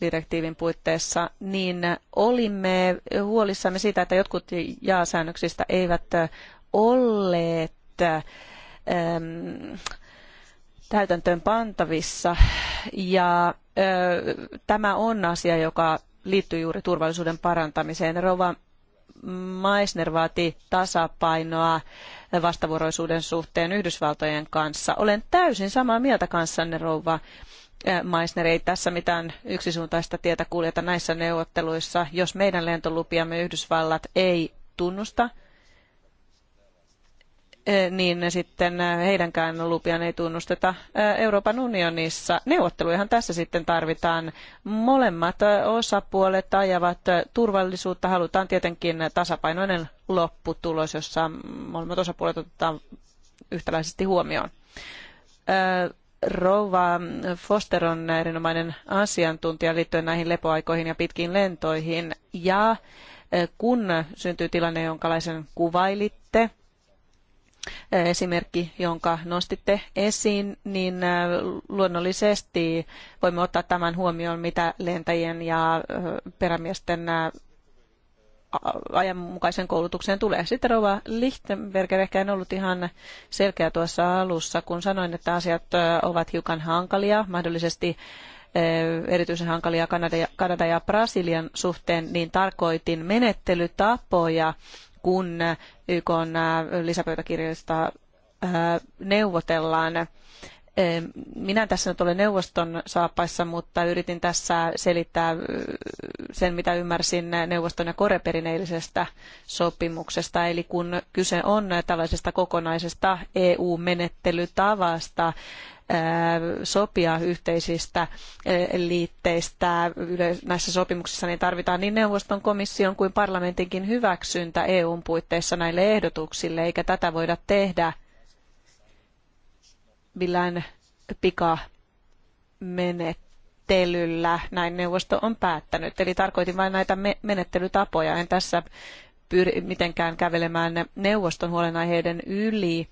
direktiivin puitteissa, niin olimme huolissamme siitä, että jotkut jaasäännöksistä eivät olleet ähm, täytäntöön pantavissa. Ja äh, tämä on asia, joka liittyy juuri turvallisuuden parantamiseen. Rova Meissner vaati tasapainoa vastavuoroisuuden suhteen Yhdysvaltojen kanssa. Olen täysin samaa mieltä kanssanne, rouva Maisner ei tässä mitään yksisuuntaista tietä kuljeta näissä neuvotteluissa. Jos meidän lentolupiamme Yhdysvallat ei tunnusta, niin sitten heidänkään lupiaan ei tunnusteta Euroopan unionissa. Neuvottelujahan tässä sitten tarvitaan. Molemmat osapuolet ajavat turvallisuutta. Halutaan tietenkin tasapainoinen lopputulos, jossa molemmat osapuolet otetaan yhtäläisesti huomioon rouva Foster on erinomainen asiantuntija liittyen näihin lepoaikoihin ja pitkiin lentoihin. Ja e, kun syntyy tilanne, jonkalaisen kuvailitte, e, esimerkki, jonka nostitte esiin, niin e, luonnollisesti voimme ottaa tämän huomioon, mitä lentäjien ja perämiesten ajanmukaisen koulutukseen tulee. Sitten Rova Lichtenberger ehkä en ollut ihan selkeä tuossa alussa, kun sanoin, että asiat ovat hiukan hankalia, mahdollisesti erityisen hankalia Kanada ja Brasilian suhteen, niin tarkoitin menettelytapoja, kun YK lisäpöytäkirjoista neuvotellaan. Minä tässä nyt ole neuvoston saapaissa, mutta yritin tässä selittää sen, mitä ymmärsin neuvoston ja Koreperin eilisestä sopimuksesta. Eli kun kyse on tällaisesta kokonaisesta EU-menettelytavasta, sopia yhteisistä liitteistä näissä sopimuksissa, niin tarvitaan niin neuvoston komission kuin parlamentinkin hyväksyntä EUn puitteissa näille ehdotuksille, eikä tätä voida tehdä millään pikamenettelyllä. Näin neuvosto on päättänyt. Eli tarkoitin vain näitä menettelytapoja. En tässä pyri mitenkään kävelemään neuvoston huolenaiheiden yli.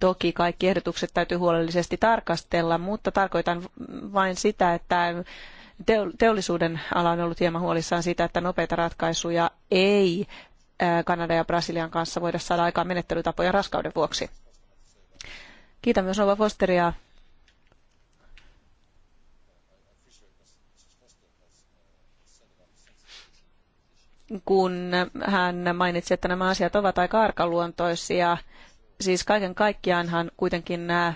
Toki kaikki ehdotukset täytyy huolellisesti tarkastella, mutta tarkoitan vain sitä, että teollisuuden ala on ollut hieman huolissaan siitä, että nopeita ratkaisuja ei Kanadan ja Brasilian kanssa voida saada aikaan menettelytapojen raskauden vuoksi. Kiitän myös Nova Fosteria kun hän mainitsi, että nämä asiat ovat aika arkaluontoisia. Siis kaiken kaikkiaanhan kuitenkin nämä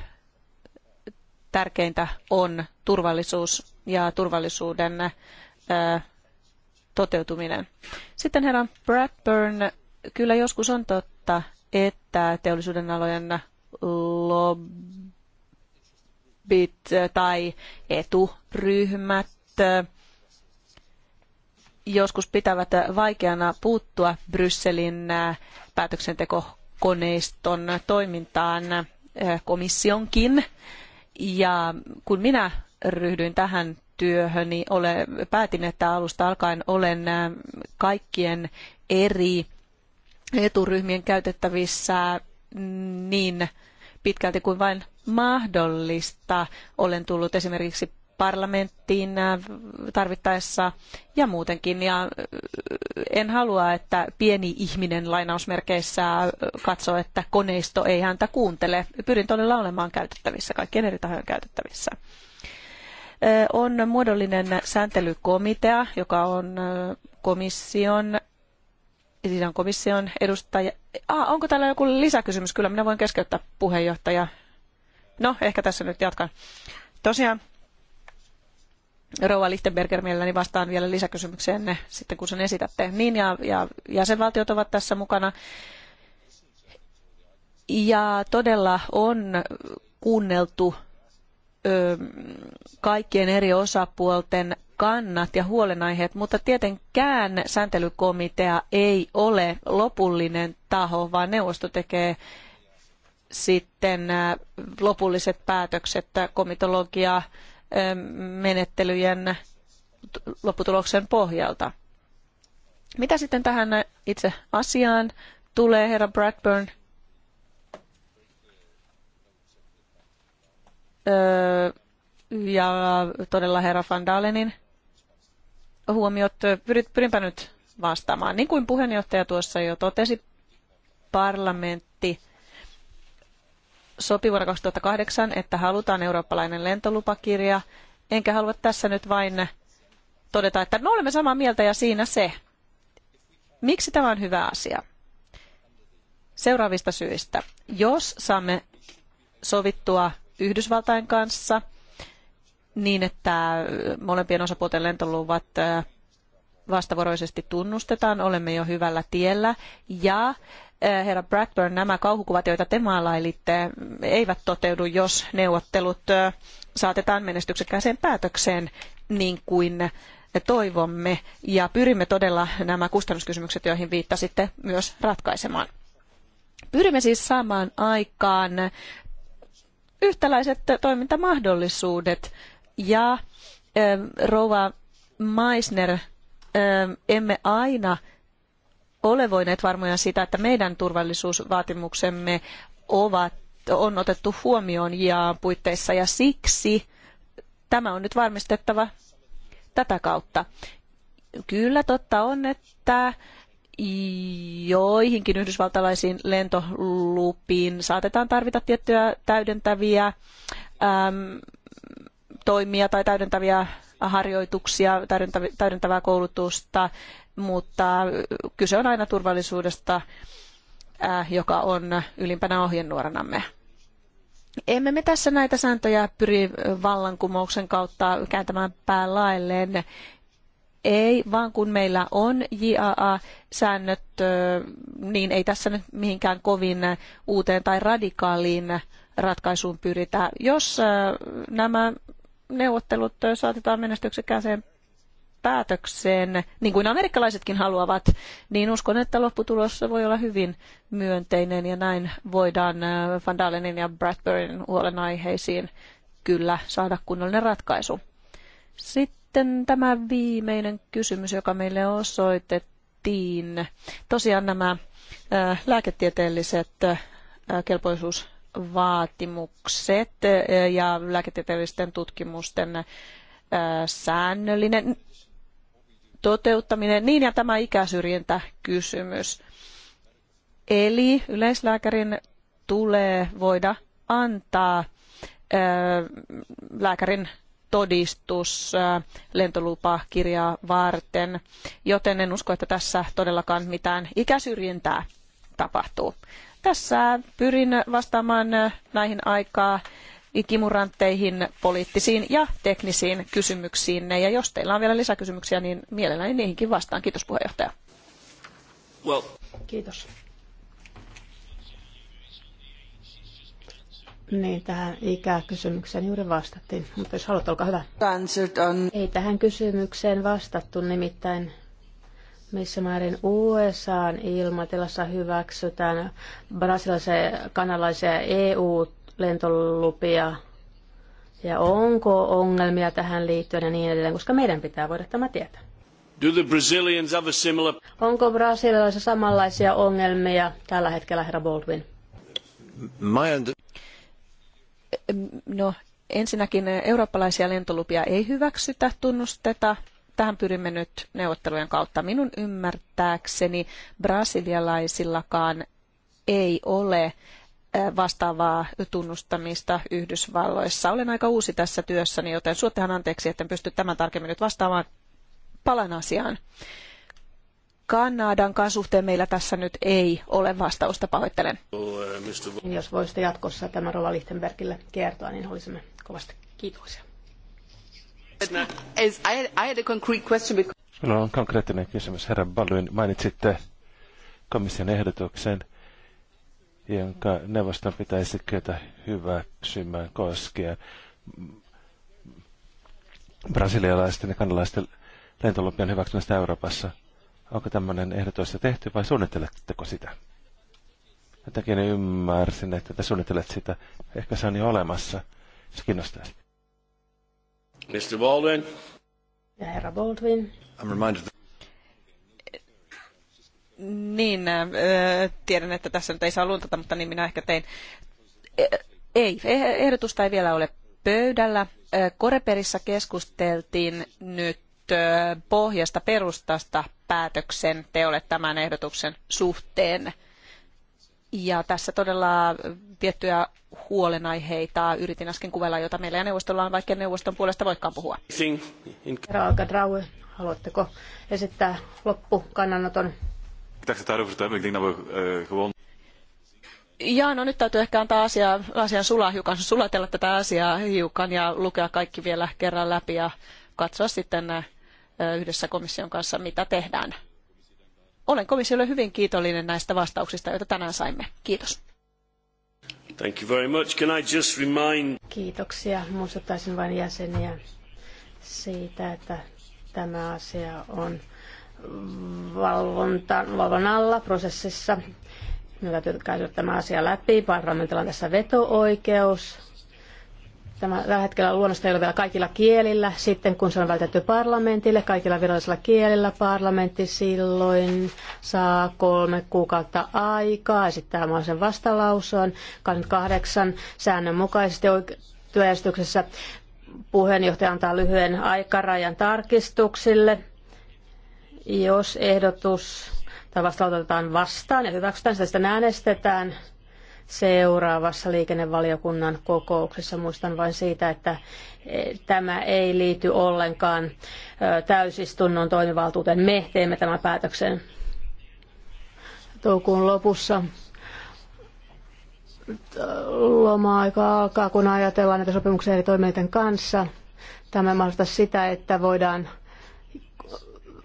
tärkeintä on turvallisuus ja turvallisuuden toteutuminen. Sitten herra Bradburn, kyllä joskus on totta, että teollisuuden alojen lobbit tai eturyhmät joskus pitävät vaikeana puuttua Brysselin äh, päätöksentekokoneiston toimintaan äh, komissionkin. Ja kun minä ryhdyin tähän työhön, niin ole, päätin, että alusta alkaen olen äh, kaikkien eri eturyhmien käytettävissä niin pitkälti kuin vain mahdollista. Olen tullut esimerkiksi parlamenttiin äh, tarvittaessa ja muutenkin. Ja äh, en halua, että pieni ihminen lainausmerkeissä äh, katsoo, että koneisto ei häntä kuuntele. Pyrin todella olemaan käytettävissä, kaikkien eri tahojen käytettävissä. On muodollinen sääntelykomitea, joka on komission siinä on komission edustaja. Ah, onko täällä joku lisäkysymys? Kyllä minä voin keskeyttää puheenjohtaja. No, ehkä tässä nyt jatkan. Tosiaan, Rouva Lichtenberger mielelläni vastaan vielä lisäkysymykseenne sitten, kun sen esitätte. Niin, ja, ja jäsenvaltiot ovat tässä mukana. Ja todella on kuunneltu ö, kaikkien eri osapuolten kannat ja huolenaiheet, mutta tietenkään sääntelykomitea ei ole lopullinen taho, vaan neuvosto tekee sitten lopulliset päätökset komitologia menettelyjen lopputuloksen pohjalta. Mitä sitten tähän itse asiaan tulee, herra Bradburn? ja todella herra Van Dalenin huomiot pyrinpä nyt vastaamaan. Niin kuin puheenjohtaja tuossa jo totesi, parlamentti sopi vuonna 2008, että halutaan eurooppalainen lentolupakirja, enkä halua tässä nyt vain todeta, että me no olemme samaa mieltä ja siinä se. Miksi tämä on hyvä asia? Seuraavista syistä. Jos saamme sovittua Yhdysvaltain kanssa – niin, että molempien osapuolten lentoluvat vastavuoroisesti tunnustetaan, olemme jo hyvällä tiellä. Ja herra Bradburn, nämä kauhukuvat, joita te maalailitte, eivät toteudu, jos neuvottelut saatetaan menestyksekkääseen päätökseen niin kuin toivomme ja pyrimme todella nämä kustannuskysymykset, joihin viittasitte, myös ratkaisemaan. Pyrimme siis saamaan aikaan yhtäläiset toimintamahdollisuudet ja rouva meissner emme aina ole voineet varmoja siitä, että meidän turvallisuusvaatimuksemme ovat, on otettu huomioon ja puitteissa ja siksi tämä on nyt varmistettava tätä kautta. Kyllä totta on, että joihinkin yhdysvaltalaisiin lentolupiin saatetaan tarvita tiettyjä täydentäviä toimia tai täydentäviä harjoituksia, täydentävää koulutusta, mutta kyse on aina turvallisuudesta, äh, joka on ylimpänä ohjenuoranamme. Emme me tässä näitä sääntöjä pyri vallankumouksen kautta kääntämään päälaelleen. Ei, vaan kun meillä on JAA-säännöt, niin ei tässä nyt mihinkään kovin uuteen tai radikaaliin ratkaisuun pyritä. Jos nämä neuvottelut saatetaan menestyksekkääseen päätökseen, niin kuin amerikkalaisetkin haluavat, niin uskon, että lopputulos voi olla hyvin myönteinen ja näin voidaan äh, Van Dalenin ja Bradburyn huolenaiheisiin kyllä saada kunnollinen ratkaisu. Sitten tämä viimeinen kysymys, joka meille osoitettiin. Tosiaan nämä äh, lääketieteelliset äh, kelpoisuus vaatimukset ja lääketieteellisten tutkimusten säännöllinen toteuttaminen, niin ja tämä ikäsyrjintäkysymys. Eli yleislääkärin tulee voida antaa lääkärin todistus lentolupakirjaa varten, joten en usko, että tässä todellakaan mitään ikäsyrjintää tapahtuu. Tässä pyrin vastaamaan näihin aikaa kimurantteihin poliittisiin ja teknisiin kysymyksiin. Ja jos teillä on vielä lisäkysymyksiä, niin mielelläni niihinkin vastaan. Kiitos puheenjohtaja. Well. Kiitos. Niin, tähän ikäkysymykseen juuri vastattiin, mutta jos haluat, olkaa hyvä. Ei tähän kysymykseen vastattu, nimittäin missä määrin USAn ilmatilassa hyväksytään brasilaisia, kanalaisia EU-lentolupia ja onko ongelmia tähän liittyen ja niin edelleen, koska meidän pitää voida tämä tietää. Do the Brazilians have a similar... Onko brasilialaisissa samanlaisia ongelmia tällä hetkellä, herra Baldwin? My under... No, ensinnäkin eurooppalaisia lentolupia ei hyväksytä, tunnusteta Tähän pyrimme nyt neuvottelujen kautta. Minun ymmärtääkseni brasilialaisillakaan ei ole vastaavaa tunnustamista Yhdysvalloissa. Olen aika uusi tässä työssäni, joten suottehan anteeksi, että en pysty tämän tarkemmin nyt vastaamaan. Palan asiaan. kanssa suhteen meillä tässä nyt ei ole vastausta, pahoittelen. Jos voisitte jatkossa tämän Rova Lichtenbergille kertoa, niin olisimme kovasti kiitollisia. Minulla on konkreettinen kysymys. Herra Balduin, mainitsitte komission ehdotuksen, jonka neuvoston pitäisi kyetä hyväksymään koskien brasilialaisten ja kanalaisten lentolupien hyväksymistä Euroopassa. Onko tämmöinen ehdotus jo tehty vai suunnitteletteko sitä? Jotenkin ymmärsin, että te suunnittelet sitä. Ehkä se on jo olemassa. Se kiinnostaisi. Mr. Baldwin. herra Baldwin. I'm reminded that... Niin, äh, tiedän, että tässä nyt ei saa luntata, mutta niin minä ehkä tein. Äh, ei, eh, ehdotusta ei vielä ole pöydällä. Äh, Koreperissä keskusteltiin nyt pohjasta perustasta päätöksen teolle tämän ehdotuksen suhteen. Ja tässä todella tiettyjä huolenaiheita yritin äsken kuvella, joita meillä ja neuvostolla on, vaikka neuvoston puolesta voikaan puhua. Raaga Draue, haluatteko esittää loppukannanoton? Uh, Jaa, no nyt täytyy ehkä antaa asia, asian sulaa hiukan, sulatella tätä asiaa hiukan ja lukea kaikki vielä kerran läpi ja katsoa sitten uh, yhdessä komission kanssa, mitä tehdään olen komissiolle hyvin kiitollinen näistä vastauksista, joita tänään saimme. Kiitos. Thank you very much. Can I just remind... Kiitoksia. Muistuttaisin vain jäseniä siitä, että tämä asia on valvonta, alla prosessissa. Me täytyy käydä tämä asia läpi. Parlamentilla on tässä veto-oikeus Tämä tällä hetkellä luonnosta ei ole vielä kaikilla kielillä. Sitten kun se on välitetty parlamentille, kaikilla virallisilla kielillä, parlamentti silloin saa kolme kuukautta aikaa esittää mahdollisen vastalauseen 28 säännön mukaisesti työjärjestyksessä. Puheenjohtaja antaa lyhyen aikarajan tarkistuksille, jos ehdotus tai vastaanotetaan vastaan ja hyväksytään, sitä sitten äänestetään seuraavassa liikennevaliokunnan kokouksessa. Muistan vain siitä, että e, tämä ei liity ollenkaan e, täysistunnon toimivaltuuteen. Me teemme tämän päätöksen toukokuun lopussa loma-aika alkaa, kun ajatellaan näitä sopimuksia eri toimijoiden kanssa. Tämä mahdollistaa sitä, että voidaan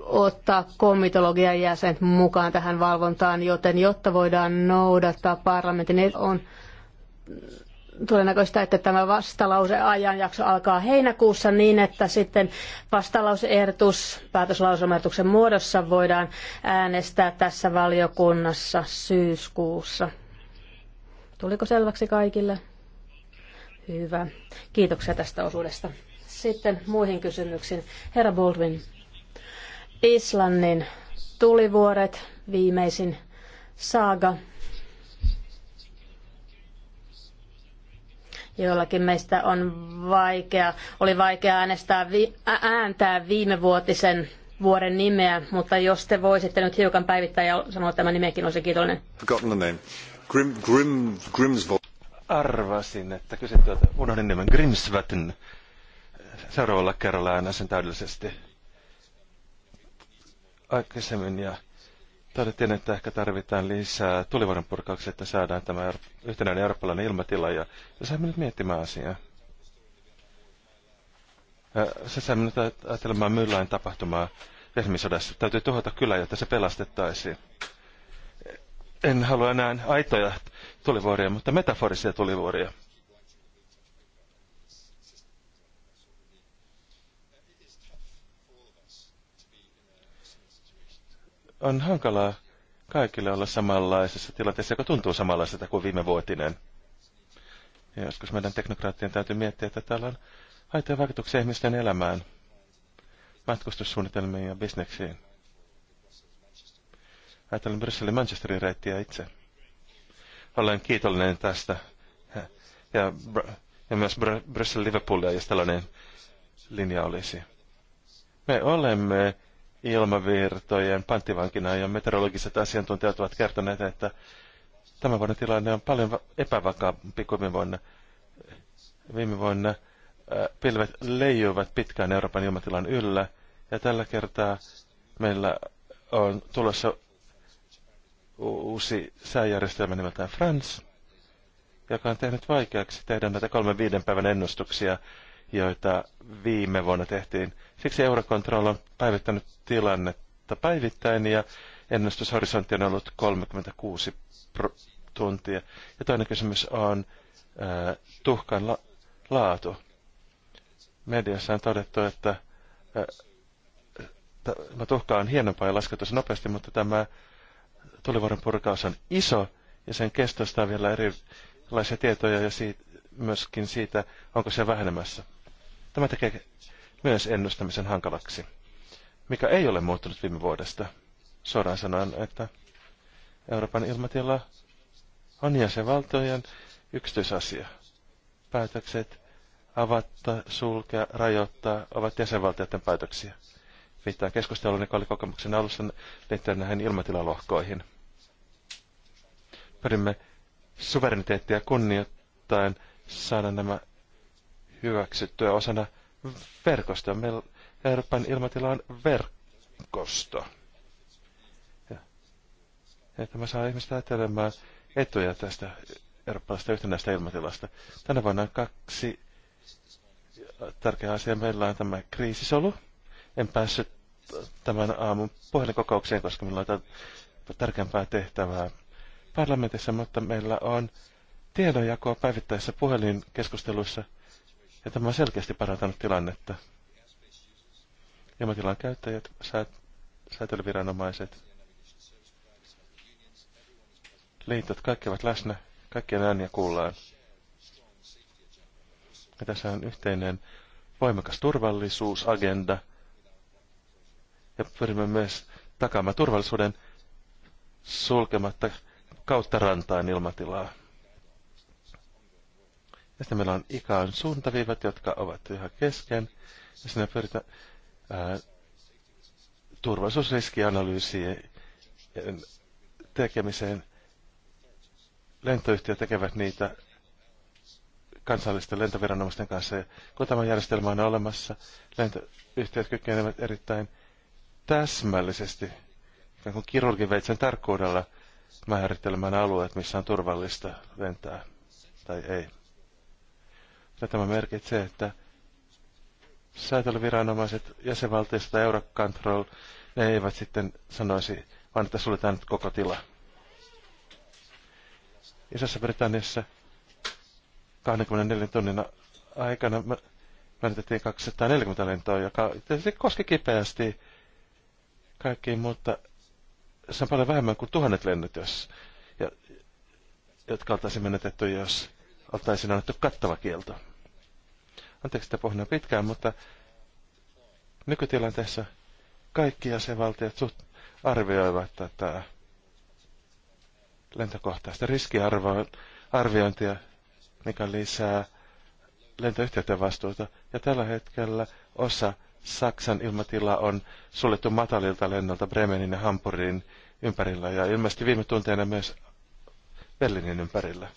ottaa komitologian jäsenet mukaan tähän valvontaan, joten jotta voidaan noudattaa parlamentin, niin on todennäköistä, että tämä vastalauseajanjakso alkaa heinäkuussa niin, että sitten vastalauseertus päätöslauselmaehdotuksen muodossa voidaan äänestää tässä valiokunnassa syyskuussa. Tuliko selväksi kaikille? Hyvä. Kiitoksia tästä osuudesta. Sitten muihin kysymyksiin. Herra Baldwin. Islannin tulivuoret, viimeisin saaga. Joillakin meistä on vaikea, oli vaikea äänestää, ääntää viimevuotisen vuoden nimeä, mutta jos te voisitte nyt hiukan päivittää ja sanoa tämän nimekin, olisi kiitollinen. Grim, Grim, Grimsvold. Arvasin, että kysyt tuota, unohdin nimen Grimsvatn. Seuraavalla kerralla äänäsen täydellisesti aikaisemmin ja todettiin, että ehkä tarvitaan lisää tulivuoden purkauksia, että saadaan tämä yhtenäinen eurooppalainen ilmatila. Ja se saimme nyt miettimään asiaa. Se saimme nyt ajatelemaan Myllain tapahtumaa Vesmisodassa. Täytyy tuhota kylä, jotta se pelastettaisiin. En halua enää aitoja tulivuoria, mutta metaforisia tulivuoria. on hankalaa kaikille olla samanlaisessa tilanteessa, joka tuntuu samanlaiselta kuin viime vuotinen. Ja joskus meidän teknokraattien täytyy miettiä, että täällä on haittoja vaikutuksia ihmisten elämään, matkustussuunnitelmiin ja bisneksiin. Ajattelen Brysselin Manchesterin reittiä itse. Olen kiitollinen tästä. Ja, ja myös Brysselin Liverpoolia, jos tällainen linja olisi. Me olemme ilmavirtojen panttivankina ja meteorologiset asiantuntijat ovat kertoneet, että tämän vuoden tilanne on paljon epävakaampi kuin viime vuonna. Viime vuonna äh, pilvet leijuivat pitkään Euroopan ilmatilan yllä ja tällä kertaa meillä on tulossa uusi sääjärjestelmä nimeltään France, joka on tehnyt vaikeaksi tehdä näitä kolmen viiden päivän ennustuksia joita viime vuonna tehtiin. Siksi Eurocontrol on päivittänyt tilannetta päivittäin ja ennustushorisontti on ollut 36 tuntia. Ja toinen kysymys on äh, tuhkan la- laatu. Mediassa on todettu, että äh, tämä tuhka on hienompaa ja lasketus nopeasti, mutta tämä tulivuoren purkaus on iso ja sen kestosta on vielä erilaisia tietoja ja siitä, myöskin siitä, onko se vähenemässä. Tämä tekee myös ennustamisen hankalaksi, mikä ei ole muuttunut viime vuodesta. Suoraan sanoen, että Euroopan ilmatila on jäsenvaltojen yksityisasia. Päätökset avata, sulkea, rajoittaa ovat jäsenvaltioiden päätöksiä. Viittaa keskustelun, joka oli kokemuksen alussa liittyen näihin ilmatilalohkoihin. Pyrimme suvereniteettia kunnioittain saada nämä hyväksyttyä osana verkostoa. Meillä Euroopan ilmatila on verkosto. Ja, ja tämä saa ihmistä ajattelemaan etuja tästä eurooppalaisesta yhtenäistä ilmatilasta. Tänä vuonna on kaksi tärkeää asiaa. Meillä on tämä kriisisolu. En päässyt tämän aamun puhelinkokoukseen, koska meillä on tärkeämpää tehtävää parlamentissa, mutta meillä on tiedonjakoa päivittäisissä puhelinkeskusteluissa – ja tämä on selkeästi parantanut tilannetta. Ilmatilan käyttäjät, säät, säätelyviranomaiset, liitot, kaikki ovat läsnä, kaikkien ääniä kuullaan. Ja tässä on yhteinen voimakas turvallisuusagenda. Ja pyrimme myös takaamaan turvallisuuden sulkematta kautta rantaan ilmatilaa. Ja sitten meillä on ikaan suuntaviivat, jotka ovat yhä kesken. Ja siinä pyritään turvallisuusriskianalyysien tekemiseen. Lentoyhtiöt tekevät niitä kansallisten lentoviranomaisten kanssa. Ja kun tämä järjestelmä on olemassa, lentoyhtiöt kykenevät erittäin täsmällisesti, ikään kuin veitsen tarkkuudella määrittelemään alueet, missä on turvallista lentää tai ei. Ja tämä merkitsee, että säätelyviranomaiset jäsenvaltiosta Eurocontrol, ne eivät sitten sanoisi, vaan että suljetaan nyt koko tila. Isässä Britanniassa 24 tunnin aikana menetettiin 240 lentoa, joka tietysti koski kipeästi kaikkiin, mutta se on paljon vähemmän kuin tuhannet lennot, jos, ja, jotka oltaisiin menetetty, jos oltaisiin annettu kattava kielto. Anteeksi, että pohjana pitkään, mutta nykytilanteessa kaikki jäsenvaltiot suht arvioivat tätä lentokohtaista riskiarviointia, mikä lisää lentoyhtiöiden vastuuta. Ja tällä hetkellä osa Saksan ilmatila on suljettu matalilta lennolta Bremenin ja Hampurin ympärillä ja ilmeisesti viime tunteina myös Berliinin ympärillä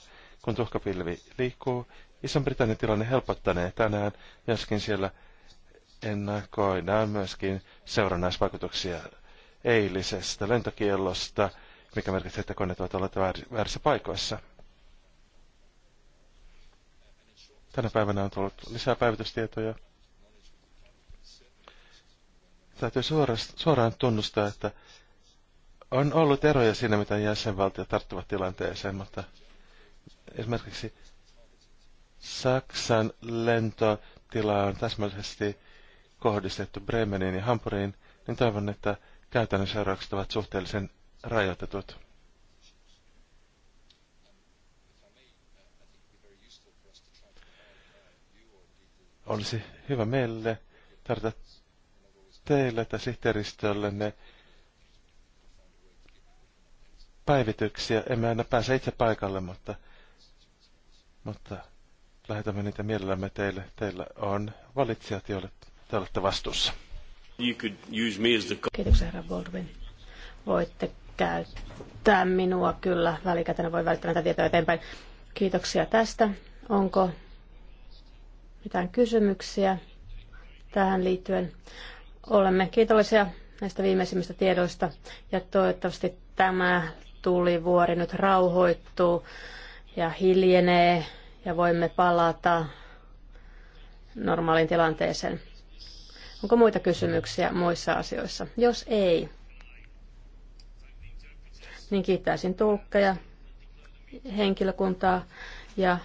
kun tuhkapilvi liikkuu. Iso-Britannian tilanne helpottanee tänään, joskin siellä ennakoidaan myöskin seurannaisvaikutuksia eilisestä lentokiellosta, mikä merkitsee, että koneet ovat olleet väärissä paikoissa. Tänä päivänä on tullut lisää päivitystietoja. Täytyy suoraan tunnustaa, että on ollut eroja siinä, mitä jäsenvaltiot tarttuvat tilanteeseen, mutta Esimerkiksi Saksan lentotila on täsmällisesti kohdistettu Bremeniin ja Hampuriin, niin toivon, että käytännön seuraukset ovat suhteellisen rajoitetut. Olisi hyvä meille tarjota teille tai sihteeristöllenne päivityksiä. Emme aina pääse itse paikalle, mutta mutta lähetämme niitä mielellämme teille. Teillä on valitsijat, joille te olette vastuussa. You could use me as the... Kiitoksia, herra Baldwin. Voitte käyttää minua kyllä. Välikätenä voi välittää näitä tietoja eteenpäin. Kiitoksia tästä. Onko mitään kysymyksiä tähän liittyen? Olemme kiitollisia näistä viimeisimmistä tiedoista ja toivottavasti tämä vuori nyt rauhoittuu ja hiljenee ja voimme palata normaaliin tilanteeseen. Onko muita kysymyksiä muissa asioissa? Jos ei, niin kiittäisin tulkkeja, henkilökuntaa ja